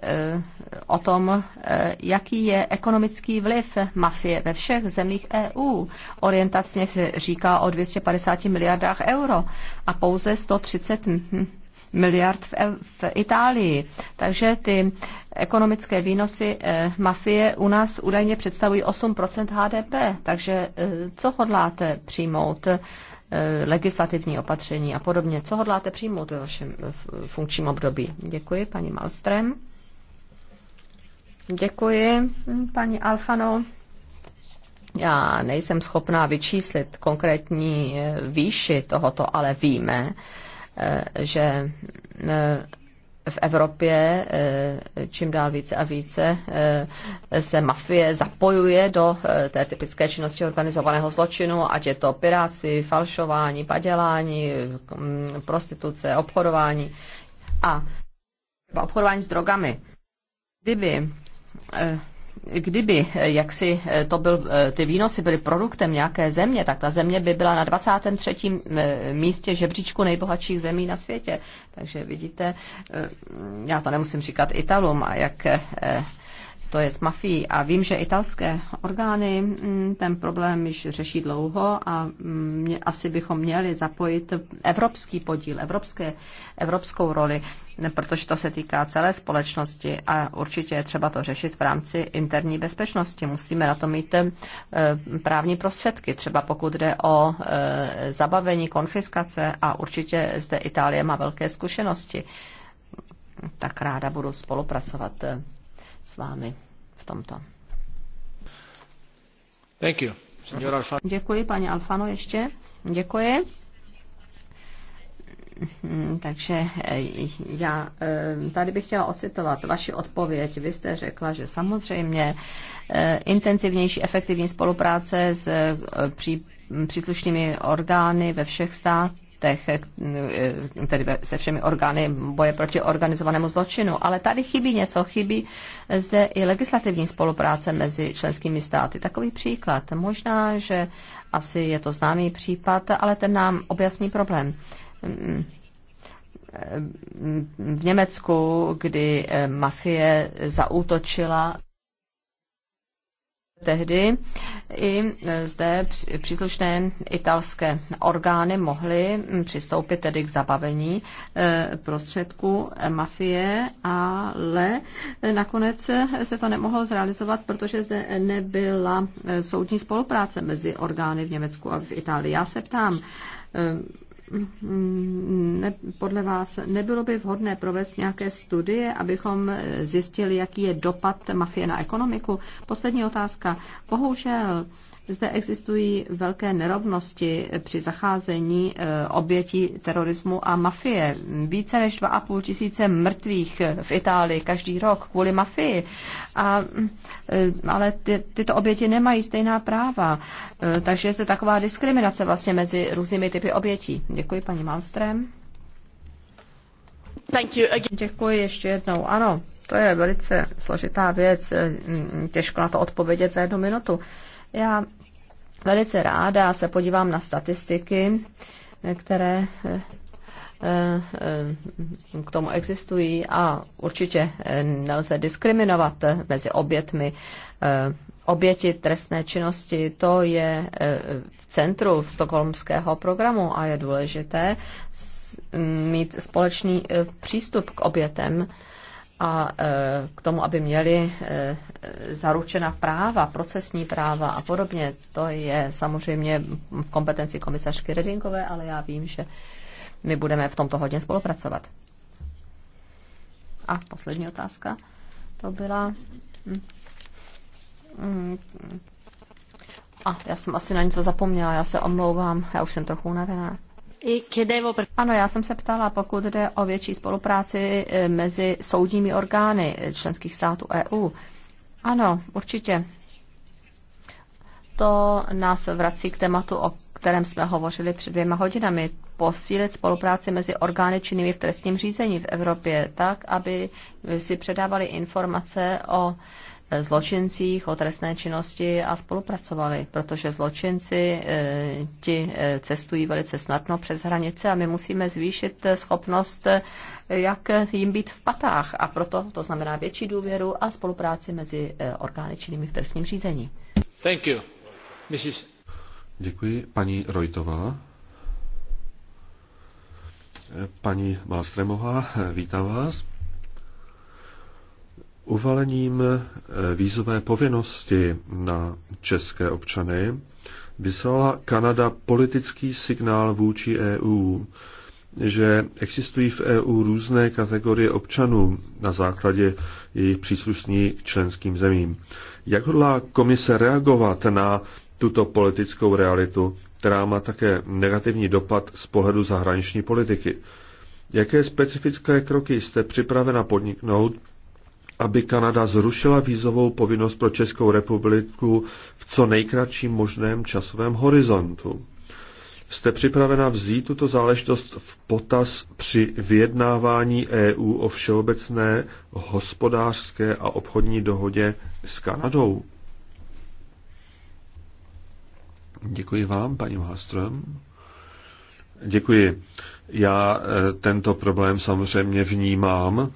Eh, o tom, eh, jaký je ekonomický vliv mafie ve všech zemích EU. Orientacně se říká o 250 miliardách euro a pouze 130 hm, miliard v, e v Itálii. Takže ty ekonomické výnosy eh, mafie u nás údajně představují 8 HDP. Takže co hodláte přijmout? Eh, legislativní opatření a podobně. Co hodláte přijmout ve vašem funkčním období? Děkuji, paní Malstrem. Děkuji, paní Alfano. Já nejsem schopná vyčíslit konkrétní eh, výši tohoto, ale víme, eh, že eh, v Evropě čím dál více a více se mafie zapojuje do té typické činnosti organizovaného zločinu, ať je to piráctví, falšování, padělání, mm, prostituce, obchodování a obchodování s drogami. Kdyby Eh, kdyby eh, jak si eh, to byl, ty výnosy byly produktem nějaké země, tak ta země by byla na 23. místě žebříčku nejbohatších zemí na světě. Takže vidíte, já to nemusím říkat Italům, jak to je s mafií. A vím, že italské orgány mm, ten problém již řeší dlouho a mm, mě, asi bychom měli zapojit evropský podíl, evropské, evropskou roli, protože to se týká celé společnosti a určitě je třeba to řešit v rámci interní bezpečnosti. Musíme na to mít eh, právní prostředky, třeba pokud jde o eh, zabavení, konfiskace a určitě zde Itálie má velké zkušenosti tak ráda budu spolupracovat eh, s vámi v tomto. Thank you. Děkuji, paní Alfano, ještě. Děkuji. Mm, takže eh, já eh, tady bych chtěla ocitovat vaši odpověď. Vy jste řekla, že samozřejmě eh, intenzivnější, efektivní spolupráce s příslušnými orgány ve všech státech těch eh, tedy se všemi orgány boje proti organizovanému zločinu. Ale tady chybí něco, chybí zde i legislativní spolupráce mezi členskými státy. Takový příklad. Možná, že asi je to známý případ, ale ten nám objasní problém v Německu, kdy eh, mafie zaútočila Tehdy i e, zde příslušné italské orgány mohly přistoupit tedy k zabavení e, prostředků mafie, ale nakonec se to nemohlo zrealizovat, protože zde nebyla e, soudní spolupráce mezi orgány v Německu a v Itálii. Já se ptám, ne, podle vás nebylo by vhodné provést nějaké studie, abychom zjistili, jaký je dopad mafie na ekonomiku? Poslední otázka. Bohužel zde existují velké nerovnosti při zacházení eh, obětí terorismu a mafie. Více než 2,5 tisíce mrtvých eh, v Itálii každý rok kvůli mafii. A, eh, ale ty, tyto oběti nemají stejná práva. Takže je zde taková diskriminace vlastně mezi různými typy obětí. Děkuji paní Malström. Děkuji ještě jednou. Ano, to je velice složitá věc. Hm, hm, těžko na to odpovědět za jednu minutu. Já Velice ráda se podívám na statistiky, které eh, eh, k tomu existují a určitě eh, nelze diskriminovat mezi obětmi. Oběti trestné činnosti, to je v centru stokholmského programu a je důležité mít společný přístup k obětem a e, k tomu, aby měli e, zaručena práva, procesní práva a podobně. To je samozřejmě v kompetenci komisařky Redingové, ale já vím, že my budeme v tomto hodně spolupracovat. A poslední otázka to byla. Hm, hm, a já jsem asi na něco zapomněla, já se omlouvám, já už jsem trochu unavená. Ano, já jsem se ptala, pokud jde o větší spolupráci e, mezi soudními orgány e, členských států EU. Ano, určitě. To nás vrací k tématu, o kterém jsme hovořili před dvěma hodinami. Posílit spolupráci mezi orgány činnými v trestním řízení v Evropě tak, aby si předávali informace o zločincích, o trestné činnosti a spolupracovali, protože zločinci e, ti e, cestují velice snadno přes hranice a my musíme zvýšit schopnost, e, jak jim být v patách. A proto to znamená větší důvěru a spolupráci mezi orgány činnými v trestním řízení. Thank you. Mrs. Děkuji. Paní Rojtová. Paní Malstremová, vítám vás. Uvalením eh, vízové povinnosti na české občany vyslala Kanada politický signál vůči EU, že existují v EU různé kategorie občanů na základě jejich příslušní k členským zemím. Jak hodlá komise reagovat na tuto politickou realitu, která má také negativní dopad z pohledu zahraniční politiky? Jaké specifické kroky jste připravena podniknout, aby Kanada zrušila vízovou povinnost pro Českou republiku v co nejkratším možném časovém horizontu. Jste připravena vzít tuto záležitost v potaz při vyjednávání EU o všeobecné hospodářské a obchodní dohodě s Kanadou? Děkuji vám, paní Malström. Děkuji. Já eh, tento problém samozřejmě vnímám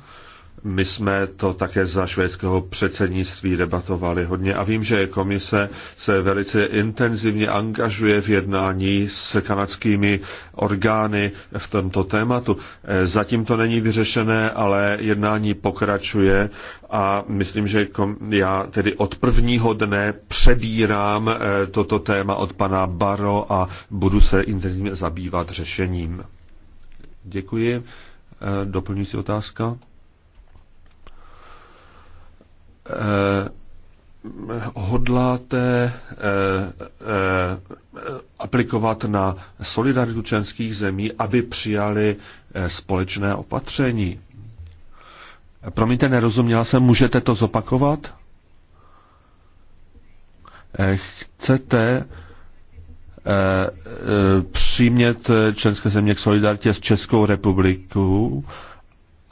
my jsme to také za švédského předsednictví debatovali hodně a vím, že komise se velice intenzivně angažuje v jednání s kanadskými orgány v tomto tématu. Eh, zatím to není vyřešené, ale jednání pokračuje a myslím, že já tedy od prvního dne přebírám eh, toto téma od pana Baro a budu se intenzivně zabývat řešením. Děkuji. Eh, doplňující otázka? Eh, hodláte eh, eh, aplikovat na solidaritu členských zemí, aby přijali společné opatření. Promiňte, nerozuměla jsem, můžete to zopakovat? Chcete přímět členské země k solidaritě s Českou republikou,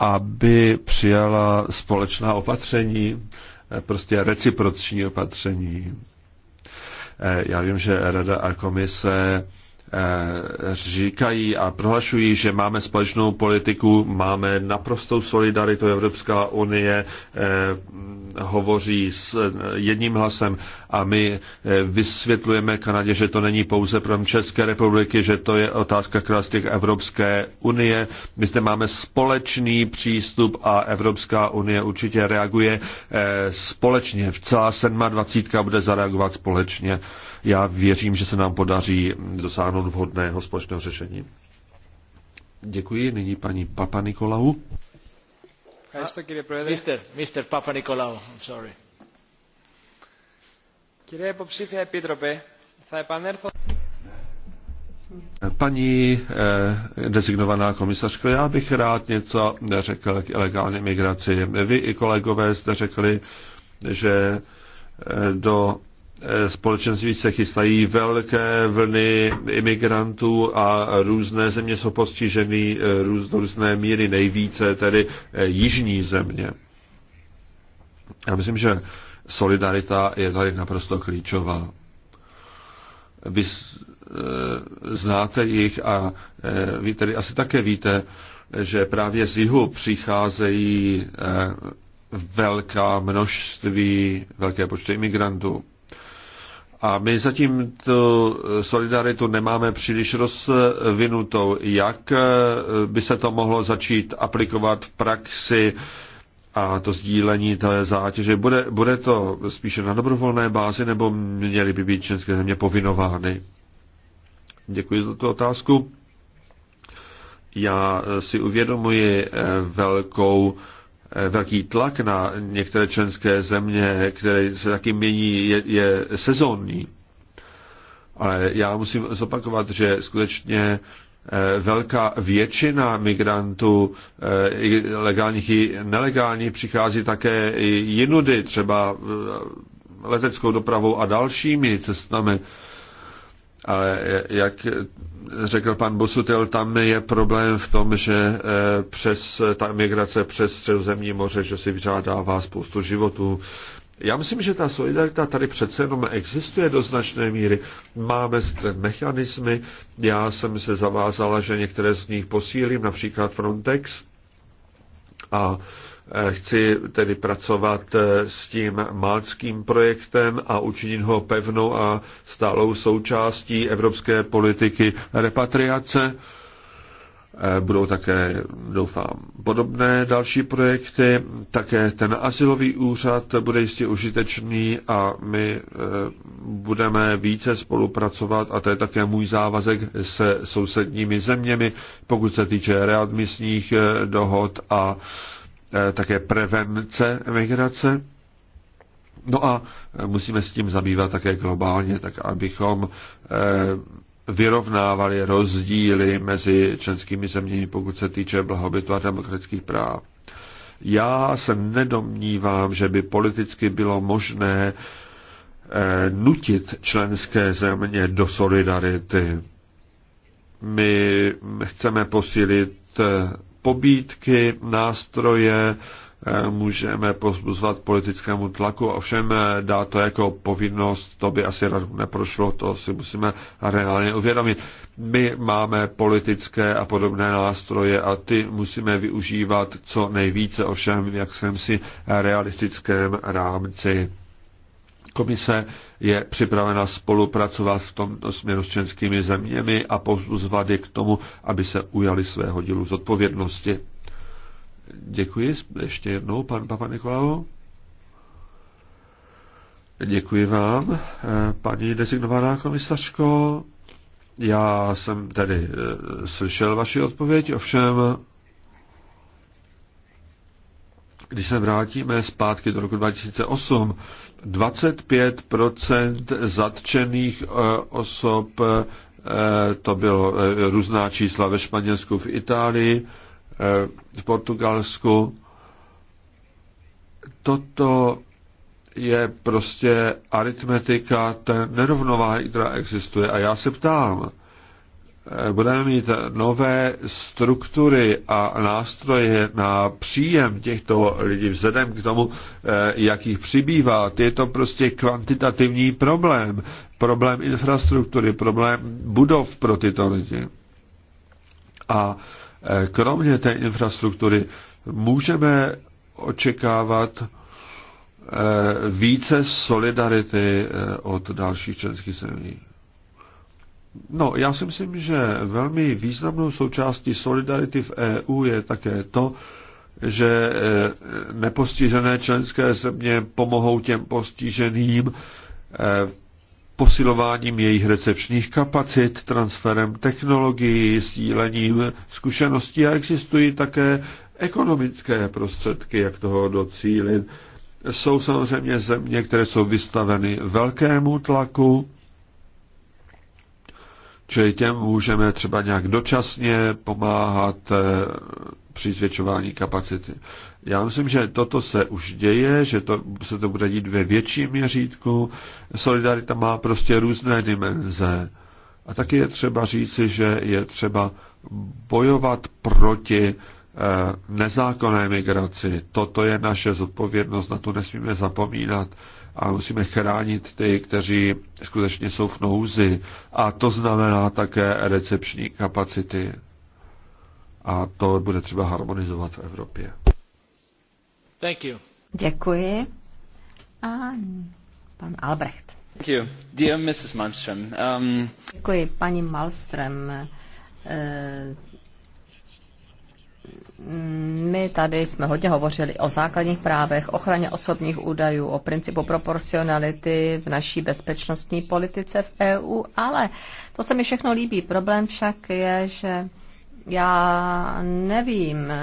aby přijala společná opatření, eh, prostě reciproční opatření. Eh, já vím, že Rada a komise eh, říkají a prohlašují, že máme společnou politiku, máme naprostou solidaritu. Evropská unie hovoří s jedním hlasem a my eh, vysvětlujeme Kanadě, že to není pouze problém České republiky, že to je otázka krásných Evropské unie. My zde máme společný přístup a Evropská unie určitě reaguje eh, společně. V celá 27. bude zareagovat společně. Já věřím, že se nám podaří dosáhnout vhodného společného řešení. Děkuji. Nyní paní Papa Nikolau. Mr. Mister Papa Nikolau, I'm sorry. Paní eh, designovaná komisařko, já bych rád něco řekl k ilegální migraci. Vy i kolegové jste řekli, že eh, do eh, společenství se chystají velké vlny imigrantů a různé země jsou postiženy eh, růz, různé míry, nejvíce tedy jižní země. Já myslím, že solidarita je tady naprosto klíčová. Vy eh, znáte jich a eh, vy tedy asi také víte, že právě z jihu přicházejí eh, velká množství, velké počty imigrantů. A my zatím tu solidaritu nemáme příliš rozvinutou. Jak by se to mohlo začít aplikovat v praxi a to sdílení té zátěže, bude, bude to spíše na dobrovolné bázi, nebo měly by být členské země povinovány? Děkuji za tu otázku. Já si uvědomuji eh, velkou, eh, velký tlak na některé členské země, které se taky mění, je, je sezónní. Ale já musím zopakovat, že skutečně Eh, velká většina migrantů, eh, legálních i nelegálních, přichází také i jinudy, třeba eh, leteckou dopravou a dalšími cestami. Ale jak řekl pan Bosutel, tam je problém v tom, že přes ta migrace přes středozemní moře, že si vyžádává spoustu životů. Já myslím, že ta solidarita tady přece jenom existuje do značné míry. Máme mechanismy, já jsem se zavázala, že některé z nich posílím, například Frontex. A e, chci tedy pracovat e, s tím malckým projektem a učinit ho pevnou a stálou součástí evropské politiky repatriace Eh, budou také, doufám, podobné další projekty. Také ten asilový úřad bude jistě užitečný a my eh, budeme více spolupracovat a to je také můj závazek se sousedními zeměmi, pokud se týče readmisních eh, dohod a také prevence migrace. No a musíme s tím zabývat také globálně, tak abychom vyrovnávali rozdíly mezi členskými zeměmi, pokud se týče blahobytu a demokratických práv. Já se nedomnívám, že by politicky bylo možné eh, nutit členské země do solidarity. My chceme posílit eh, pobídky, nástroje, můžeme pozbuzovat politickému tlaku, ovšem eh, dá to jako povinnost, to by asi neprošlo, to si musíme reálně uvědomit. My máme politické a podobné nástroje a ty musíme využívat co nejvíce, ovšem jak jsem si eh, realistickém rámci. Komise je připravena spolupracovat v tomto směru s členskými zeměmi a pozvat je k tomu, aby se ujali svého dílu zodpovědnosti. Děkuji ještě jednou, pan Papa Nikolau. Děkuji vám, eh, paní designovaná komisařko. Já jsem tedy eh, slyšel vaši odpověď, ovšem když se vrátíme zpátky do roku 2008, 25 zatčených eh, osob, to bylo různá čísla ve Španělsku, v Itálii, Eh, v Portugalsku. Toto je prostě aritmetika ta nerovnováhy, která existuje. A já se ptám, eh, budeme mít nové struktury a nástroje na příjem těchto lidí vzhledem k tomu, eh, jak jich přibývá. Je to prostě kvantitativní problém. Problém infrastruktury, problém budov pro tyto lidi. A Kromě té infrastruktury můžeme očekávat eh, více solidarity eh, od dalších členských zemí. No, já si myslím, že velmi významnou součástí solidarity v EU je také to, že eh, nepostižené členské země pomohou těm postiženým posilováním jejich recepčních kapacit, transferem technologií, sdílením zkušeností a existují také ekonomické prostředky, jak toho docílit. Jsou samozřejmě země, které jsou vystaveny velkému tlaku, čili těm můžeme třeba nějak dočasně pomáhat při zvětšování kapacity. Já myslím, že toto se už děje, že to, se to bude dít ve větším měřítku. Solidarita má prostě různé dimenze. A taky je třeba říci, že je třeba bojovat proti eh, nezákonné migraci. Toto je naše zodpovědnost, na to nesmíme zapomínat a musíme chránit ty, kteří skutečně jsou v nouzi. A to znamená také recepční kapacity a to bude třeba harmonizovat v Evropě. Thank you. Děkuji. A pan Albrecht. Thank you. Dear Mrs. Malmström, um... Děkuji, paní Malmström. Eh, my tady jsme hodně hovořili o základních právech, ochraně osobních údajů, o principu proporcionality v naší bezpečnostní politice v EU, ale to se mi všechno líbí. Problém však je, že já nevím,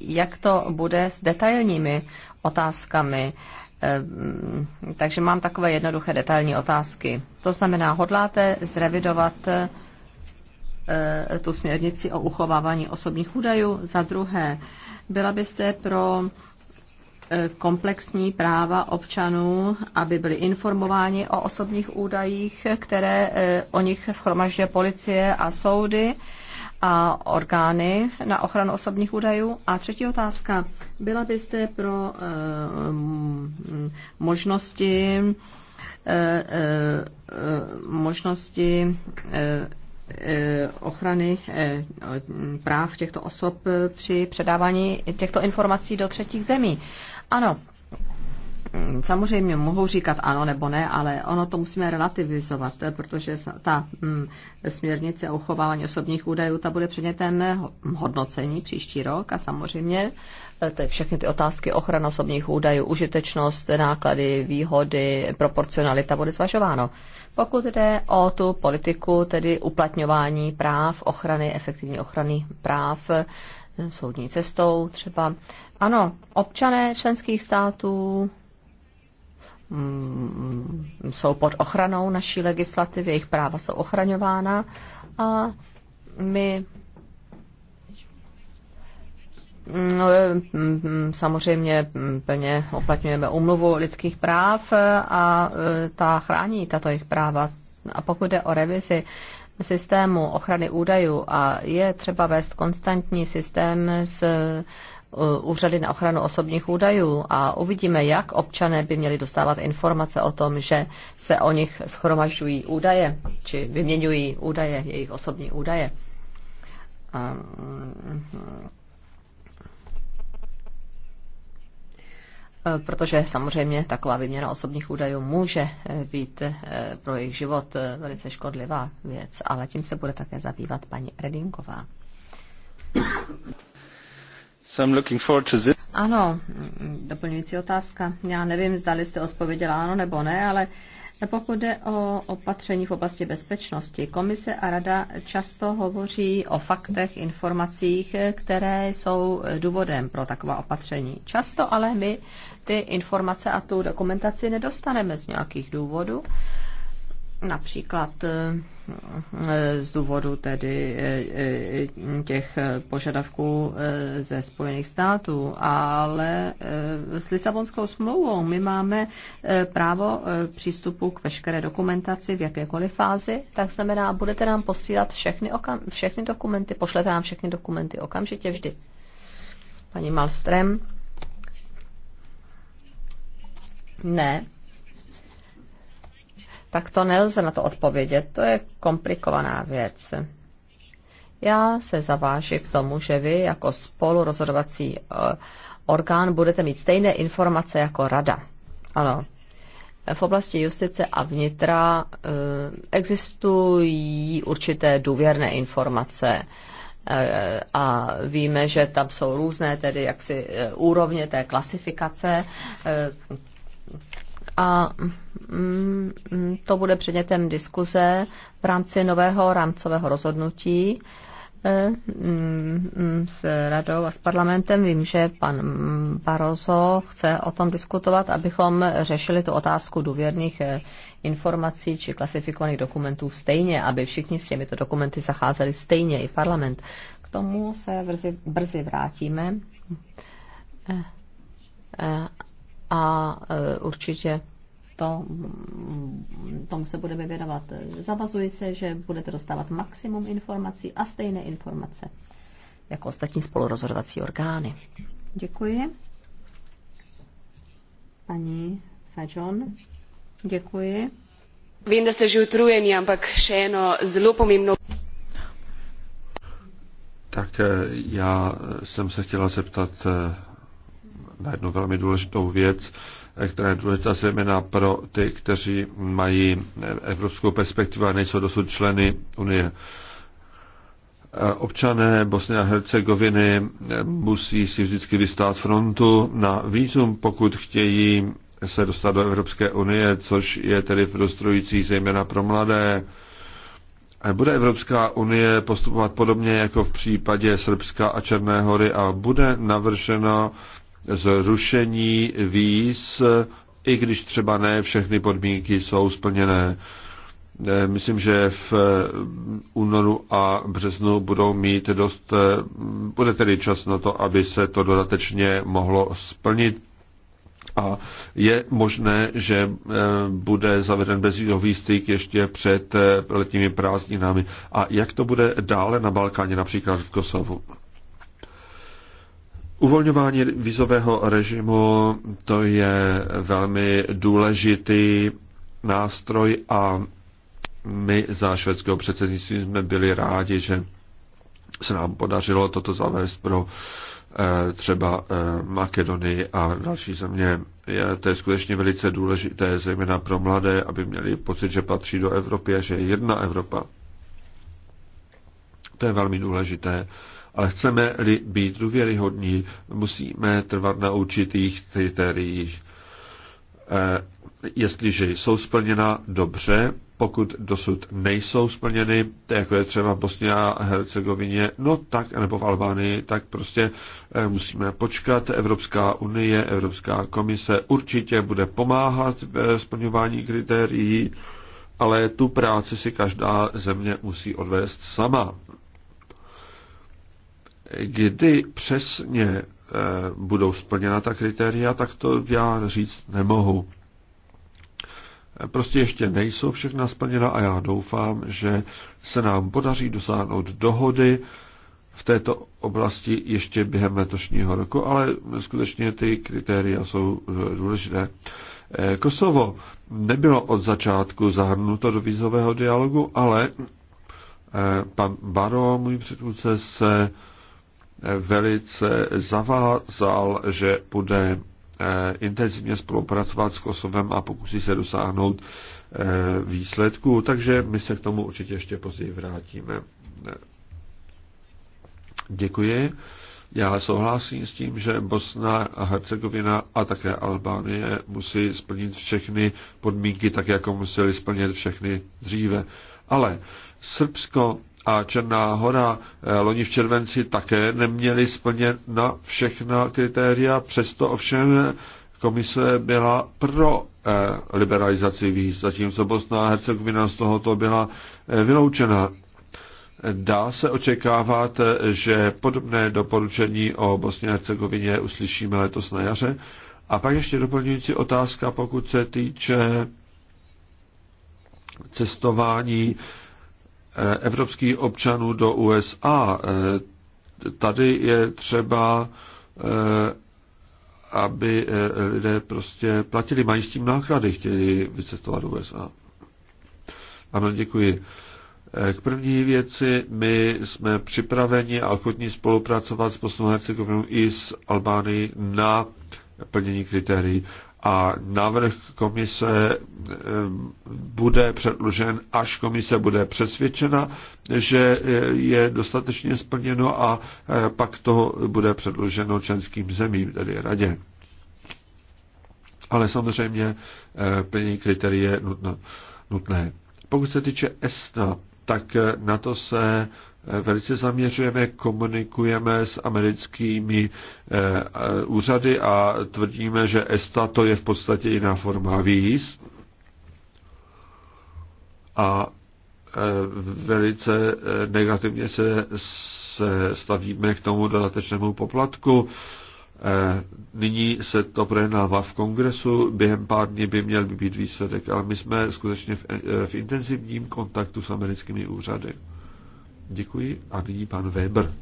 jak to bude s detailními otázkami. Ehm, takže mám takové jednoduché detailní otázky. To znamená, hodláte zrevidovat eh, tu směrnici o uchovávání osobních údajů? Za druhé, byla byste pro eh, komplexní práva občanů, aby byli informováni o osobních údajích, které eh, o nich schromažďuje policie a soudy? a orgány na ochranu osobních údajů? A třetí otázka. Byla byste pro eh, možnosti eh, eh, možnosti ochrany práv těchto osob při předávání těchto informací do třetích zemí. Ano, samozřejmě mohou říkat ano nebo ne, ale ono to musíme relativizovat, protože ta mm, směrnice o uchovávání osobních údajů, ta bude předmětem hodnocení příští rok a samozřejmě e, to je všechny ty otázky ochrana osobních údajů, užitečnost, náklady, výhody, proporcionalita bude zvažováno. Pokud jde o tu politiku, tedy uplatňování práv, ochrany, efektivní ochrany práv, e, soudní cestou třeba. Ano, občané členských států Mm, jsou pod ochranou naší legislativy, jejich práva jsou ochraňována a my No, samozřejmě mm, plně oplatňujeme umluvu lidských práv a e, ta chrání tato jejich práva. A pokud jde o revizi systému ochrany údajů a je třeba vést konstantní systém s Eh, úřady na ochranu osobních údajů a uvidíme, jak občané by měli dostávat informace o tom, že se o nich schromažďují údaje, či vyměňují údaje, jejich osobní údaje. Eh, protože samozřejmě taková vyměna osobních údajů může eh, být pro jejich život velice škodlivá věc, ale tím se bude také zabývat paní Redinková. Ano, doplňující otázka. Já nevím, zdali jste odpověděla ano nebo ne, ale pokud jde o opatření v oblasti bezpečnosti, komise a rada často hovoří o faktech, informacích, které jsou důvodem pro taková opatření. Často ale my ty informace a tu dokumentaci nedostaneme z nějakých důvodů například eh, eh, z důvodu tedy eh, těch požadavků ze Spojených států, ale s Lisabonskou smlouvou my máme právo přístupu k veškeré dokumentaci v jakékoliv fázi, tak znamená, budete nám posílat všechny, okam, všechny dokumenty, pošlete nám všechny dokumenty okamžitě vždy. Paní Malstrem? Ne, tak to nelze na to odpovědět. To je komplikovaná věc. Já se zaváži k tomu, že vy jako spolurozhodovací eh, orgán budete mít stejné informace jako rada. Ano. V oblasti justice a vnitra eh, existují určité důvěrné informace eh, a víme, že tam jsou různé tedy jaksi úrovně té klasifikace a mm, mm, to bude předmětem diskuze v rámci nového rámcového rozhodnutí eh, mm, s radou a s parlamentem. Vím, že pan Barroso chce o tom diskutovat, abychom řešili tu otázku důvěrných eh, informací či klasifikovaných dokumentů stejně, aby všichni s těmito dokumenty zacházeli stejně, i parlament. K tomu se brzy, brzy vrátíme eh, a e, určitě to, tomu se budeme věnovat. Zavazuji se, že budete dostávat maximum informací a stejné informace jako ostatní spolurozhodovací orgány. Děkuji. Paní Fajon, děkuji. Vím, že jste že utrujeni, ampak še eno zelo no- mimo. Tak e, já jsem se chtěla zeptat e, na jednu velmi důležitou věc, která je důležitá zejména pro ty, kteří mají evropskou perspektivu a nejsou dosud členy Unie. Občané Bosny a Hercegoviny musí si vždycky vystát frontu na výzum, pokud chtějí se dostat do Evropské unie, což je tedy frustrující zejména pro mladé. Bude Evropská unie postupovat podobně jako v případě Srbska a Černé hory a bude navršeno zrušení víz, i když třeba ne všechny podmínky jsou splněné. Eh, myslím, že v eh, únoru a březnu budou mít dost, eh, bude tedy čas na to, aby se to dodatečně mohlo splnit. A je možné, že bude zaveden bezvízový styk ještě před letními prázdninami. A jak to bude dále na Balkáně, například v Kosovu? Uvolňování vizového režimu to je velmi důležitý nástroj a my za švédského předsednictví jsme byli rádi, že se nám podařilo toto zavést pro eh, třeba eh, Makedonii a další země. Je, to je skutečně velice důležité, zejména pro mladé, aby měli pocit, že patří do Evropy a že je jedna Evropa. To je velmi důležité ale chceme-li být důvěryhodní, musíme trvat na určitých kritériích. Eh, jestliže jsou splněna, dobře, pokud dosud nejsou splněny, jako je třeba v Bosně a Hercegovině, no tak, nebo v Albánii, tak prostě eh, musíme počkat. Evropská unie, Evropská komise určitě bude pomáhat v eh, splňování kritérií, ale tu práci si každá země musí odvést sama. Kdy přesně eh, budou splněna ta kritéria, tak to já říct nemohu. Eh, prostě ještě nejsou všechna splněna a já doufám, že se nám podaří dosáhnout dohody v této oblasti ještě během letošního roku, ale skutečně ty kritéria jsou eh, důležité. Kosovo nebylo od začátku zahrnuto do vízového dialogu, ale pan Baro, můj předchůdce, se velice zavázal, že bude eh, intenzivně spolupracovat s Kosovem a pokusí se dosáhnout eh, výsledku, takže my se k tomu určitě ještě později vrátíme. Eh, děkuji. Já souhlasím s tím, že Bosna a Hercegovina a také Albánie musí splnit všechny podmínky, tak jako museli splnit všechny dříve. Ale Srbsko a Černá hora eh, loni v červenci také neměly splněn na všechna kritéria, přesto ovšem komise byla pro eh, liberalizaci víz, zatímco Bosna a Hercegovina z tohoto byla eh, vyloučena. Dá se očekávat, že podobné doporučení o Bosně a Hercegovině uslyšíme letos na jaře. A pak ještě doplňující otázka, pokud se týče cestování evropských občanů do USA. Eh, tady je třeba, eh, aby eh, lidé prostě platili, mají s tím náklady, chtěli vycestovat do USA. Ano, děkuji. K první věci, my jsme připraveni a ochotní spolupracovat s Bosnou Hercegovinou i s Albánií na plnění kritérií a návrh komise eh, bude předložen, až komise bude přesvědčena, že eh, je dostatečně splněno a eh, pak to bude předloženo členským zemím, tedy radě. Ale samozřejmě plnění kritérií je nutné. Pokud se týče ESNA, tak na to se Eh, velice zaměřujeme, komunikujeme s americkými eh, eh, úřady a tvrdíme, že ESTA to je v podstatě jiná forma víz. A velice negativně se stavíme k tomu dodatečnému poplatku. Nyní se to projednává v kongresu, během pár dní by měl být výsledek, ale my jsme skutečně v, v intenzivním kontaktu s americkými úřady. Děkuji a nyní pan Weber.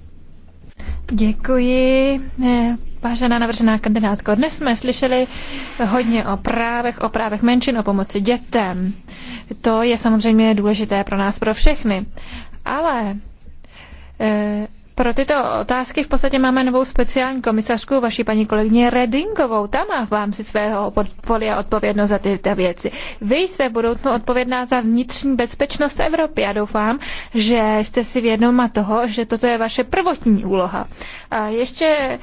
Děkuji. Eh, vážená navržená kandidátko, dnes jsme slyšeli hodně o právech, o právech menšin, o pomoci dětem. To je samozřejmě důležité pro nás, pro všechny. Ale eh, pro tyto otázky v podstatě máme novou speciální komisařku, vaši paní kolegyně Redingovou. Ta má vám si svého portfolia odpovědnost za tyto věci. Vy jste budou to odpovědná za vnitřní bezpečnost Evropy. Já doufám, že jste si vědoma toho, že toto je vaše prvotní úloha. A ještě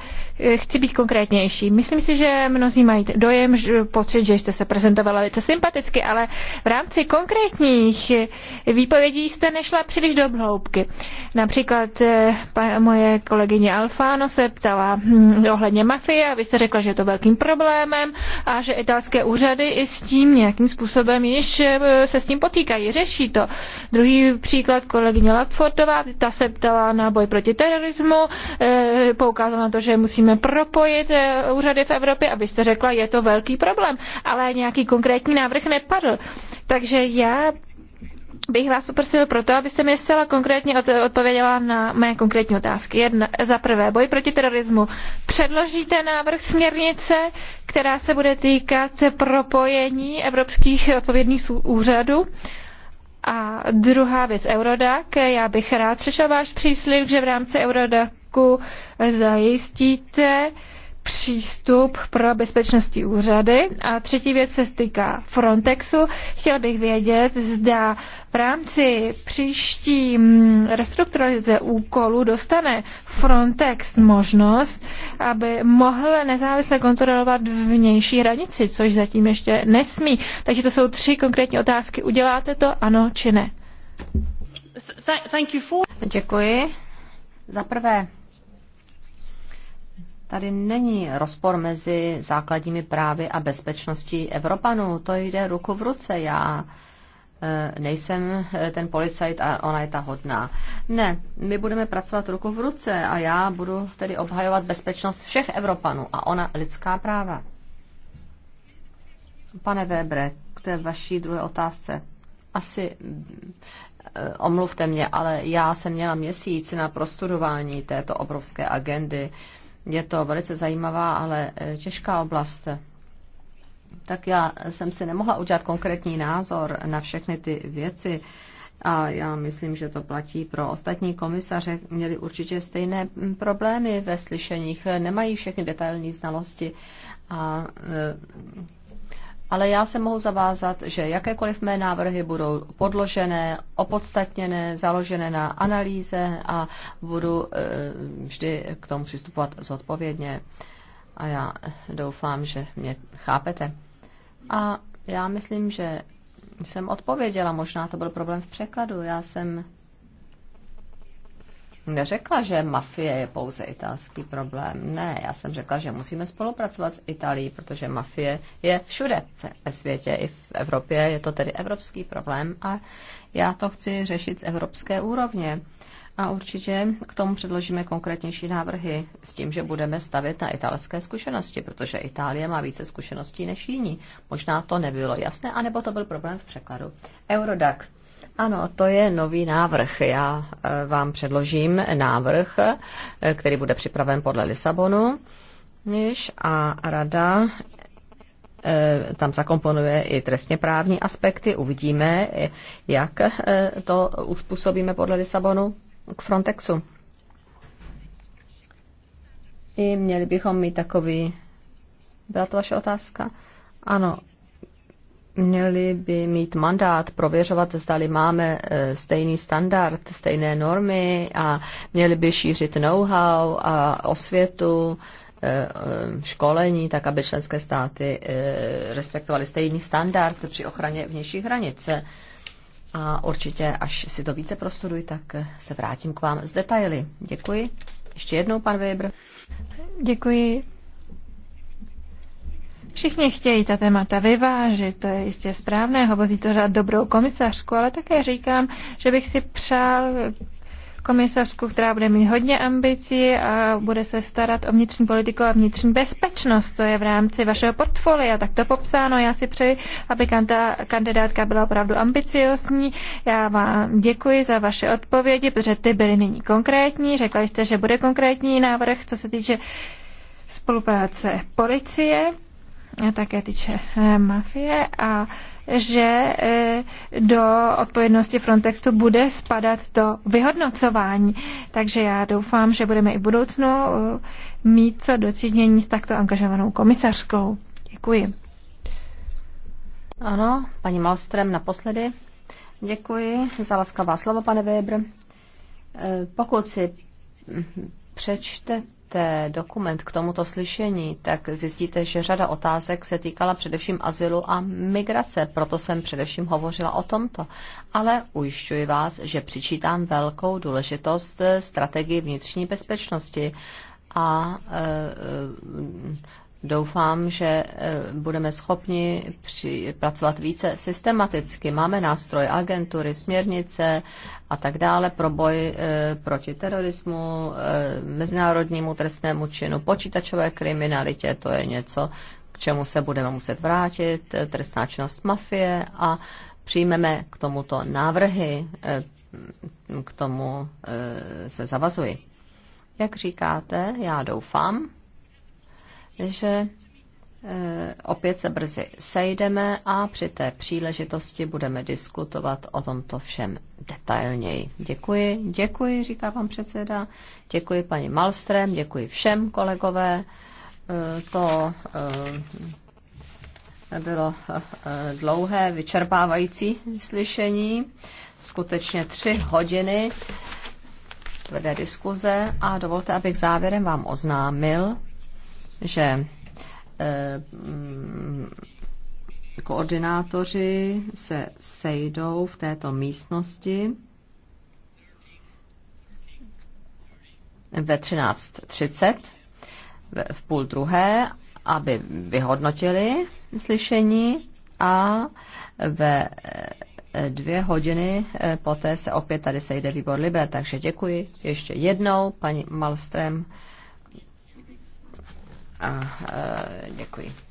chci být konkrétnější. Myslím si, že mnozí mají dojem, že pocit, že jste se prezentovala velice sympaticky, ale v rámci konkrétních eh, výpovědí jste nešla příliš do hloubky. Například eh, moje kolegyně Alfano se ptala hm, ohledně mafie a vy jste řekla, že je to velkým problémem a že italské úřady i s tím nějakým způsobem již eh, se s tím potýkají, řeší to. Druhý příklad kolegyně Latfordová, ta se ptala na boj proti terorismu, poukázala na to, že musíme musíme propojit eh, úřady v Evropě, abyste řekla, je to velký problém, ale nějaký konkrétní návrh nepadl. Takže já bych vás poprosil proto, abyste mi zcela konkrétně odpověděla na mé konkrétní otázky. Jedna, za prvé, boj proti terorismu. Předložíte návrh směrnice, která se bude týkat propojení evropských odpovědných úřadů? A druhá věc, Eurodac. Já bych rád slyšel váš příslip, že v rámci Eurodac roku zajistíte přístup pro bezpečnostní úřady. A třetí věc se týká Frontexu. Chtěla bych vědět, zda v rámci příští mm, restrukturalizace úkolů dostane Frontex možnost, aby mohl nezávisle kontrolovat vnější hranici, což zatím ještě nesmí. Takže to jsou tři konkrétní otázky. Uděláte to, ano či ne? Děkuji. Za prvé, Tady není rozpor mezi základními právy a bezpečností Evropanů. To jde ruku v ruce. Já eh, nejsem eh, ten policajt a ona je ta hodná. Ne, my budeme pracovat ruku v ruce a já budu tedy obhajovat bezpečnost všech Evropanů a ona lidská práva. Pane Webre, k té vaší druhé otázce. Asi eh, omluvte mě, ale já jsem měla měsíc na prostudování této obrovské agendy. Je to velice zajímavá, ale e, těžká oblast. Tak já jsem si nemohla udělat konkrétní názor na všechny ty věci a já myslím, že to platí pro ostatní komisaře. Měli určitě stejné problémy ve slyšeních, nemají všechny detailní znalosti a e, ale já se mohu zavázat, že jakékoliv mé návrhy budou podložené, opodstatněné, založené na analýze a budu eh, vždy k tomu přistupovat zodpovědně. A já doufám, že mě chápete. A já myslím, že jsem odpověděla, možná to byl problém v překladu. Já jsem neřekla, že mafie je pouze italský problém. Ne, já jsem řekla, že musíme spolupracovat s Itálií, protože mafie je všude ve světě, i v Evropě. Je to tedy evropský problém a já to chci řešit z evropské úrovně. A určitě k tomu předložíme konkrétnější návrhy s tím, že budeme stavět na italské zkušenosti, protože Itálie má více zkušeností než jiní. Možná to nebylo jasné, anebo to byl problém v překladu. Eurodac. Ano, to je nový návrh. Já eh, vám předložím návrh, eh, který bude připraven podle Lisabonu. A rada eh, tam zakomponuje i trestně právní aspekty. Uvidíme, jak to uspůsobíme podle Lisabonu k Frontexu. I měli bychom mít takový... Byla to vaše otázka? Ano, měli by mít mandát prověřovat, zdali máme e, stejný standard, stejné normy a měli by šířit know-how a osvětu, e, e, školení, tak aby členské státy respektovaly stejný standard při ochraně vnějších hranice. A určitě, až si to více prostuduji, tak se vrátím k vám s detaily. Děkuji. Ještě jednou, pan Weber. Děkuji. Všichni chtějí ta témata vyvážit, to je jistě správné, hovoří to řád dobrou komisařku, ale také říkám, že bych si přál komisařku, která bude mít hodně ambicí a bude se starat o vnitřní politiku a vnitřní bezpečnost. To je v rámci vašeho portfolia tak to popsáno. Já si přeji, aby kanta, kandidátka byla opravdu ambiciozní. Já vám děkuji za vaše odpovědi, protože ty byly nyní konkrétní. Řekla jste, že bude konkrétní návrh, co se týče spolupráce policie také týče eh, mafie a že eh, do odpovědnosti Frontexu bude spadat to vyhodnocování. Takže já doufám, že budeme i v budoucnu eh, mít co dočinění s takto angažovanou komisařkou. Děkuji. Ano, paní Malstrem naposledy. Děkuji za laskavá slova, pane Weber. Pokud si hm, přečtete čtete dokument k tomuto slyšení, tak zjistíte, že řada otázek se týkala především azylu a migrace, proto jsem především hovořila o tomto. Ale ujišťuji vás, že přičítám velkou důležitost eh, strategii vnitřní bezpečnosti a eh, doufám, že e, budeme schopni při, pracovat více systematicky. Máme nástroje agentury, směrnice a tak dále pro boj e, proti terorismu, e, mezinárodnímu trestnému činu, počítačové kriminalitě, to je něco, k čemu se budeme muset vrátit, trestná činnost mafie a přijmeme k tomuto návrhy, k tomu se zavazuji. Jak říkáte, já doufám, že e, opět se brzy sejdeme a při té příležitosti budeme diskutovat o tomto všem detailněji. Děkuji, děkuji, říká pan předseda, děkuji paní Malstrem, děkuji všem kolegové. E, to e, bylo dlouhé, vyčerpávající slyšení, skutečně tři hodiny tvrdé diskuze a dovolte, abych závěrem vám oznámil, že eh, mm, koordinátoři se sejdou v této místnosti ve 13.30 v půl druhé, aby vyhodnotili slyšení a ve eh, dvě hodiny eh, poté se opět tady sejde výbor Libe. Takže děkuji ještě jednou paní Malstrem a e, děkuji.